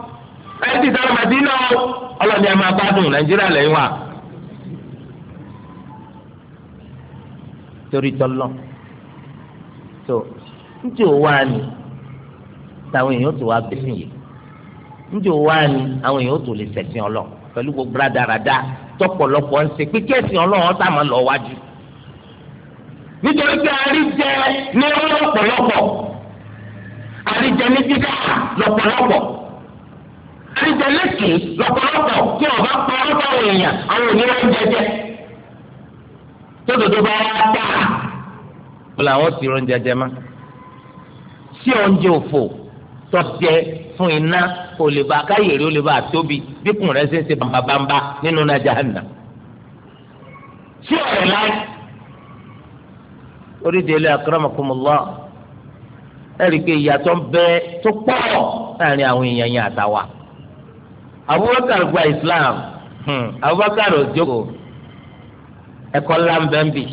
ẹ ti sọ̀rọ̀ màdínà o ọlọ́ni ẹ máa gbádùn nàìjíríà lẹ́yìn wa. torí tọ́lọ́ tó njẹ́ òwò àní táwọn èèyàn tó wá bẹ́sìn yìí njẹ́ òwò le àwọn èèyàn tó lè sẹ̀sìn ọlọ́ pẹ̀lú gbogbo rádaràda tọ̀pọ̀lọpọ̀ ń ṣe pé ọlọ́run tá a máa lọ wájú nítorí pé àìjẹlẹsì lọ́pọ̀lọpọ̀ tí ọba pa ọba èèyàn àwọn òníwà ń jẹjẹ tó dodo bá wà dá. wọn làwọn ti rán jẹjẹ má sí oúnjẹ òfò tọ́jẹ fún iná kò lè bá káyèrè ó lè bá tóbi bíkùn rẹ ṣe ń ṣe bàbàbàbà nínú nàjà àná. sí ọ̀rẹ́ láì orídìílé akramakumullah ẹ̀rí pé ìyàtọ̀ ń bẹ tó pọ̀ láàrin àwọn èèyàn yẹn àtàwà abubakar gba islam hmm. abubakar òjòkó ẹ̀kọ́ lambẹ́ńbì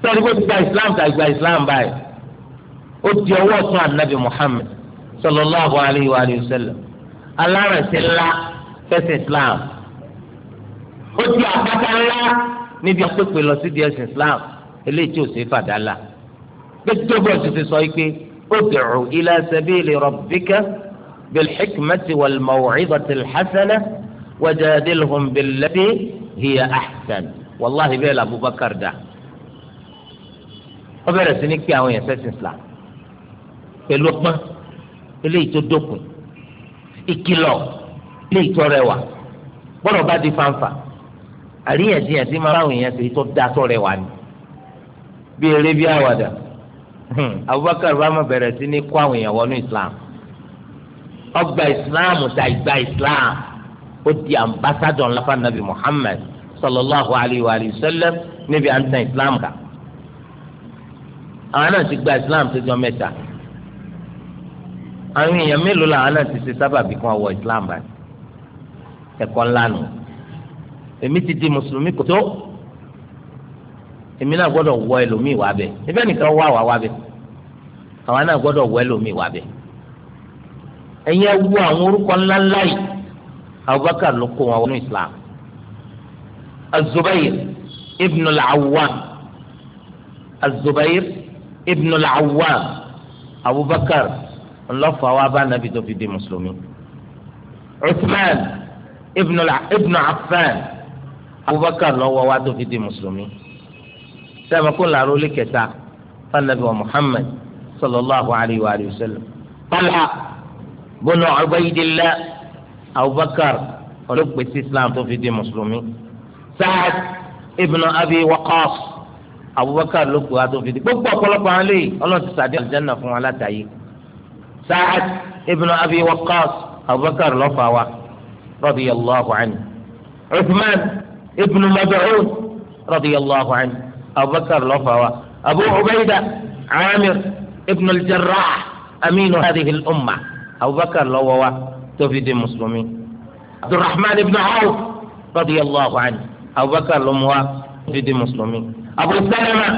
sọ́ọ́dún kó ti gba islam tàbí gba islam báyìí ó di ọwọ́ sún anabi muhammed sallallahu alayhi wa sallam alárànṣe ńlá fẹsẹ̀ islam ó di àpáta ńlá níbi àpèpè lọ sí di ẹ̀sìn islam eléyìí tí ò sí fàdálà gbẹdọgbọ ti ti sọ yìí pé ó dẹrù ila sabili rabbika. بالحكمة والموعظة الحسنة وجادلهم بالتي هي أحسن والله بيل أبو بكر ده ọbẹ̀rẹ̀ sí ní kí àwọn èèyàn ṣẹ̀sìn Islam pẹ̀lú ọpọ́n eléyìí tó dókun ìkìlọ̀ eléyìí tó rẹwà bọ́dọ̀ bá di fanfa àríyànjiyàn tí máa báwọn èèyàn ṣe tó da tó rẹwà ni bí eré bí àwàdà Abubakar bá má bẹ̀rẹ̀ sí ní kó àwọn èèyàn wọnú Islam ọgbà ìsìláàmù ta ìgbà ìsìláàmù ó di ambassadọ̀ ńlá fún anabi muhammed sallallahu alayhi wa sallam níbi à ń tan ìsìláàmù ká àwọn náà ti gba ìsìláàmù tó jọ mẹ́ta àwọn èèyàn mélòó làwọn náà ti ṣe sábàbí kan wọ ìsìláàmù báyìí ẹ̀kọ́ ńlá nù èmi ti di mùsùlùmí kò tó èmi náà gbọ́dọ̀ wọ ẹlòmíì wá bẹ́ẹ̀ ibẹ̀ nìkan wá wá wá bẹ́ẹ̀ àwọn náà gbọ́dọ̀ wọ ẹlòmíì wá bẹ́ẹ̀ ẹ̀yin ẹ wo àwọn orúkọ ńláńlá yìí abubakar ló kó wọn wọnú islam azubair ibn al-awwam azubair ibn al-awwam abubakar ńlọfà wa bá nàbí tó fi di mùsùlùmí uthman ibn affan abubakar lọ́wọ́ wa tó fi di mùsùlùmí sẹ́mi kó làrú lé kẹta fún anabi wa muhammad sallallahu alayhi wa sallam bọ́nà ọ̀bẹ́yìdìlá abubakar olùpèsè islam tó fi di mùsùlùmí saad ibn abi waqas abubakar ló pè wá tó fi di gbogbo ọ̀pọ̀lọpọ̀ àwọn eléyìí ọlọ́run ti sàdé àlùjáná fún wa látàyè saad ibn abi waqas abubakar ló fà wá radiyallahu anhu uthman ibn mad'un radiyallahu anhu abubakar ló fà wá abu ubayda amir ibn al aminu hadhihi al-ummah abubakar lọ́wọ́ wa tó fi di mùsùlùmí abdulrahman ibn awf radiyallahu anhu abubakar ló mú wa tó fi di mùsùlùmí abu salama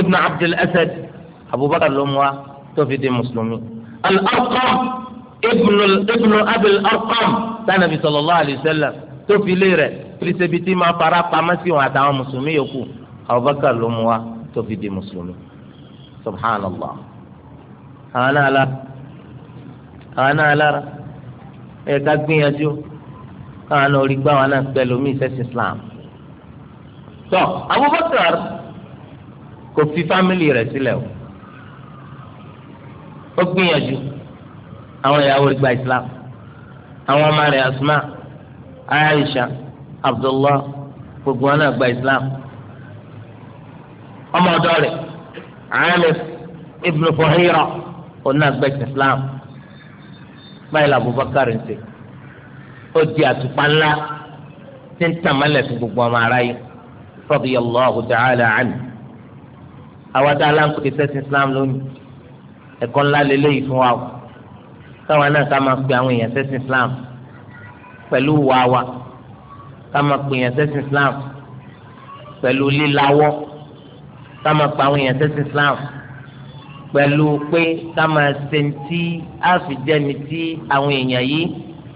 ibn abdul asad abubakar ló mú wa tó fi di mùsùlùmí al-arqam ibn ibn abil arqam sanabi sallallahu alayhi wa sallam tó fi lé rẹ̀ fi ṣebi tí ma fara pamọ́ sí wọn àtàwọn mùsùlùmí yòókù abubakar ló wa tó di mùsùlùmí subhanallah àwọn náà lára ẹ ká gbìyànjú káwọn náà rí gbá wọn náà pẹ lómi Islam tọ Abubakar kò fi fámìlì rẹ̀ o ó gbìyànjú àwọn ìyàwó Islam àwọn ọmọ rẹ̀ Asma Aisha Abdullah gbogbo wọn náà gba Islam ọmọ ọ̀dọ̀ rẹ̀ Amir ibn Fuhaira òun náà Islam. báyìí la Abubakar ń ṣe ó di àtùpà ńlá tí ń tàn mọ́lẹ̀ fún gbogbo ọmọ ara yìí radiyallahu ta'ala anhu àwọn tá a láǹkó ti sẹ́sìn Islam lónìí ẹ̀kọ́ ńlá lélẹ́yìí fún wa o káwọn náà ká máa pe àwọn èèyàn sẹ́sìn Islam pẹ̀lú wà ká máa pe èèyàn sẹ́sìn Islam pẹ̀lú líláwọ́ ká máa pa àwọn èèyàn sẹ́sìn Islam pẹ̀lú pé ká máa ṣe ń tí a fi jẹ́ni tí àwọn èèyàn yìí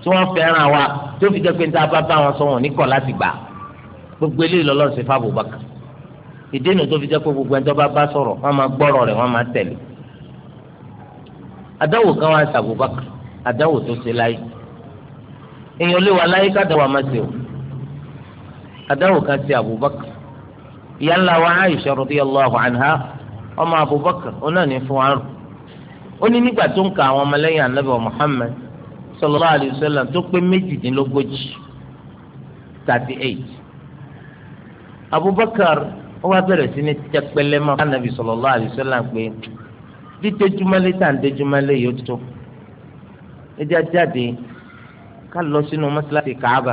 tí wọ́n fẹ́ràn wa tó fi jẹ́ pé níta bá bá wọn sọ wọn ní kọ̀ láti gbà gbogbo eléyìí lọ́lọ́run ṣe fáàbù bàkà ìdènà tó fi jẹ́ pé gbogbo ẹni tó bá bá sọ̀rọ̀ wọ́n máa gbọ́rọ̀ rẹ̀ wọ́n máa tẹ̀lé àdáwò kan wá ṣàbù bàkà tó ṣe láyé èèyàn lé wa láyé kádàwà máa ṣe o àdáwò kan ṣe Abubakar ìyá wa Aisha radiyallahu ọmọ abubakar ọ̀nà ní fún arù ó ní nígbà tó ń ka àwọn ọmọlẹ́yìn anabi muhammed sallallahu alayhi tó pé méjìdínlógójì thirty eight abubakar ó wá bẹ̀rẹ̀ sí ní tẹ́pẹ́lẹ́ mọ́ anabi sallallahu alayhi pé dídéjúmọ́lé tá à ń déjúmọ́lé yóò tó ẹjẹ́ jáde ká lọ sínú mọ́sálásí káàbà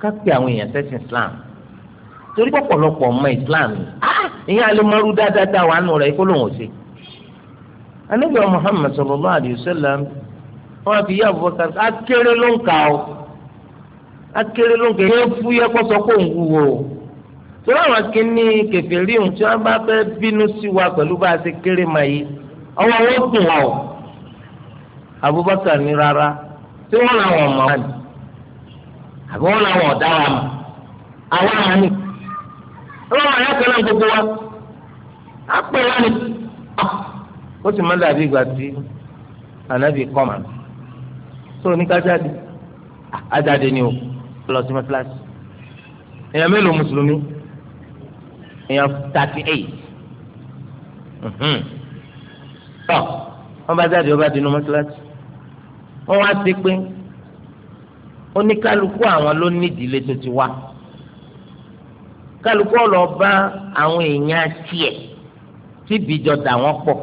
ká àwọn èèyàn sẹ́sìn islam torí pọ̀pọ̀lọpọ̀ ọmọ islam yìí ìyẹn alimaru dáadáa wà nù rẹ̀ kó ló ń wò sí. anabi muhammed sallallahu alayhi wa sallam wọn fi yá Abubakar akéré ló ń kà ó akéré ló ń kà ó fúyẹ́ kó sọ pé òun wúwo o torí àwọn akíní kẹfẹ́rí òun tí wọ́n bá fẹ́ bínú sí wa pẹ̀lú bá a ṣe kéré mà yìí ọwọ́ wọn kùn wá o Abubakar ní rárá tí wọ́n làwọn ọmọ wa àbí wọ́n làwọn ọ̀daràn àwọn àmì ọlọ́run àyà kẹlẹ́ gbogbo wa àpè wa ni ó sì máa dàbí ìgbà tí ànábì kọ́ mà tó ní ká jáde ajáde ni o lọ sí mọ́tíláṣí èèyàn mélòó mùsùlùmí èèyàn thirty eight tọ́ wọ́n bá jáde wọ́n bá di inú mọ́tíláṣí wọ́n wá sí pé oníkálukú àwọn ló ní ìdílé ti wá kálukú ọ̀lọ́ bá àwọn èèyàn tiẹ̀ tí ìbíjọ dà wọ́n pọ̀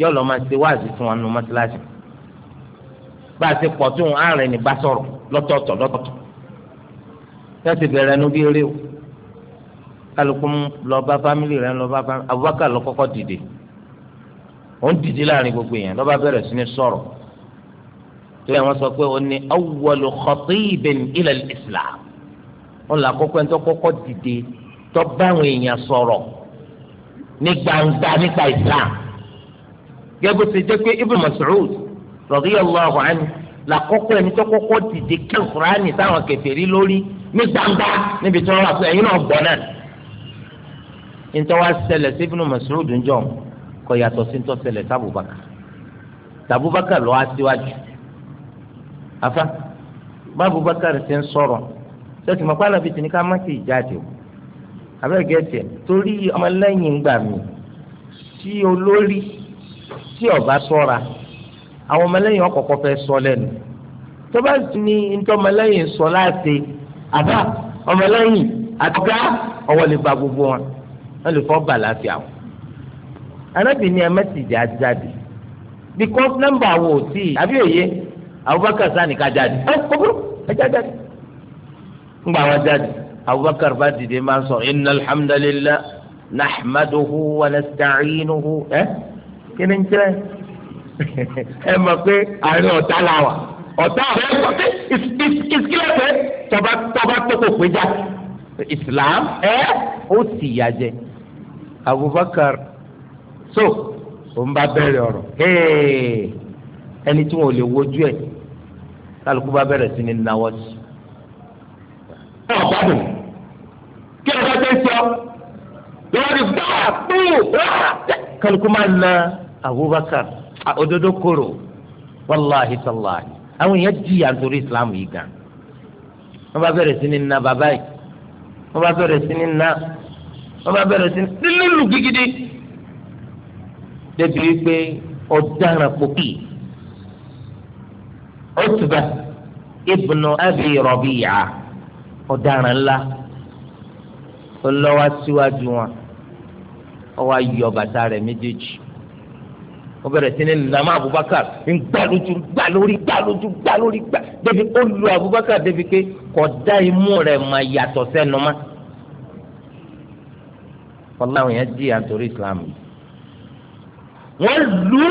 yóò lọ́ọ́ máa ṣe wáàzì fún wọn nu mọ́tíláṣí bá a ṣe pọ̀ tó ń àárín ní bá sọ̀rọ̀ lọ́tọ̀ọ̀tọ̀ lọ́tọ̀ọ̀tọ̀ tẹ́sí bẹ̀rẹ̀ nu bí eré o kálukú lọ bá fámìlì rẹ̀ lọ bá fámìlì Abubakar lọ kọ́kọ́ dìde òun dìde láàrin gbogbo èèyàn lọ́ba bẹ̀rẹ̀ sí ní sọ̀rọ̀ tó yẹ wọ́n sọ pé òun ni awwalu khatibin ila al-Islam wọn là kọ́kọ́ ẹni tó kọ́kọ́ dìde tó bá àwọn èèyàn sọ̀rọ̀ ní gbangba nípa islam gẹ́gẹ́ ti jẹ́ pé ibn Mas'ud radiyallahu anhu là kọ́kọ́ ẹni tó kọ́kọ́ dìde kẹ́kùránì táwọn kèfèrí lórí ní gbangba níbi tí wọ́n wà fún ẹ̀yin náà gbọ́ náà nítorí wá ṣẹlẹ̀ sí ibn Mas'ud ńjọ́ kò yàtọ̀ sí nítorí ṣẹlẹ̀ sí Abubakar tàbúbakar lọ́wọ́ síwájú afa bàbúbakar ti ń sọ̀rọ̀ sọ́sì mọ̀ pálọ̀ bìtì ní ká má ti jáde o abẹ́rẹ́ gẹ̀ẹ́sì torí ọmọlẹ́yìn gbà mí tí olórí tí ọba sọ́ra àwọn ọmọlẹ́yìn ọkọ̀ọ̀kọ̀ fẹ́ sọ lẹ́nu tó bá ní ntọ́ ọmọlẹ́yìn sọ láti àbá ọmọlẹ́yìn àtúgá ọwọ́ lè ba gbogbo wọn wọ́n lè fọ́ bà láti àwọn. arábìnrin ẹ̀mẹ́sìdì á jáde because nọ́mbà wo tí àbí òye Abubakar sani ká jáde ẹ kọ́kọ́rọ́ ẹ jáde ńgbà wọn jáde abubakar bá dìde máa ń sọ inna alhamdulillah nahmaduhu wa nasta'inuhu ẹ kí ni ń jẹ ẹ mọ̀ pé àárín ọ̀tá la wà ọ̀tá ọ̀rẹ́ pàṣẹ ìsìkílẹ̀fẹ́ tọba tọba tó kò péjà islam ẹ ó sì yà jẹ abubakar so òun bá bẹ̀rẹ̀ ọ̀rọ̀ ẹni tí wọn ò lè wojú ẹ̀ kálukú bá bẹ̀rẹ̀ sí ni náwó ẹ ọ̀gbádùn kí ọ̀gá ṣe ń sọ lọ́wọ́ ti kálukú máa na Abubakar òdodo koro wàláhi sàláhi àwọn èèyàn Islam yìí gan wọ́n bá bẹ̀rẹ̀ sí ní na bàbá yìí wọ́n bá bẹ̀rẹ̀ sí ní na wọ́n bá ọ̀daràn ńlá ó lọ́wọ́ síwájú wọn ó wá yọ bàtà rẹ̀ méjèèjì ó bẹ̀rẹ̀ sí ní nàmá Abubakar ń gbà lójú gbà lórí gbà lójú gbà lórí gbà débi ó lu Abubakar débi pé kò dá imú rẹ̀ mà yàtọ̀ sẹ́nu mọ́ ọláwọn yẹn jìyà nítorí Islam wọ́n lù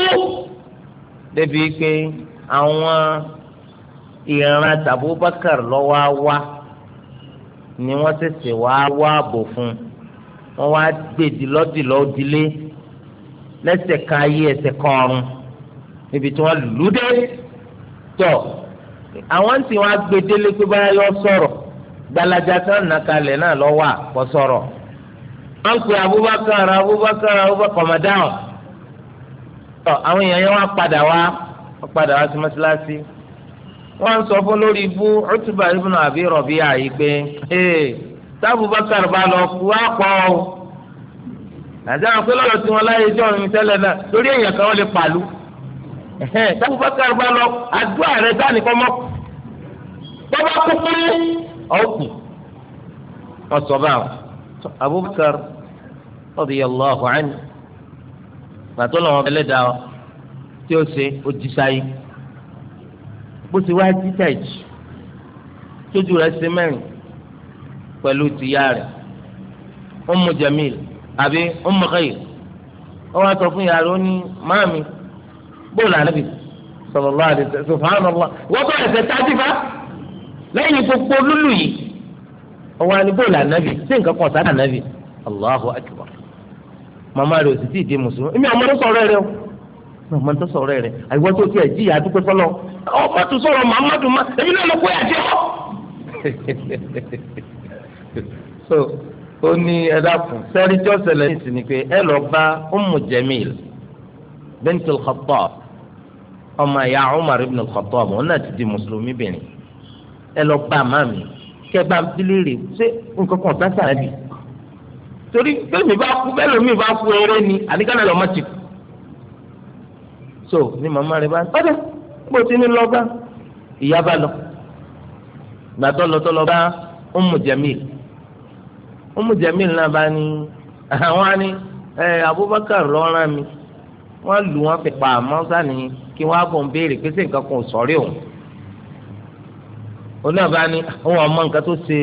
débi pé àwọn ìran tàbí Abubakar lọ́wọ́ á ni wọ́n ṣẹ̀ṣẹ̀ wá wá ààbò fún wọ́n wá gbèdì lọ́dìlọ́ òdìlé lẹ́sẹ̀ kan ayé ẹsẹ̀ kan ọ̀run níbi tí wọ́n lù dé tọ̀ àwọn tí wọ́n gbèdélé pé báyà yọ sọ̀rọ̀ gbalaja tán nàkalẹ̀ náà lọ́wọ́ àkọ́ sọ̀rọ̀ wọ́n pe Abubakar Abubakar Abubakar kọ̀mọ̀dáhùn tọ̀ àwọn èèyàn yẹn wá padà wá wọ́n padà wá sí mọ́ṣáláṣí wọ́n sọ fún lórí ibú Utba ibn Abi Rabi'a yìí pé tábùbákàr bá lọ kú àpọ̀ ọ́ àti àwọn pé lọ́dọ̀ tí wọ́n láyé jọ ìrìn tẹ́lẹ̀ náà lórí èèyàn kan wọ́n lè pàlú tábùbákàr bá lọ àdúrà rẹ̀ dání kọ́ mọ́ bọ́bá kúkú ọ̀kù wọ́n sọ báwọn Abubakar radiyallahu anhu pàtó lọ́wọ́ ẹlẹ́dàá tí ó ṣe ó jí sáyé bó ti wá títà jì tójú rẹ̀ ṣe mẹ́rin pẹ̀lú tìyá rẹ̀ Ummu Jamil àbí Ummu Khayr ó wá sọ fún yàrá ó ní màámi bóòlù ànábì sallallahu alaihi wasallam subhanallah wọ́n bá ẹ̀sẹ̀ tájú bá lẹ́yìn gbogbo lúlù yìí ọwọ́ ni bóòlù ànábì sí nǹkan kan sáà ànábì Allahu akbar màmá rẹ̀ ò sì tí di mùsùlùmí èmi àmọ́ ló sọ̀rọ̀ rẹ̀ o màmá tó sọ̀rọ̀ rẹ̀ àìwọ tó tiẹ̀ jíyà dúpẹ́ fọlọ́ ọmọ tó sọ̀rọ̀ mamadu ma èmi náà ló kó yà jẹ ọ. so ó ní ẹ̀dá fún sẹ́rí tí ó ṣẹlẹ̀ ní ìsìn ni pé ẹ lọ bá Ummu Jamil bintul Khattab ọmọ ìyá Umar ibn al ọmọ náà ti di mùsùlùmí bìnrin ẹ lọ bá màmí kẹ bá bílírì ṣé nǹkan kan ọ̀tá sàrẹ́ bì torí bẹ́ẹ̀ mi bá kú bẹ́ẹ̀ lómi bá kú eré ni àdìgánná lọ́mọ ti kú so ni mama rẹ bá ọdẹ bó ti ní lọ bá ìyá bá lọ gbàtọ lọtọ lọ bá Ummu Jamil Ummu Jamil náà bá ní àwọn á ní ẹ Abubakar lọ́ràn mi wọ́n lù wọ́n fi pa àmọ́ sani kí wọ́n á bọ̀ ń béèrè pé nǹkan kan sọ̀rí òun oní àbá ni òun àmọ́ nǹkan tó ṣe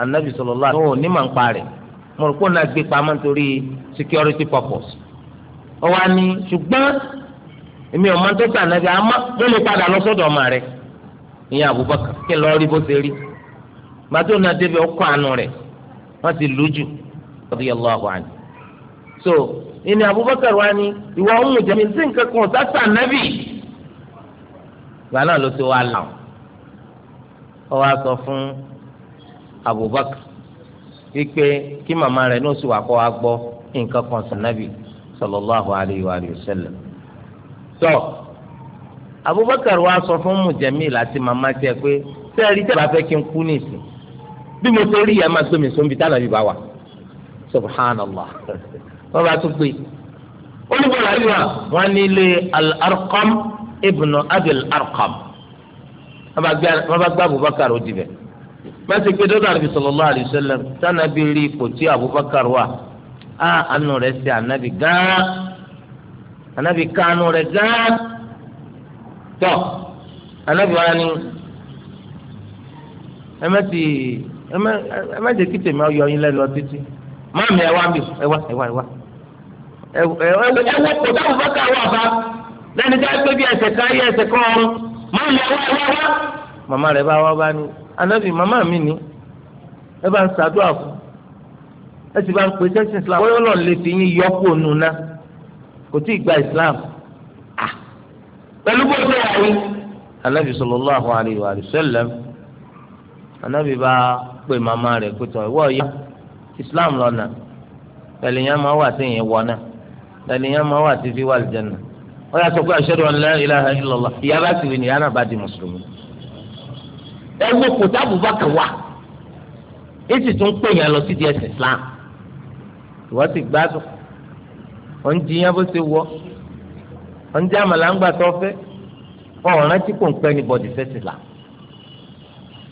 anabi sallallahu alaihi wasallam ní màá ń parẹ́ mo rò pé òun náà gbé pamọ́ nítorí security purpose ó wá ní ṣùgbọ́n èmi ọmọ tó sàn nàbí àmọ́ ló lè padà lọ sọ́dọ̀ ọmọ rẹ̀ ìyẹn Abubakar kí lọ rí bó ṣe rí gbàtó náà débi ọkọ àánú rẹ̀ wọ́n ti lù jù radiyallahu anhu so ìní Abubakar wa ni ìwà ọmọ jẹmi sí nǹkan kan ọ̀sá sàn nàbí ìgbà náà ló ti wá là ọ wá sọ fún Abubakar wípé kí màmá rẹ̀ náà sì wà wa gbọ́ nǹkan kan sàn nàbí sallallahu alayhi wa sallam tọ́ Abubakar wa sọ fún Mujamil àti màmá tiẹ̀ pé sẹ́ẹ̀rí tẹ̀ bá fẹ́ kí n kú nìsín bí mo ṣe rí ìyá máa gbé mi sóbi tá àlàbí bá wà subhanallah wọ́n bá tún pé olùkọ́ni àríwá wọn ní ilé al-Arqam ibnu abil Arqam wọ́n bá gbé Abubakar ó dibẹ̀ bẹ́ẹ̀ pé dọ́dọ̀ àrùbí sallallahu alaihi wasallam sànàbí rí ipò tí Abubakar wà á àánú rẹ̀ ṣe ànábì gán anabi kanu rẹ̀ gán tọ anabi wa ni ẹ má ti ẹ má jẹ́ kí tèmi ọyọ yín lẹ́nu ọtí tí máàmì ẹ wá mi ẹ wá ẹ wá ẹ wá ẹ wọ kò dáhùn bá ká wà bá lẹ́ni tí a gbé bí ẹsẹ̀ ká yé ẹsẹ̀ kọ́ ọrùn máàmì ẹ wá ẹ wá wá. màmá rẹ̀ bá wá bá ní anabi màmá mi ni ẹ bá ń ṣàdúrà fún ẹ sì bá ń pè sẹ́sìn Islam. bóyá ọlọ́run lè fi yín yọ kó nu náà kò tí ì gba islam pẹ̀lú gbogbo ẹ̀rí. anabi sallallahu alayhi wa sallam anabi bá pè màmá rẹ̀ pé tọ́ ìwọ ya islam lọ́nà pẹ̀lú yẹn máa wà sí ìyẹn wọ̀nà pẹ̀lú yẹn máa wà sí fi wà lìjẹ̀nà wọ́n yà sọ pé ashhadu an la ilaha illallah ìyá bá sì wí ni yàrá bá di mùsùlùmí. ẹ wo kòtà Abubakar wà èsì tún pè yẹn lọ sí di ẹsẹ̀ islam ìwọ́n ti gbádùn ọ̀n jiyàn bó ṣe wọ ọ̀n jẹ́ àmàlà ń gbà tó fẹ́ ọ̀ràn tí kò ń pẹ́ ní bọ́dì fẹ́ sí la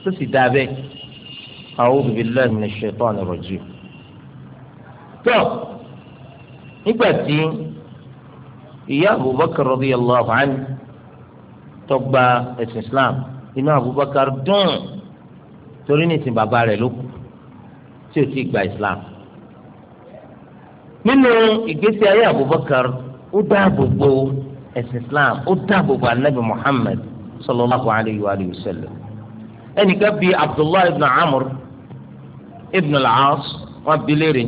tó sì dáa bẹ́ẹ̀ a'udhu billahi minash shaitani rajim. tó nígbà tí ìyá Abubakar radiyallahu anhu tó gba ẹ̀sìn Islam inú Abubakar dùn torí nìsín bàbá rẹ̀ ló kù tí ò tí gba Islam nínú ìgbésí ayé Abubakar ó dáàbò bo ẹ̀sìn Islam ó dáàbò anabi Muhammad sallallahu alayhi wa sallam ẹnìkan Abdullahi ibn Amr ibn al-As wọn bi léèrè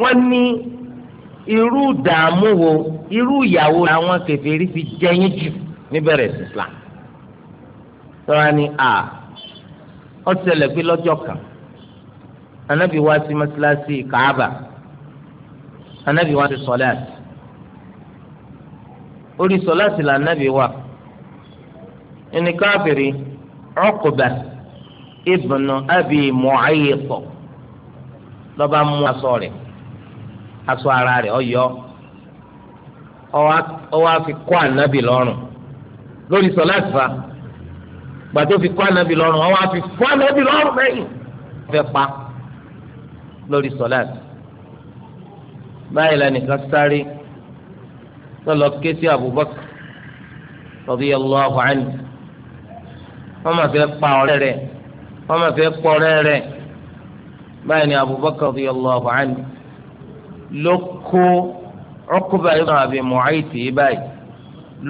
wọn ní irú dààmú wo irú ìyàwó àwọn kèfèrí fi jẹyìn jù Islam tọ́ra ni a ó ṣẹlẹ̀ pé lọ́jọ́ kan. anabi wá sí mọ́sálásí kaaba anabi wá sí sọláàtì orí sọláàtì là anabi wá ẹni káfìrí Uqba ibnu abi Mu'ayt lọ́ba mú aṣọ rẹ̀ aṣọ ara rẹ̀ ọ̀yọ́ ọwọ́ àfi kọ́ anabi lọ́rùn lórí sọláàtì fa gbàtó fi kọ́ anabi lọ́rùn ọwọ́ àfi fọ́ anabi lọ́rùn mẹ́yìn ọ̀fẹ́ pa lórí sọláàt báyìí lẹnìkan sáré lọlọ ké sí Abubakar radiyallahu anhu wọn máa fẹ́ pa ọ̀rẹ́ rẹ̀ wọn máa fẹ́ pọ ọ̀rẹ́ rẹ̀ báyìí ni Abubakar radiyallahu anhu ló kó Uqba ibn Abi Mu'ayt báyìí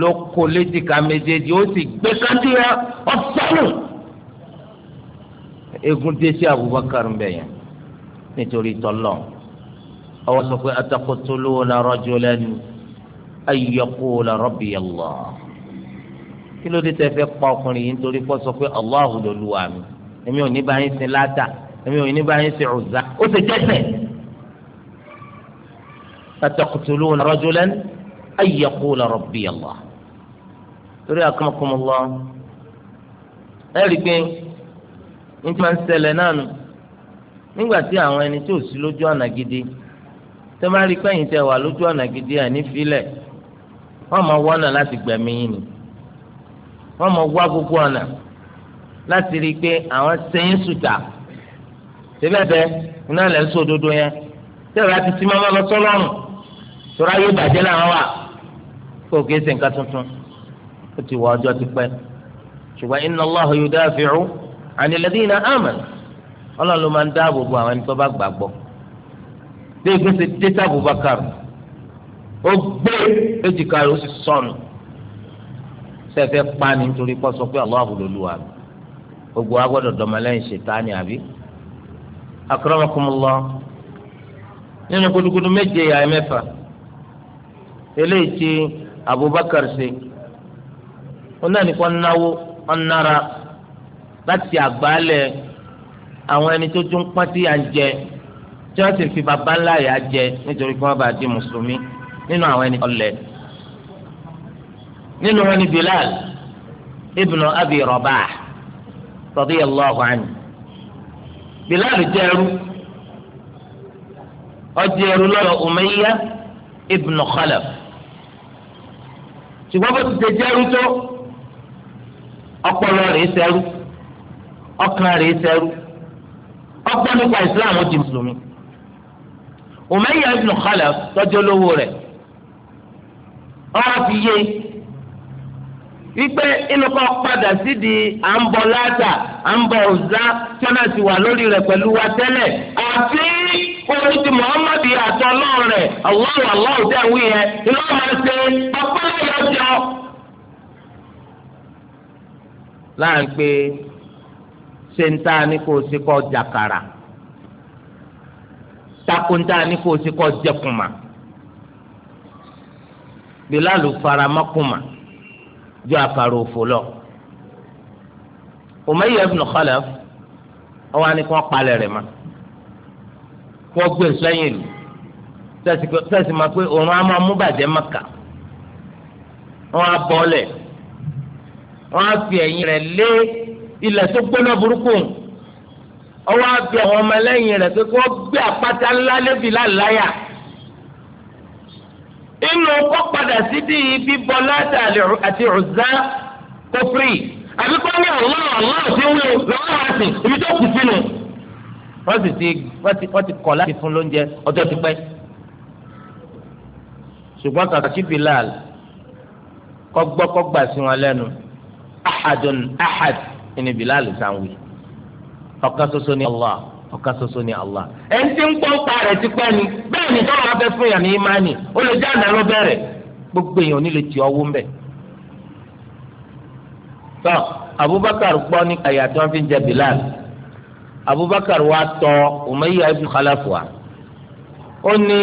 ló kó léjìká méjèèjì ó sì gbé kántìyà ọ̀sánù egun dé sí Abubakar ń bẹ̀yẹn nítorí tọ́lọ̀ ọwọ́ sọ pé ataqtuluna rajulan an yaqula rabbiya Allah kí ló dé tẹ́ fẹ́ pa ọkùnrin yìí nítorí pọ́ sọ pé Allahu lolúwa mi èmi ò ní bá yín sin Láta èmi ò ní bá yín sin Uzza ó ti dẹ́ṣẹ̀ ataqtuluna rajulan an yaqula rabbiya Allah torí akramakumullah ẹ̀ rí i pé ní ti máa ń ṣẹlẹ̀ náà nù. n'igbati tí àwọn ẹni tó sí lójú ọ̀nà gidi tó bá rí pẹ́yìn tẹ wà lójú ọ̀nà gidi ẹ̀ nífilẹ̀ wọ́n wọ́nà láti gbẹ̀mí yín ni wọ́n máa wá gbogbo ọ̀nà láti rí i pé àwọn sẹ́yìn sùtà síbẹ̀bẹ̀ iná lẹ̀ ń yẹn tẹ̀rọ àti ti máa lọ sọ́lọ́run tọ́ra yóò bàjẹ́ làwọn wà kó o ṣe ti wọ ọjọ́ ti pẹ́ ọlọ́run ló máa ń dáàbò bo àwọn ẹni tó bá gbàgbọ́ bí ebi ṣe dé sábò bakar ó gbé èjìká rẹ̀ ó sì sọnù sẹ́fẹ́ pa ni nítorí pọ́ sọ pé Allahu lolúwa gbogbo agbọ́dọ̀ dọ̀mọ́lẹ́yìn ṣètánì àbí. akramakumullah nínú gudugudu méje yàrá mẹ́fà eléyìí tí Abubakar ṣe ó náà ní náwó ọ̀nara láti àgbálẹ̀ àwọn ẹni tó tún pọ́n tí à ń jẹ tí wọ́n sì fi bàbá ńlá yà á jẹ nítorí kí wọ́n bá di mùsùlùmí nínú àwọn ẹni ọ̀lẹ. nínú wọn ni Bilal ibn Abi Rabah radiyallahu anhu. Bilal jẹ́ ẹrú ọjọ́ ẹrú lọ́dọ̀ Umayya ibn Khalaf. ṣùgbọ́n bó ti jẹ́ ẹrú tó ọpọlọ rẹ̀ ṣẹrú ọkàn rẹ̀ ṣẹrú. ọgbọ́n nípa islam ó di mùsùlùmí Umayya ibn Khalaf tọ́jú olówó rẹ̀ ọ̀rọ̀ ti yé wípé inú kan padà sídìí à ń bọ láàtà à ń bọ ọ̀zá tí wọ́n ti wà lórí rẹ̀ pẹ̀lú wa tẹ́lẹ̀ àti orí ti Muhammadu àti ọlọ́run rẹ̀ Allahu Allahu tẹ̀ wí yẹn ṣe ń tá a ní kó o ṣe kọ́ jàkàrà takò ń tá a ní kó o ṣe kọ́ jẹkùmà bilalu faramakuma jọ àkàrà òfò lọ Umayya ibn Khalaf ọwọ́ àni kò palẹ̀ rẹ̀ ma kò gbé sẹ́yìn lù tẹ̀sí ma pé òun á mú bàjẹ́ maka wọ́n á bọ́ lẹ̀ wọ́n á fi lé ilẹ̀ tó gbóná burúkú ọwọ́ abẹ àwọn ọmọlẹ́yìn rẹ̀ pé kí wọ́n gbé àpáta ńlá lébi láláyà inú kọ́ padà sí di ibi bọ́lá àti ọ̀zá kófìrí àbí kọ́ ní ọ̀lá ọ̀lá òsín wí lọ́wọ́ àsìn ibi tó kù sínú. wọ́n sì ti wọ́n ti kọ̀ láti fún lóúnjẹ ọjọ́ ti pẹ́. ṣùgbọ́n kàkà kí Bilal kọ́ gbọ́ kọ́ gbà sí wọn lẹ́nu ahadun ahad ẹni bilal sanwi ọ̀kan ṣoṣo ni allah ọ̀kan ṣoṣo ni allah. ẹni tí ń gbọ́ pa rẹ̀ ti pẹ́ ni bẹ́ẹ̀ ni tọ́lọ́ wọn fẹ́ fún yàn ní imáni ó lè já àná ló bẹ̀rẹ̀ gbogbo èèyàn ní lè ti ọwọ́ ń bẹ̀. tọ́ abubakar gbọ́ nípa ìyà tí wọ́n fi ń jẹ bilal abubakar wa tọ umayya ibn khalafuwa ó ní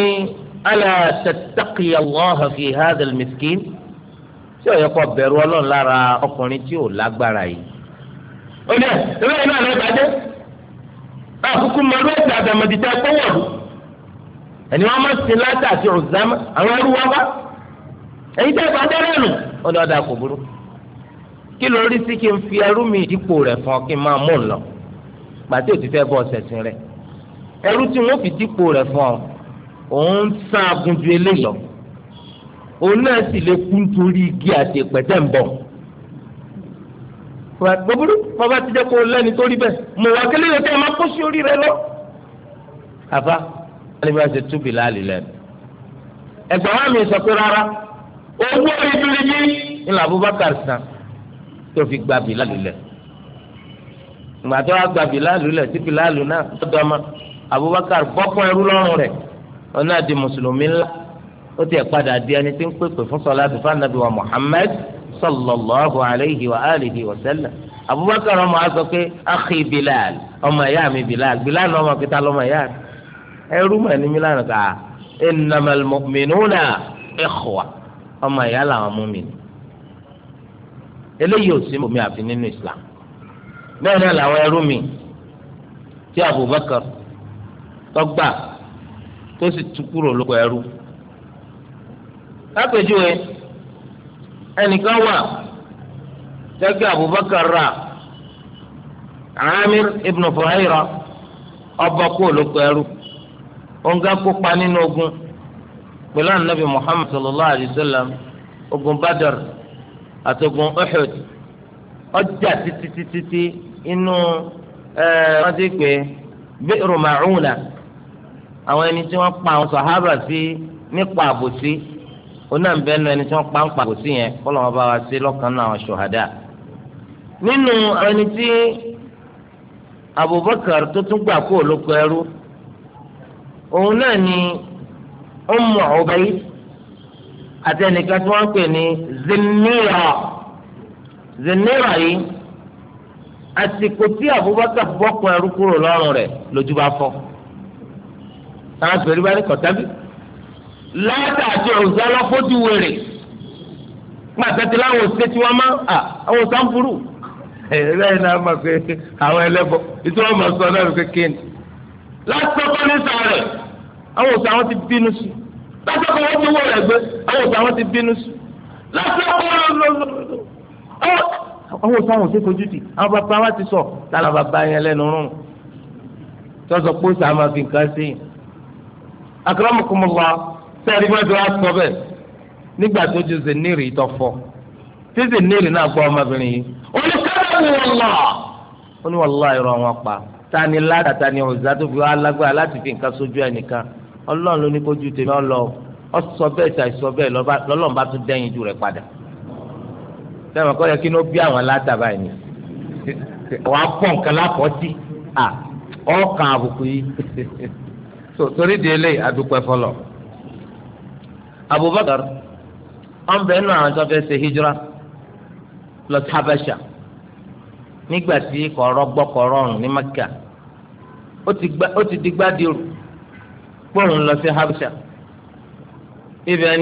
ala tattaqiya allah fi hadha miskin tí ó yẹ bẹ̀rù ọlọ́run lára ọkùnrin tí ò lágbára yìí ó ní ẹ̀ ìwé iná rẹ̀ bàjẹ́ àkókò mọ̀lú ẹ̀sìn àtàmọ̀dì tẹ kọ́wọ̀ lù ẹni wọn máa sin láti àti ọ̀sán àwọn ẹrú wọn bá èyí tẹ́ bá dẹ́rẹ́ nù ó ní ọ̀dà kò burú kí ló rí sí kí n fi ẹrú mi dípò rẹ̀ fún ọ kí n máa mú un lọ pàtó òtítọ́ ẹ bọ́ ọ̀sẹ̀ sin rẹ̀ ẹrú tí wọ́n fi dípò rẹ̀ fún ọ òun ń sá agun ju eléyìí lọ òun náà sì lè kú nítorí igi àti ìpẹ́tẹ́ ń bọ̀ gbogbo bàbá ti jẹ́ kó o lẹ́ni tó rí bẹ́ẹ̀ mọ wá kélé yóò tẹ́ ẹ máa kó sí orí rẹ lọ. àfa alibà ṣe tú Bilali lẹ́nu ẹgbẹ́ wa mi sọ pé rárá owó ìbílíbí ni Abubakar san tó fi gba Bilali lẹ̀ gbàtọ́ wa gba Bilali lẹ̀ sí Bilali náà lọ́dọ̀ ma Abubakar bọ́kún ẹrú lọ́rùn rẹ̀ ọ̀nà di mùsùlùmí ńlá ó ti ẹ̀ padà di ẹni tí ń pèpè fún sọlá àti fún anabi wa Muhammad صلى الله عليه وآله وسلم أبو بكر ما azọ أخي بلال bilal ọmọ بلال mi bilal bilal ọmọ kìtà lọmọ ìyá mi ẹrú mà ní milán ká innamal mu'minuna ikhwa ọmọ ìyá làwọn mú mi ni eléyìí ò sí mi àfi nínú islam bẹ́ẹ̀ náà làwọn ẹrú mi tí abubakar tọgbà tó sì tú lóko ẹrú lápèjúwe. ẹnìkan wà jẹ́gẹ́ Abubakar ra Amir ibn Fuhaira ọba kú olóko ẹrú onga kópa nínú ogun pẹ̀lú anabi Muhammad sallallahu alayhi wa sallam ogun Badr àti ogun Uhud ọjà títí títí tí inú ẹ̀ẹ́ wọ́n ti pè é Bi'ru àwọn ẹni tí wọ́n pa àwọn sàhábà sí nípa àbòsí. onáà ń bẹ nu ẹni tí wọ́n pàǹpà kò sí yẹn kọlọ wọn bá wa sí lọ́kàn náà ṣòhádà nínú ẹni tí Abubakar tó tún gbà kó olóko ẹrú òun náà ni Ummu Ubayd àti ẹnìkan tí wọ́n ń pè ní Zinnira Zinnira yìí àsìkò tí Abubakar bọ́kùn ẹrú kúrò lọ́rùn rẹ̀ lójú bá fọ́ àwọn àgbèrè bá ní kọ̀tàbí láàtà àti ọ̀zọ́ aláfojú wèrè pàṣẹ tí láwọn òṣìṣẹ́ tí wọ́n máa à àwọn sáǹfùrù ẹlẹ́yìn náà máa pe àwọn ẹlẹ́bọ ìtú wọn máa sọ náà ló kékeré ni lásìkò ní sàrẹ̀ àwọn òṣìṣẹ́ àwọn ti bínú sí lásìkò wọn ti wọ̀ rẹ̀ gbé àwọn òṣìṣẹ́ àwọn ti bínú sí lásìkò àwọn òṣìṣẹ́ àwọn òṣìṣẹ́ kojú di àwọn bàbá wa ti sọ lálà bàbá yẹn lẹ́nu rún tọ́sọ̀ pé sàmà fi nǹkan sí i àkàrà mọ̀kùnmọ̀ wa. sẹ́ẹ̀rí wọn ti wá sọ bẹ́ẹ̀ nígbà tó tí náà gbọ́ ọmọbìnrin yìí wọn pa tani ládàá tani ọ̀zá tó fi wá fi nǹkan sójú ẹnìkan ọlọ́run ló ní tèmi ọlọ bẹ́ẹ̀ bẹ́ẹ̀ lọ́lọ́run bá tún ju rẹ̀ padà abubakar ọ̀nbẹ nù àwọn tó fẹ́ ṣe hijira lọ sí nígbà tí kọ̀ọ̀rọ̀ gbọ́ kọ̀ọ̀rọ̀ ní ó ti di gbádìrú kpọ́run lọ sí habasha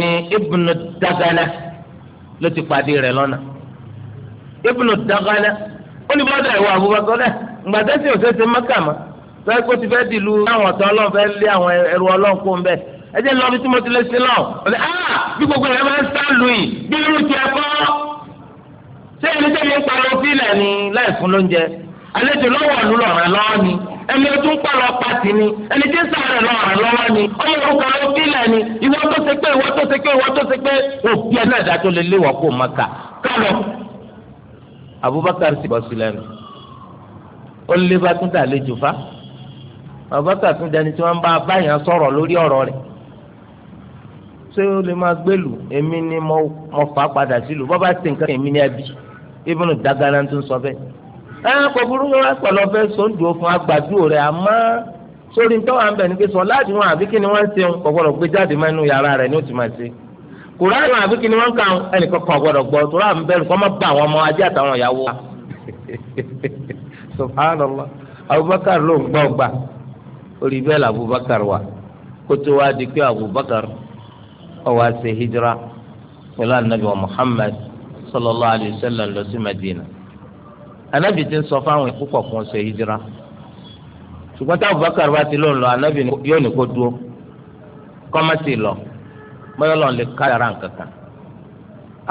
ni ibùnú dagana ló ti ibùnú dagana ó ní bọ́dà abubakar òṣèṣe ma ti fẹ́ dìlú àwọn ọ̀tọ̀ ọlọ́run fẹ́ lé àwọn ẹrù ọlọ́run kó ń ẹ jẹ́ lọ́ọ́ bí tí mo ti lè ṣe lọ. ọ̀sẹ̀ ah bí gbogbo rẹ̀ máa ń sá lu yìí bí irú tiẹ̀ kọ́. ṣé ẹni tẹ́lẹ̀ ń parọ́ sílẹ̀ ni láì fún lóúnjẹ? àlejò lọ́wọ́ ọ̀lú lọ́ọ̀rẹ́ lọ́wọ́ ni ẹni ojú ń pọ̀ lọ pàtì ni ẹni tí ń sàárẹ̀ lọ́ọ̀rẹ́ lọ́wọ́ ni ọmọ orúkọ ló sílẹ̀ ni ìwọ tó ṣe pé ìwọ tó ṣe pé ìwọ tó ṣe pé òbí ẹ náà dájọ́ lè léwọ́ kó má kà kálọ̀. Abubakar sì bọ́ sílẹ̀ nù ó lé bá tún tà àlejò fa Abubakar tún dání tí wọ́n bá báyàn sọ̀rọ̀ lórí ọ̀rọ̀ rẹ̀ ṣé o lè máa gbèlú èmi ni mo fà á padà sílùú bọ́ bá ti nǹkan èmi ni ẹbí ibùdó dagana tó ń sọ bẹ́ẹ̀. ẹ kò burú wọn pẹ̀lú ọ̀fẹ́ sọ́ńdùó fún agbàdúró rẹ̀ àmọ́ sórí ń tọ́wọ́ àbẹ̀ ní pé sọ láti wọn àbí kí ni wọ́n ń ṣe kò gbọ́dọ̀ gbé jáde mẹ́nu yàrá rẹ̀ ni ó ti máa ṣe. kùránì àbí kí ni wọ́n ń kà ẹnìkan kan gbọ́dọ̀ gbọ́ tó rà ń bẹ̀rù kọ́ mọ́ bá àwọn ọmọ ajé àtàwọn ìyàwó wa. subhanallah abubakar ló ń gbọ́ gbà orí bẹ́ẹ̀ ó wá ṣe hijira pẹ̀lú anabi wa muhammad sallallahu alayhi wa sallam lọ sí madina anabi ti ń sọ fáwọn púpọ̀ kó ṣe hijira ṣùgbọ́n tá abubakar bá ti lóun lọ anabi yóò ní kó dúró kọ́mẹ́tì lọ bọ́yọ̀ lọ́n lè ká yàrá nǹkan kan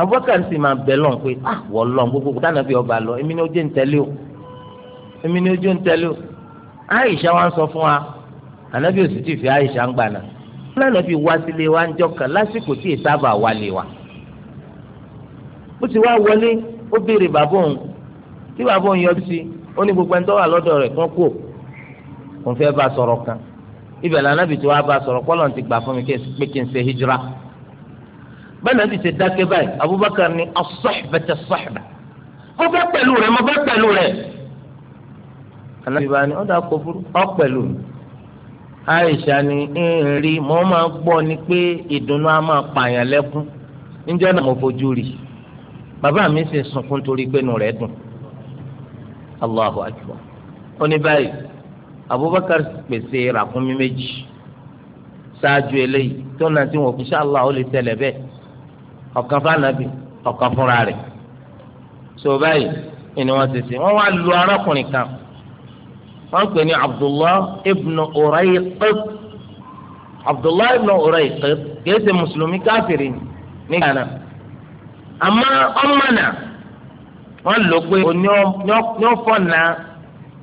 abubakar sì máa bẹ lọ́n pé ah wọ́n lọ́n gbogbo tánàbí ọba lọ èmi ni ojú ń tẹ́lẹ̀ o èmi ni ojú ń tẹ́lẹ̀ o aisha wa ń sọ fún wa anabi ò sì ti fi aisha ń gbà náà lánàá fi wá sílé wa ń jọkàn lásìkò tí ìsábà wálé wa ó ti wá wọlé ó béèrè bàbá òun tí bàbá òun yọjú sí ó ní gbogbo ẹni tó wà lọ́dọ̀ rẹ̀ kán kan ibẹ̀ lànà bìtú wa bá sọ̀rọ̀ pọ́lọ̀ ti gbà fún mi pé kí n ṣe hijira bẹ́ẹ̀ náà ti ṣe dákẹ́ báyìí Abubakar ni asọ́xbẹ̀tẹ̀ sọ́xbẹ̀ mo fẹ́ pẹ̀lú rẹ̀ mo fẹ́ pẹ̀lú rẹ̀. anábìbá ni ọ̀dà mi Aisha ni nri rí mo ni pé ìdùnnú a máa pààyàn lẹ́kún mo fojú rí bàbá mi sì sunkún torí pé inú rẹ̀ Allahu akbar ó ní báyìí Abubakar pèsè ràkúnmí méjì ṣáájú eléyìí tó náà tí wọn kú ṣáàlà ó lè tẹ̀lé bẹ́ẹ̀ ọ̀kan fànàbì ọ̀kan fúnra rẹ̀ so báyìí wọn pè ní abdullahi ibn urayqib abdullah ibn urayqib kìí mùsùlùmí káfìrí ní ghana àmọ́ ọmọnà wọ́n lò pé yóò na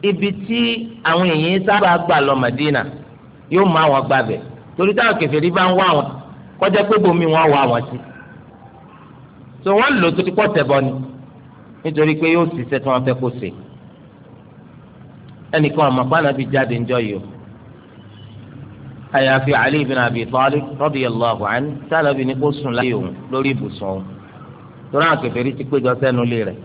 ibi tí àwọn èèyàn sábà gbà lọ Madina yóò mú àwọn gbàbẹ̀ torí táwọn kèfèrí bá ń wá wọn kọjá pé bomi wọn wà wọn sí so wọ́n lò tó ti pọ̀ ni nítorí pé yóò ṣiṣẹ́ tí wọ́n fẹ́ kó ẹnìkan àmọ́ pàánà fi jáde ńjọ́ yìí o àyàfi Ali ibn Abi Talib radiyallahu anhu sálọ́bì ní kó sùn láyé òun lórí ibùsùn òun torí àwọn kèfèrí ti péjọ sẹ́nu lé rẹ̀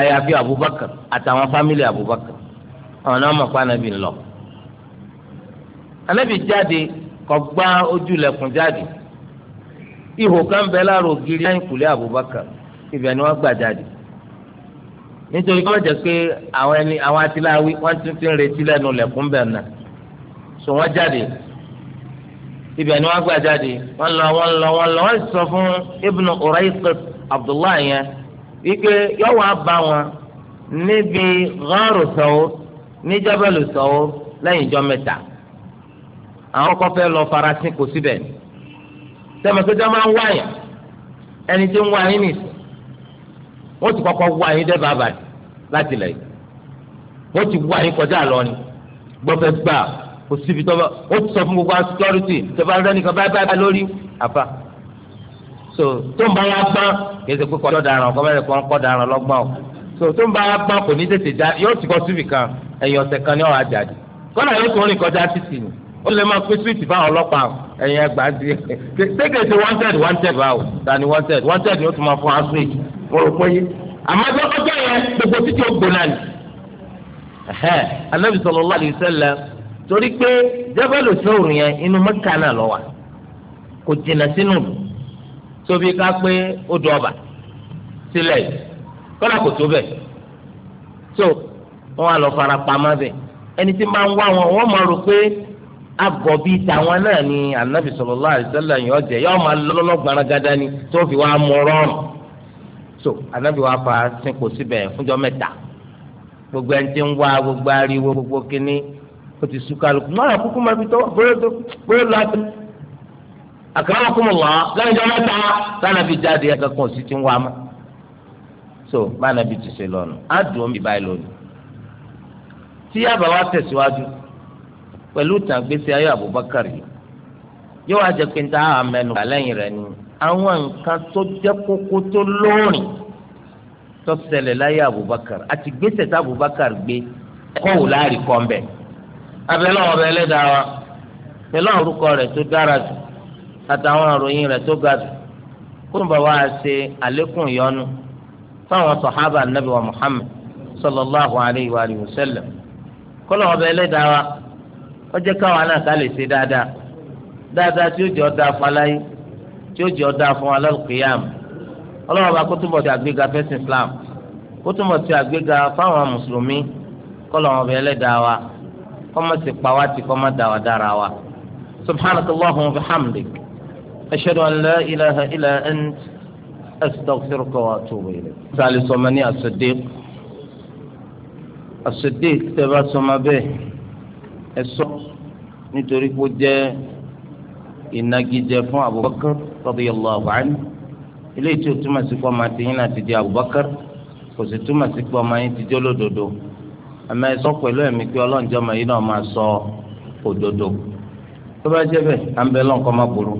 àyàfi Abubakar àtàwọn fámìlì Abubakar àwọn náà mọ̀ pàánà lọ. Ànábì jáde kò gbá ojú lẹ̀kùn jáde ihò kan bẹ láàrò gírí ẹ̀yìnkùlé Abubakar ibẹ̀ ni wọ́n gbà jáde nítorí kọ́ jẹ́ pé àwọn ẹni àwọn atiláwí wọ́n ti ti ń retí lẹ́nu lẹ́kùn bẹ̀rẹ̀ náà so wọ́n jáde ibẹ̀ ni wọ́n gbà jáde wọ́n lọ wọ́n lọ wọ́n lọ wọ́n sọ fún Ibn Urayq Abdullahi yẹn wípé yọ̀wọ́ bá wọn níbi ghaaru Thawr ní Jabalu lẹ́yìn ìjọ mẹ́ta àwọn kọ́fẹ́ lọ farasin kò síbẹ̀ sẹ́mi pé jọ́ máa ń wáyà ẹni tí ń wáyà nìyí wọ́n ti kọ́kọ́ wá yín dẹ́ba àbàdì láti lẹ̀ yìí wọ́n ti wá yín kọjá lọ ni gbọ́fẹ́ gbà kò síbi tó bá wọ́n ti sọ fún gbogbo asọ́rìtì tó bá rẹ́ nìkan báyìí báyìí lórí àfa so tó ń bá wa gbọ́n kì í ṣe pé kọjọ́ daràn kọ́ bẹ́ẹ̀ kọ́ daràn lọ́gbọ́n o so tó ń bá wa gbọ́n kò ní tètè já yóò ti kọ́ síbi kan ẹ̀yìn ọ̀sẹ̀ kan ní ọ̀rọ̀ àjàdì kọ́nà yóò tún rìn kọjá títì ni ó lè máa pín síìtì fáwọn ọlọ́pàá ẹ̀yìn ẹgbàá ti ṣe kéèké ṣe wanted wanted báwo ta ni wanted wanted ni ó tún máa fún asúwèjì mo rò pé àmọ́ gbogbo titi ó gbóná ni. anabi sallallahu alayi wasallam torí pé jábàlù sóòrùn yẹn inú mẹ́kà náà lọ wa. kò jìnnà sínú lù tóbi ká pé ó dọ̀ ọ̀bà sílẹ̀ yìí kò tó fara ẹni tí máa ń wá wọn wọ́n máa rò pé agọ bíi tàwọn náà ni anabi gada ni wa rọrùn so anabi wa fa sínkù síbẹ̀ fúnjọ́ mẹ́ta gbogbo ẹni tí ń wá gbogbo ariwo gbogbo kínní o ti súkà lóko mọ́ àwọn kúkú máa fi tọ́wọ́ bóyá lọ àti àkàrà kúmù wá lẹ́yìn ọjọ́ mẹ́ta sànàbí jáde ẹ̀ka kan sí ti ń wá mọ́ so bánàbí ti ṣe lọ́nu á dùn ó mi báyìí lónìí tí yàbá wa tẹ̀síwájú pẹ̀lú ìtàn gbèsè ayé Abubakar yìí yóò wá jẹ́ pé ń ta àmẹ́nu àlẹ́yìn rẹ̀ nìyí àwọn nǹkan tó jẹ́ kókó tó lóòrìn tó ṣẹlẹ̀ láyé Abubakar àti gbèsè tá Abubakar gbé kọ́wò láàrin kan bẹ̀. abẹ́lẹ́ ọ̀bẹ ẹlẹ́dàá wa pẹ̀lú orúkọ rẹ̀ tó dára jù àtàwọn àròyìn rẹ̀ tó ga jù kó n bá wa ṣe àlékún ìyọ́nú fáwọn sọ̀hábà nàbì wa Muhammad sallallahu alayhi wa sallam kọ́lọ̀ ọ̀bẹ ẹlẹ́dàá wa ó jẹ́ káwọn náà ká lè ṣe dáadáa dáadáa tí ó jẹ́ ọ tí ó jẹ́ ọ̀dà fún alálùkìyàm ọlọ́run bá kó túbọ̀ ti àgbéga fẹ́sìn Islam kó túbọ̀ ti àgbéga fáwọn mùsùlùmí kọ́lọ́wọ́n bẹ ẹlẹ́dàá wa kọ́mọ́ sì pa wá ti kọ́mọ́ dà wá dára wa subhanaka allahumma wa bihamdik ashhadu an la ilaha illa ant astaghfiruka wa atubu ilayk. sàlẹ̀ sọ̀mọ́ ní as-Siddiq tẹ́ bá sọ̀mọ́ bẹ́ẹ̀ ẹ̀ sọ nítorí kó jẹ́ ìnagijẹ fún abubakar radiyallahu anhu eléyìí tí o túmọ̀ sí pé ọmọ àtìyìn náà ti di abubakar kò sì túmọ̀ sí pé ọmọ yín ti di olódodo àmọ́ ẹ sọ pẹ̀lú ẹ̀mí pé ọlọ́njẹ́ ọmọ yìí náà máa sọ òdodo tó bá jẹ́ bẹ́ẹ̀ à ń bẹ lọ́nkọ́ má burú.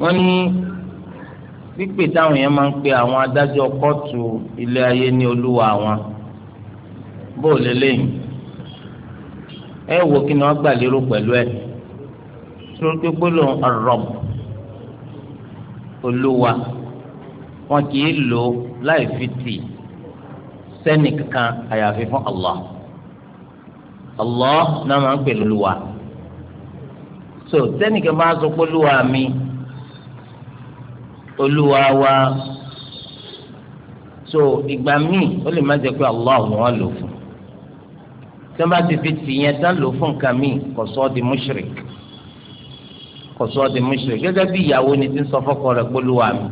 wọ́n ní pípè táwọn yẹn máa ń pe àwọn adájọ́ kóòtù ilé ayé ní olúwa àwọn bó ẹ wò kí ni wọ́n gbà lérò pẹ̀lú ẹ̀ sọ pé gbólóhùn ọ̀rọ̀m olúwa wọn kì í lò láì fi tì sẹ́nì kankan àyàfi fún Allah Allah náà máa ń pè lóluwa so sẹ́nì kan máa sọ pé olúwa mi olúwa wa so ìgbà míì ó lè má jẹ pé Allah ni wọ́n lò fún tí bá ti fi tì yẹn tán lò fún nǹkan míì kò sọ ọ́ di mushrik kò sọ ọ́ di mùsùlùmí gẹ́gẹ́ bí ìyàwó ni ti ń sọ fọ́kọ rẹ̀ pé olúwa mi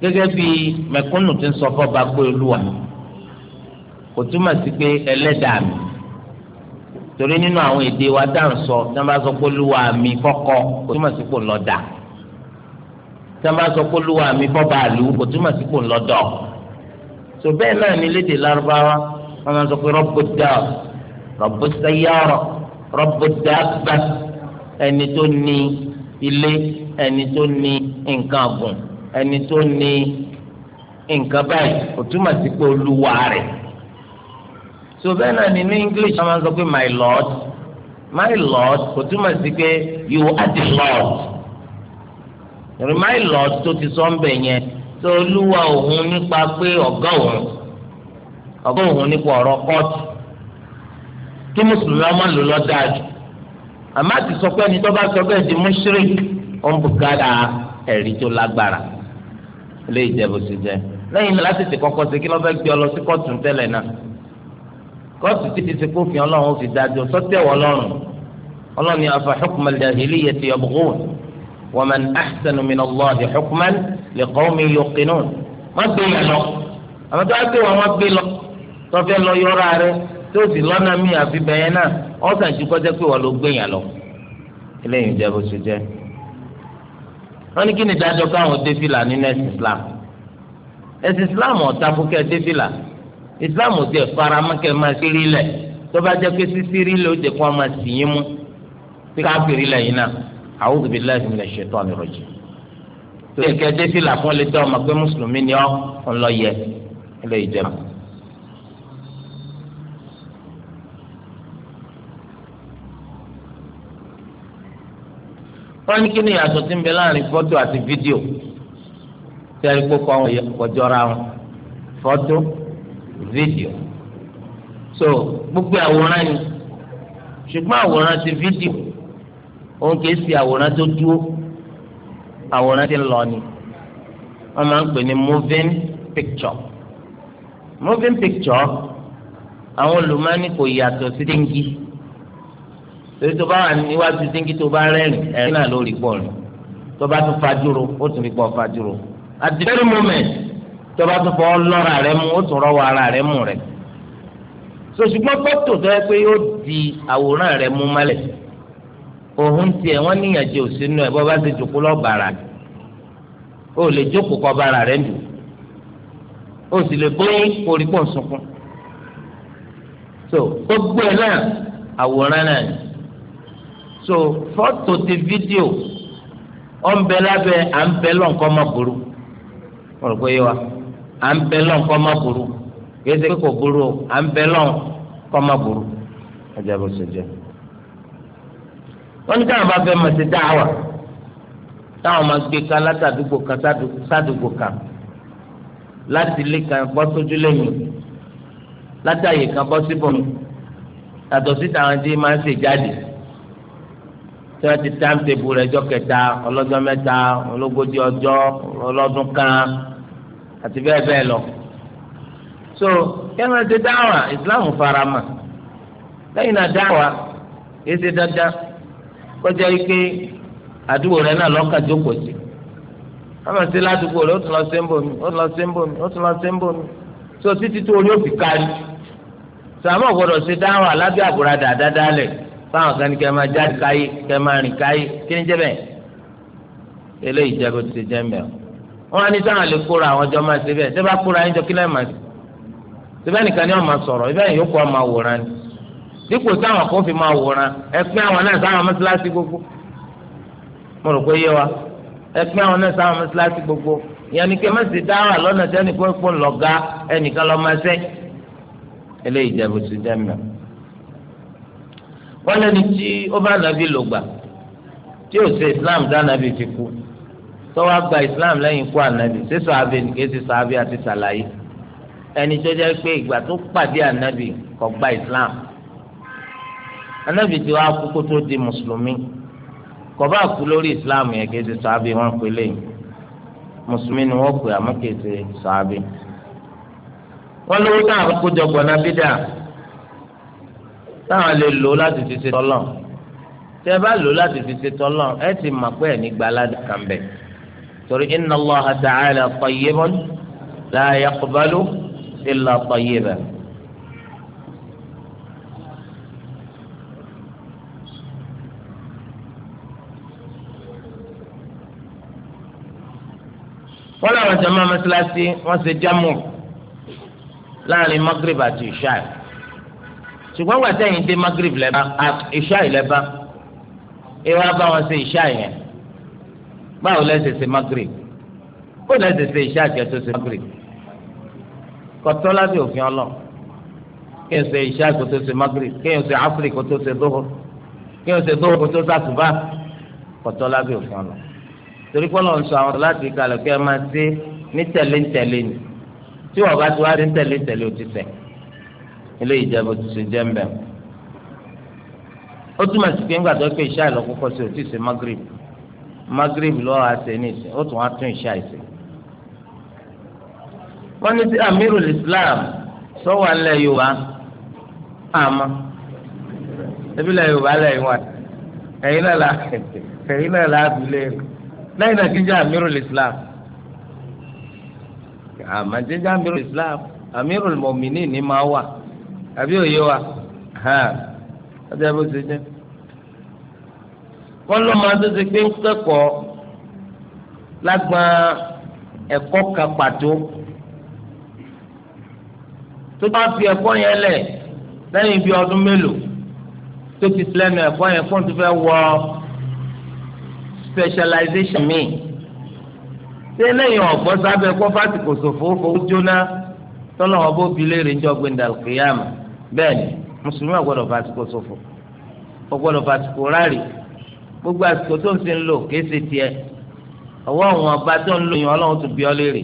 gẹ́gẹ́ bí mẹ̀kúnnù ti ń sọ fọ́ba pé olúwa mi kò túmọ̀ sí pé ẹlẹ́dàá mi torí nínú àwọn èdè wa dá ń sọ tí wọ́n bá sọ pé olúwa mi fọ́kọ kò túmọ̀ sí pé ńlọ́dà tí wọ́n bá sọ pé olúwa mi fọ́ba àlù kò túmọ̀ sí pé ńlọ́dọ̀ tó bẹ́ẹ̀ náà ní lédè lárúbáwá wọ́n máa sọ pé rọ́bù dáa rọ́bù sẹ́yàrọ̀ rọ́bù dáa gbàtà ẹni tó ní ilé ẹni tó ní nǹkan àgùn ẹni tó ní nǹkan báyìí kò sí pé olúwa rẹ̀ so bẹ́ẹ̀ náà ni ní English wọ́n máa ń sọ pé my lord my lord kò túmọ̀ sí pé you are the lord my lord tó ti sọ ń bẹ̀ yẹn tó olúwa òun nípa pé ọ̀gá òun ọ̀gá òun nípa ọ̀rọ̀ kóòtù kí mùsùlùmí ọmọ lò lọ́dáàjù àmọ́ àti sọ pé ẹni tó bá sọ bẹ́ẹ̀ di mushrik ó ń bùkátà ẹ̀rí tó lágbára lè jẹ bó ṣe jẹ lẹ́yìn náà láti ti kọ́kọ́ ṣe kí ló fẹ́ gbé ọ lọ sí kóòtù tẹ́lẹ̀ náà kóòtù títí ti kófin ọlọ́run ó fi dájọ́ sọ́tẹ̀wọ̀ ọlọ́run ọlọ́run ni afa hukma al-jahiliyyati yabghun wa man ahsanu min Allahi hukman liqawmin yuqinun má gbé yẹn lọ àmọ́ tó wọn gbé lọ lọ yọra tó sì ọ̀sán ju kọjá pé wọ́n ló gbẹ̀yàn lọ eléyìí ń jẹ́ bó ṣe jẹ́ wọ́n ní kí ni ìdájọ́ káwọn dé fìlà nínú ẹ̀sìn Islam ẹ̀sìn Islam ọ̀tá fúkẹ́ dé fìlà Islam ò tiẹ̀ fara mọ́kẹ́ máa sírí lẹ̀ tó bá jẹ́ pé sísírí lẹ̀ ó ti kọ́ máa sì yín mú tí káfíìrì lẹ́yìn náà a'udhu billahi minash shaitanir rajim tó yẹ kẹ́ dé fìlà fún létí ọmọ pé mùsùlùmí ni ọ́ ń lọ yẹ eléyìí jẹ́ mọ́. wọ́n ní kí ni ìyàtọ̀ tí ń bẹ láàrin fọ́tò àti fídíò tí ẹni kó kọ́ kọjọ́ra wọn fọ́tò fídíò so gbogbo àwòrán ni ṣùgbọ́n àwòrán ti fídíò òun kìí ṣe àwòrán tó dúró àwòrán ti lọ ni wọ́n máa ń pè ní moving picture moving picture àwọn olùmọ́ni kò yàtọ̀ sí dengue torí tó bá wà níwájú díngí tó bá rẹ́rìn ẹ̀rín náà lórí pọ̀ rìn tó bá tún fajúro ó tún rí pọ̀ fajúro at the very moment tó bá tún fọ́ lọ́ra rẹ mú ó tún rọ́wọ́ ara rẹ mú rẹ so ṣùgbọ́n fọ́tò tó yẹ pé yóò di àwòrán rẹ mú mọ́lẹ̀ òun tiẹ̀ wọ́n níyànjú òsínú ẹ̀ bọ́ bá ti jòkó lọ́ọ́ bàrà ó lè jókòó kọ́ bàrà rẹ dùn ó sì lè bóyá orí pọ̀ sunkún so gbogbo ẹ̀ náà àwòrán náà ni so fọ́tò ti video, ọ̀nbẹ lábẹ́ à ń bẹ lọ́nkọ́ má burú wọ́n rò pé yé wa à ń bẹ lọ́nkọ́ má burú yé sẹ́kẹ́ kò burú o à ń bẹ lọ́nkọ́ má burú ọjà bó ṣe jẹ́ wọ́n ní káwọn bá fẹ́ mọ̀ sí dáhàwá táwọn máa gbé ká látàdúgbò kan sádùgbò kan láti ilé kan bọ́ sójú lẹ́yìn látàyè kan bọ́ síbòmí yàtọ̀ síta àwọn tí máa ń ṣèjáde. Si tí wọ́n ti táìmùtébù rẹ̀ jọ kẹta ọlọ́jọ́ mẹ́ta ológójì ọjọ́ ọlọ́dún kan àti bẹ́ẹ̀ bẹ́ẹ̀ lọ. so kẹ́mi ti dáwà ìsìláàmù farama lẹ́yìn náà dáwà kìí ṣe dandan kọjá ike àdúgbò rẹ̀ náà lọ́ka jókòó sí wọ́n ti ládùúgbò rẹ̀ ó tún lọ sí ń bomi ó tún lọ sí ń bomi ó tún lọ sí ń bomi so títí tó orí òfin kárí sàmọ́ gbọ́dọ̀ ṣe dáwà lábẹ́ àbúradà dáadáa lẹ̀ báwọn kan ní kẹ́ máa jáde káyé kẹ́ máa rìn káyé kí ni jẹ́ bẹ́ẹ̀ eléyìí jẹ́ bó ti jẹ́ mẹ́ọ̀ wọ́n á ní sáwọn lè kóra àwọn ọjọ́ máa ṣe bẹ́ẹ̀ ṣé bá kóra ẹ̀jọ́ kí lẹ́ẹ̀ máa ṣe síbẹ̀ nìkan ni wọ́n máa sọ̀rọ̀ ibẹ̀ yìí yókù ọmọ àwòrán ni dípò táwọn kò fi máa wòrán ẹ àwọn náà sáwọn mọ́sálásí gbogbo mo rò pé yé wa ẹ àwọn náà sáwọn mọ́sálásí gbogbo ìyẹn ni kí ẹ má ṣe dáhà lọ́nà tí ẹnìkan ń ẹnìkan lọ́ máa ṣẹ́ eléyìí jẹ́ bó ti jẹ́ mìíràn wọ́n lẹ́ni tí ó bá nàbí lò gbà tí ò ṣe islam dá nàbí fi kú tọ́wọ́ gba islam lẹ́yìn kú ànábì sísọ abẹ nìkan sísọ abẹ àti sàlàyé ẹni tó jẹ́ pé ìgbà tó pàdé ànábì kò gba islam ànábì tí wàá kú kó tó di mùsùlùmí kò bá kú lórí islam yẹn kí sísọ abẹ wọn pè lẹ́yìn mùsùlùmí ni wọ́n pè àmọ́ kì í ṣe sọ abẹ. wọ́n lówó táwọn kó jọ gbọ̀nà táwọn lè lò láti fi ṣe tọ́lọ̀ tí ẹ bá lò láti fi ṣe tọ́lọ̀ ẹ ti mọ̀ pé ẹ̀ ní gbalada kan bẹ̀ torí inna Allaha ta'ala tayyibun la yaqbalu illa tayyiban. wọ́n làwọn jẹ́ mọ́ mọ́sálásí wọ́n ṣe jámù láàrin magreba àti ìṣáà ṣùgbọ́n wà sẹ́yìn dé magrib lẹ́ba ìṣá ìlẹ́ba ìwà bá wọn ṣe ìṣá yẹn báwo lẹ́sẹ̀ ṣe magrib kó lẹ́sẹ̀ ṣe ìṣá àjẹ tó ṣe magrib kọ́tọ́ lábẹ́ òfin ọlọ́ kí n ṣe ìṣá kó tó ṣe magrib kí n ṣe áfírí kó tó ṣe dóhó kí n ṣe dóhó kó tó ṣàtúbà kọ́tọ́ lábẹ́ òfin ọlọ́ torí pé Ọlọ́run sọ àwọn láti kalẹ̀ kí ẹ máa ṣe ní tẹ̀lé ní tẹ̀lé ni tí wọ́n bá ti wá rí ní tẹ̀lé ní tẹ̀lé ò ti sẹ̀ ilé ìjẹbù ti ṣe jẹ́ ń bẹ̀. ó túmọ̀ sí pé ńgbà tó pé ìṣá ìlọ sí òtí ṣe magrib magrib lọ́wọ́ àṣẹ ní ìṣe ó tún wá tún ìṣá ìṣe. wọ́n ní sí amirul islam sọ́wọ́ alẹ́ yorùbá àmọ́ ebi lẹ́ yorùbá lẹ́yìn wá ẹ̀yin náà la ẹ̀yin náà la abilé lẹ́yìn náà kí amiru islam àmọ́ jẹ́jẹ́ amiru islam amirul mọ̀mìnì ni máa wà àbí òye wa ọjọ́ bó ṣe jẹ́ wọ́n lọ́ máa tó ṣe pé ń kẹ́kọ̀ọ́ lágbọ́n ẹ̀kọ́ kan pàtó tó bá fi ẹ̀kọ́ yẹn lẹ̀ lẹ́yìn bíi ọdún mélòó tó ti lẹ́nu ẹ̀kọ́ yẹn fún tó fẹ́ wọ specialization mi ṣé lẹ́yìn ọ̀gbọ́n sábẹ́ kó fásitì kò ṣòfò owó jóná tọ́lọ́wọ́ bó bi léèrè ń jọ gbẹ̀ndàlùkìyàmù bẹ́ẹ̀ni mùsùlùmí ọgbọ́dọ̀ bá àsìkò ṣòfò ọgbọ́dọ̀ bá àsìkò ráàlì gbogbo àsìkò tó ń sin lò kìí ṣe tiẹ̀ ọwọ́ àwọn ọba tó ń lò yín Ọlọ́run tó bí ọ léèrè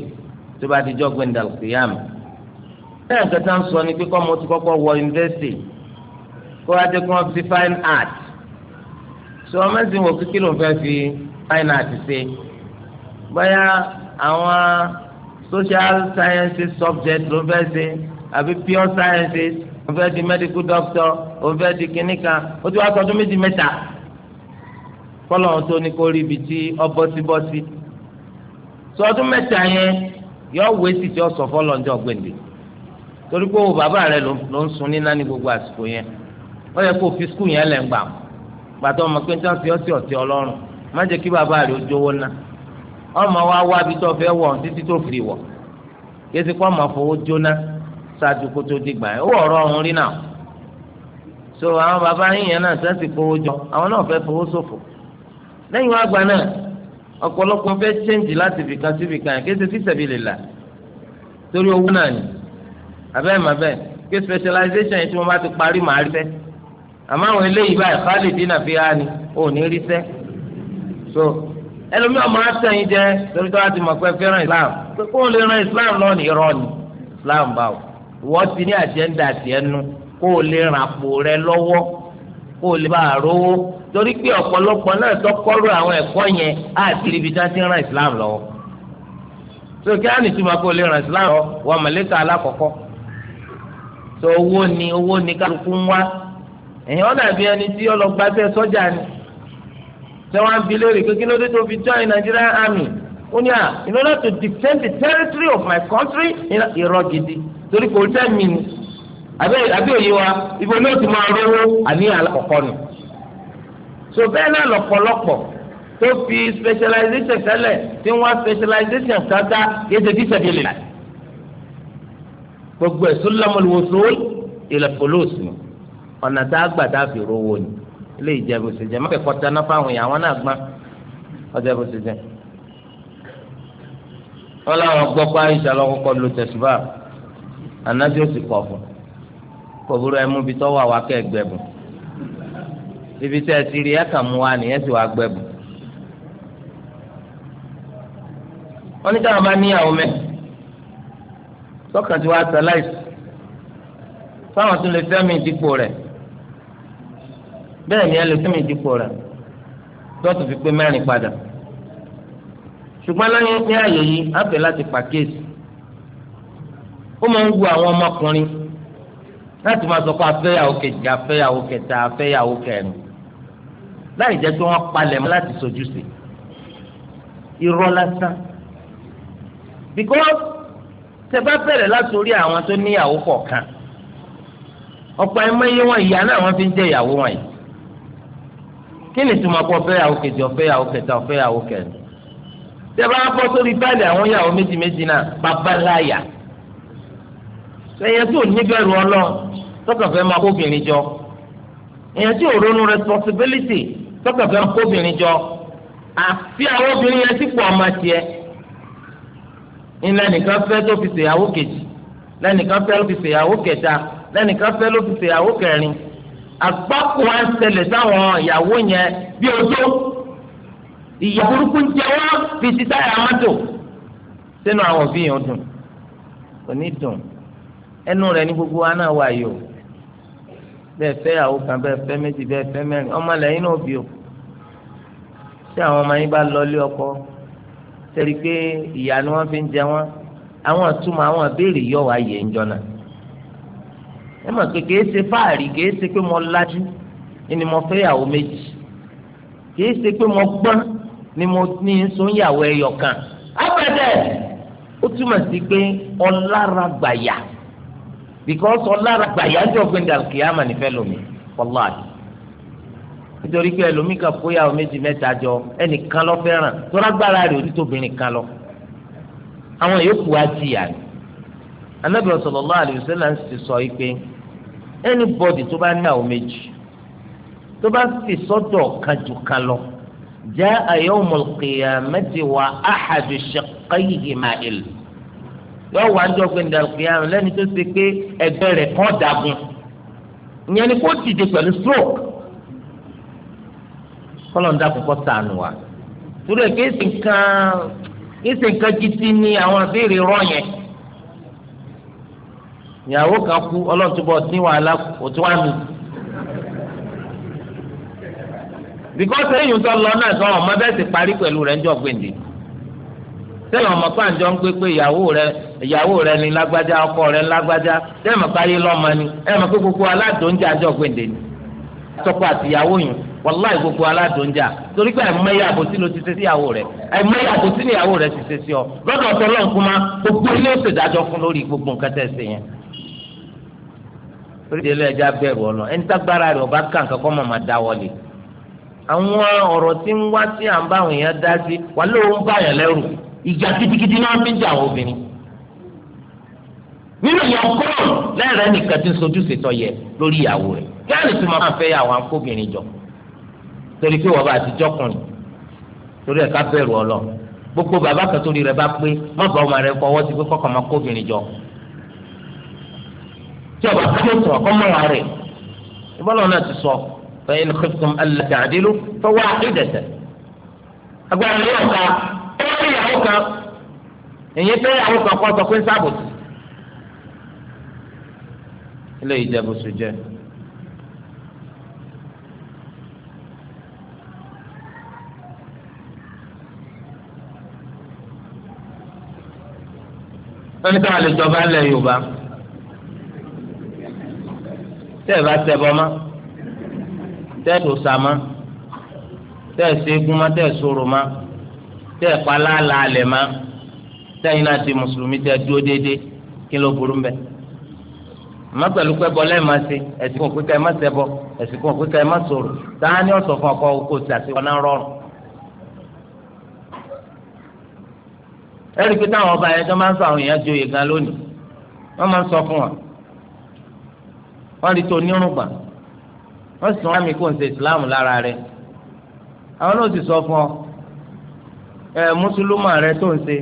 tó bá ti jọ gbẹndà kìyàmù bẹ́ẹ̀ kẹta ń sọ ni pé kọ́mọ ti kọ́kọ́ wọ yunifásitì kó wá dé kí wọ́n fi fine art sọ ọmọ ẹ̀sìn wò kíkí ló ń fẹ́ fi fine art ṣe bóyá àwọn social sciences subject ló ń fẹ́ ṣe àbí pure sciences o fẹ́ di medical doctor o fẹ́ di kìnnìkan o ti wá sọdún méjì mẹ́ta kọ́lọ́hún tó ní kó rí ibi tí ọ bọ́sibọ́sí sọdún mẹ́ta yẹn yọ wé sí tí ọ sọ fọlọ́njọ́ gbèndé torí pé o bàbá rẹ ló ń sun níná ní gbogbo àsìkò yẹn ó yẹ kó o fi skul yẹn lẹ̀ ń gbà gbàtọ́ ọmọ pé ń tán fi ọ́ sí ọlọ́run má jẹ́ kí bàbá rẹ ó jówó ná ọmọ wa wá ibi tó fẹ́ wọ̀ títí tó fi wọ̀ kí esi kó ọmọ fowó jóná ṣáájú kó tó dìgbà yẹn ó ọ̀rọ̀ ọ̀hún rí náà so àwọn bàbá yìnyín náà sẹ́sì kówó jọ àwọn náà fẹ́ fowó ṣòfò lẹ́yìn wá gba náà ọ̀pọ̀lọpọ̀ fẹ́ chẹ́ǹjì láti fìkan sí fìkan yẹn kéṣe fíṣẹ̀bí lè là torí owó náà ni abẹ́ màbẹ́ ké specialisation yẹn tí wọ́n bá ti parí màá rí fẹ́ àmọ́ àwọn eléyìí báyìí khalidina fiha ni ò ní rí fẹ́ so ẹlòmíràn máa tẹ̀yìn jẹ torí tó wá ti mọ̀ pé fẹ́ràn Islam pé kó o lè ran Islam lọ́ọ̀nì irọ́ ni Islam báwo wọ́n ti ní àjẹ́ńdà tiẹ̀ nu kó o lè ràn àpò rẹ lọ́wọ́ kó o lè bá a rówó torí pé ọ̀pọ̀lọpọ̀ náà tọkọ́rù àwọn ẹ̀kọ́ yẹn àti ibi tá ti ń ran Islam lọ́wọ́ so kí á ní túmọ̀ kó o lè ran Islam lọ́wọ́ wà mọ̀lẹ́kà alákọ̀ọ́kọ́ so owó ni owó ni kálukú ń wá ẹ̀yìn ọ̀nà àbí ẹni tí ọlọ́gbà tẹ sọ́jà ni ṣé wọ́n á fi léèrè pé kí ló dé tó fi join Nigerian army ó ní à ah, in order to defend the territory of my country ìrọ̀ gidi. You know, torí kò tẹ́mi ni àbí òye wa ibo ní o ti máa rówó àníyàn alákọ̀ọ́kọ́ nù. so bẹ́ẹ̀ náà lọ́pọ̀lọpọ̀ tó fi specialization tẹ́lẹ̀ tí wọ́n specialization kata yéṣe bí sẹ́bi lè la. gbogbo ẹ̀ sọ́lámọ́lùwọ́sọ́ ìlẹ̀fọ́lọ́sì ni ọ̀nà tá a gbà tá a fi rówó ni ilé ìjẹ̀bù ṣèjẹ́ má kẹ́kọ̀ọ́ tẹ́ná fáwọn èèyàn àwọn náà gbọ́n ọjọ́ ìbùsùn jẹ́. wọ́n láwọn gbọ́ pé àyíṣà lọ́kọ́kọ́ lu tẹ̀síbáà anabi ó sì kọ fún kò burú ẹ mú ibi tó wà wá kẹ gbẹbùn ibi tẹ ẹ ti rí ẹ kàn mú wa nìyẹn sì wá gbẹbùn. wọ́n ní táwọn bá níyàwó mẹ fáwọn tún lè fẹ́mi ìdìpọ rẹ̀ bẹ́ẹ̀ ni ẹ lè fẹ́mi ìdìpọ rẹ̀ lọtún fi pé mẹ́rin padà ṣùgbọ́n lẹ́yìn ní àyè yìí á fẹ́ láti pàkíyèsí ó máa ń wu àwọn ọmọkùnrin láti máa sọ pé afẹ́yàwó kejì afẹ́yàwó kẹta afẹ́yàwó kẹrin láì jẹ́ pé wọ́n palẹ̀ mọ́ láti sojú sí irọ́ lásán because tẹ́ bá bẹ̀rẹ̀ láti orí àwọn tó níyàwó kọ̀ọ̀kan ọ̀pọ̀ ẹ̀mọ́ iye wọn ìyá náà wọ́n fi ń jẹ́ ìyàwó wọn yìí kí ni tuma kọ fẹ́ yàwó kejì ọfẹ́ yàwó kẹta ọfẹ́ kẹrin tẹ́ bá bọ́ sórí báyìí àwọn yàwó méjì méjì náà bàbá láyà ẹ̀yẹ tó níbẹ̀rù ọlọ́run tọkànfẹ́ máa kóbìnrin jọ ẹ̀yẹ tí ò ronú responsibility tọkànfẹ́ máa kóbìnrin jọ àfi àwọn obìnrin yẹn ti pọ̀ ọmọ tiẹ̀ ìlànìkan fẹ́ tó fi ṣèyàwó kejì lẹ́nìkan fẹ́ ló fi ṣèyàwó kẹta lẹ́nìkan fẹ́ ló fi ṣèyàwó kẹrin àgbákò wa ń ṣẹlẹ̀ sáwọn ìyàwó yẹn bí ojú ìyà burúkú ń jẹ wọ́n fi ti táyà mọ́tò sínú àwọn òbí yẹn dùn kò ní dùn ẹnu rẹ̀ ní gbogbo wa náà wà yìí o bẹ́ẹ̀ fẹ́ yàwó kan bẹ́ẹ̀ fẹ́ méjì bẹ́ẹ̀ fẹ́ mẹ́rin ọmọ lẹ́yìn náà o tí àwọn ọmọ yín bá lọ ọkọ tẹ̀lé pé ìyá fi ń jẹ wọ́n àwọn àtúmọ̀ àwọn àbẹ́rẹ́ yọ̀ wá yẹ̀ ń ẹ mọ̀ pé kìí ṣe fáàrí kìí ṣe pé mo lajú ni mo fẹ́ yàwó méjì kìí ṣe pé mo gbọ́n ni mo ní yàwó ẹyọ kan. ó túmọ̀ sí pé ọlára because ọlára gbàyànjọ gbẹndà kìyàmà nífẹ lomi wàláhì nítorí pé ẹlòmí kan kóyàwó méjì mẹ́ta jọ ẹnìkan lọ fẹ́ràn tọ́lágbára rẹ̀ onítòbìnrin kan lọ àwọn yòókù wá jìyà ni anábìyàn sallallahu alaihi wasallam ti sọ yìí pé anybody tó bá ní àwọn méjì tó bá fi sọ́dọ̀ kan kan lọ jaa yawmul qiyamati wa ahadu shaqqayhima ilayhi yọ wà ń jọgbìn dàlùkìyàmù lẹ́ni tó ṣe pé ẹgbẹ́ rẹ̀ kàn dàgùn ìyẹn ni kó dìde pẹ̀lú stroke kọ́lọ̀ ń dàkún kọ́ sànù wa torí ẹ̀ kéésì nǹkan kéésì nǹkan jìtì ni àwọn àbẹ̀rẹ̀ rọ̀ yẹn ìyàwó kan kú ọlọ́run tó bọ̀ sí wàhálà òtún wà mí. bíkọ́sì ẹ̀yìn tó lọ náà sọ ọmọ bẹ́ẹ̀ sì parí pẹ̀lú rẹ̀ ń jọ gbèǹdè sẹ́yìn ọmọ pàǹjọ́ ń gbé pé ìyàwó rẹ̀ ìyàwó rẹ ní lágbájá ọkọ rẹ lágbájá dẹ́mọ̀ káyé ni ẹ mọ̀ pé gbogbo aládùnjà àjọ gbèǹdè ni tọkọ àtìyàwó yìí wàláì gbogbo aládùnjà torí pé àìmọye àbòsí ló ti ṣe sí ìyàwó rẹ àìmọye àbòsí ni ìyàwó rẹ ti ṣe sí ọ lọ́dọ̀ ọ̀tọ̀ gbogbo ilé fún lórí gbogbo nǹkan ṣe yẹn ìdílé ẹja bẹ̀rù ọ̀nà ẹni tágbára da wọlé àwọn ọ̀rọ̀ tí ń wá sí nínú ìyàwó kọ́rọ̀ lẹ́rẹ̀ẹ́ nìkan ti ń sojú ṣètọ́ yẹ lórí ìyàwó rẹ̀ gáàlì tó máa fẹ́ àwọn akóbìnrin jọ torí pé wọ́n bá ti jọkùnrin torí ẹ̀ ká bẹ̀rù ọ lọ gbogbo bàbá kan torí rẹ̀ bá pé má bá ọmọ rẹ̀ fọwọ́ sí pé kọ́kọ́ máa kóbìnrin jọ tí ọba kájọ tó ọkọ mọ́ wa rẹ̀ ìbọ́lọ́ náà ti sọ fẹ́yìn ní kẹ́kọ̀ọ́ alẹ́ àdélú fọwọ́ àdédẹ̀tẹ̀ agbára ní ọ̀ka ẹ̀yìn fẹ́yàwó kan kọ́ sọ pé ń sábòtì ilé ìjẹ́bùsù jẹ́. wọ́n ní káwọn lè jọba ńlẹ̀ yorùbá tẹ́ ẹ bá tẹ̀bọ mọ́ tẹ́ ẹ tó ṣẹ́gun mọ́ tẹ́ sòrò mọ́ tẹ́ pa láàlà alẹ̀ mọ́ tẹ́ náà ti mùsùlùmí tẹ́ dúró déédéé kí ló burú mbẹ́ má pẹ̀lú pé bọ́lá ẹ̀ má ṣe ẹ̀sìn kan pé ká ẹ má ṣe bọ́ ẹ̀sìn kan pé ká ẹ má sọ̀rọ̀ dání ọ̀sọ̀ fún ọkọ̀ oko tí a ti wọn náà rọrùn. ẹ̀rí pé táwọn ọba yẹn tó máa ń sọ àwọn èèyàn joyè gan lónìí wọ́n máa ń sọ fún wọn. wọ́n rí tó nírùngbà wọ́n sì tún rámi kó ń ṣe ìsìláàmù lára rẹ̀ àwọn náà sì sọ fún ọ ẹ̀ mùsùlùmá rẹ tó ń ṣe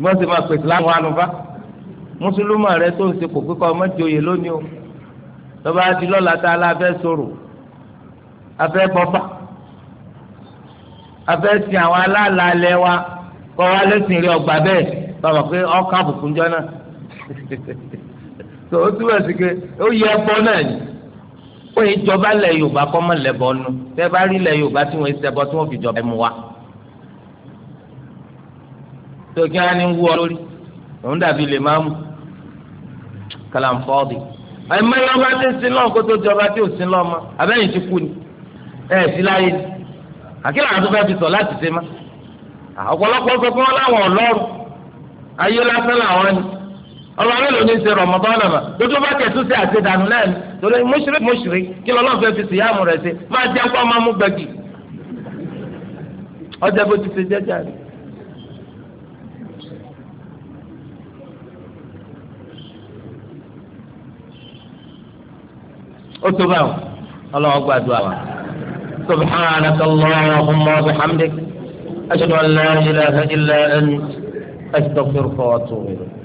gbọ́n mùsùlùmí rẹ tó ń ṣe kò pé kọ́ ọmọ jòyè lónìí o lọ́ba di lọ́la tá a la fẹ́ sọ̀rọ̀ afẹ́ bọ́fà afẹ́ sin àwọn aláàlálẹ̀ wa kọ́ wa lẹ́sìn rí ọgbà bẹ́ẹ̀ bàbá pé ọkà àbùkù jọ tó o túbọ̀ sí pé ó yẹ ẹbọ náà ni ó yẹ ìjọba lẹ Yorùbá kọ́ mọ́ lẹ́bọ̀ nu tẹ́ bá rí lẹ Yorùbá tí wọ́n ṣẹbọ tí wọ́n fi jọba ẹ̀ mú wa tó kí wọ́n á ní wú ọ lórí. òun dàbí lè máa mú kàlàǹfọ́ọ̀dì ẹ̀mọ́ yẹn ọba tí sin lọ́wọ́ kó tó di ọba tí ò sin lọ́wọ́ mọ́ abẹ́yìn ti kú ni ẹ̀ sí láyé ni àkílà àwọn tó fi sọ láti ọ̀pọ̀lọpọ̀ sọ fún ayé lásán làwọn ni dodo bá náà ni torí mọ́ṣírí mọ́ṣírí kí lọ́lọ́run fi máa jẹ́ kó máa mú gbẹ̀gì ọjà bó ti jẹ́jà ó tó báwò ọlọ́wọ́ wa. سبحانك اللهم وبحمدك أشهد أن لا إله إلا أنت أستغفرك وأتوب إليك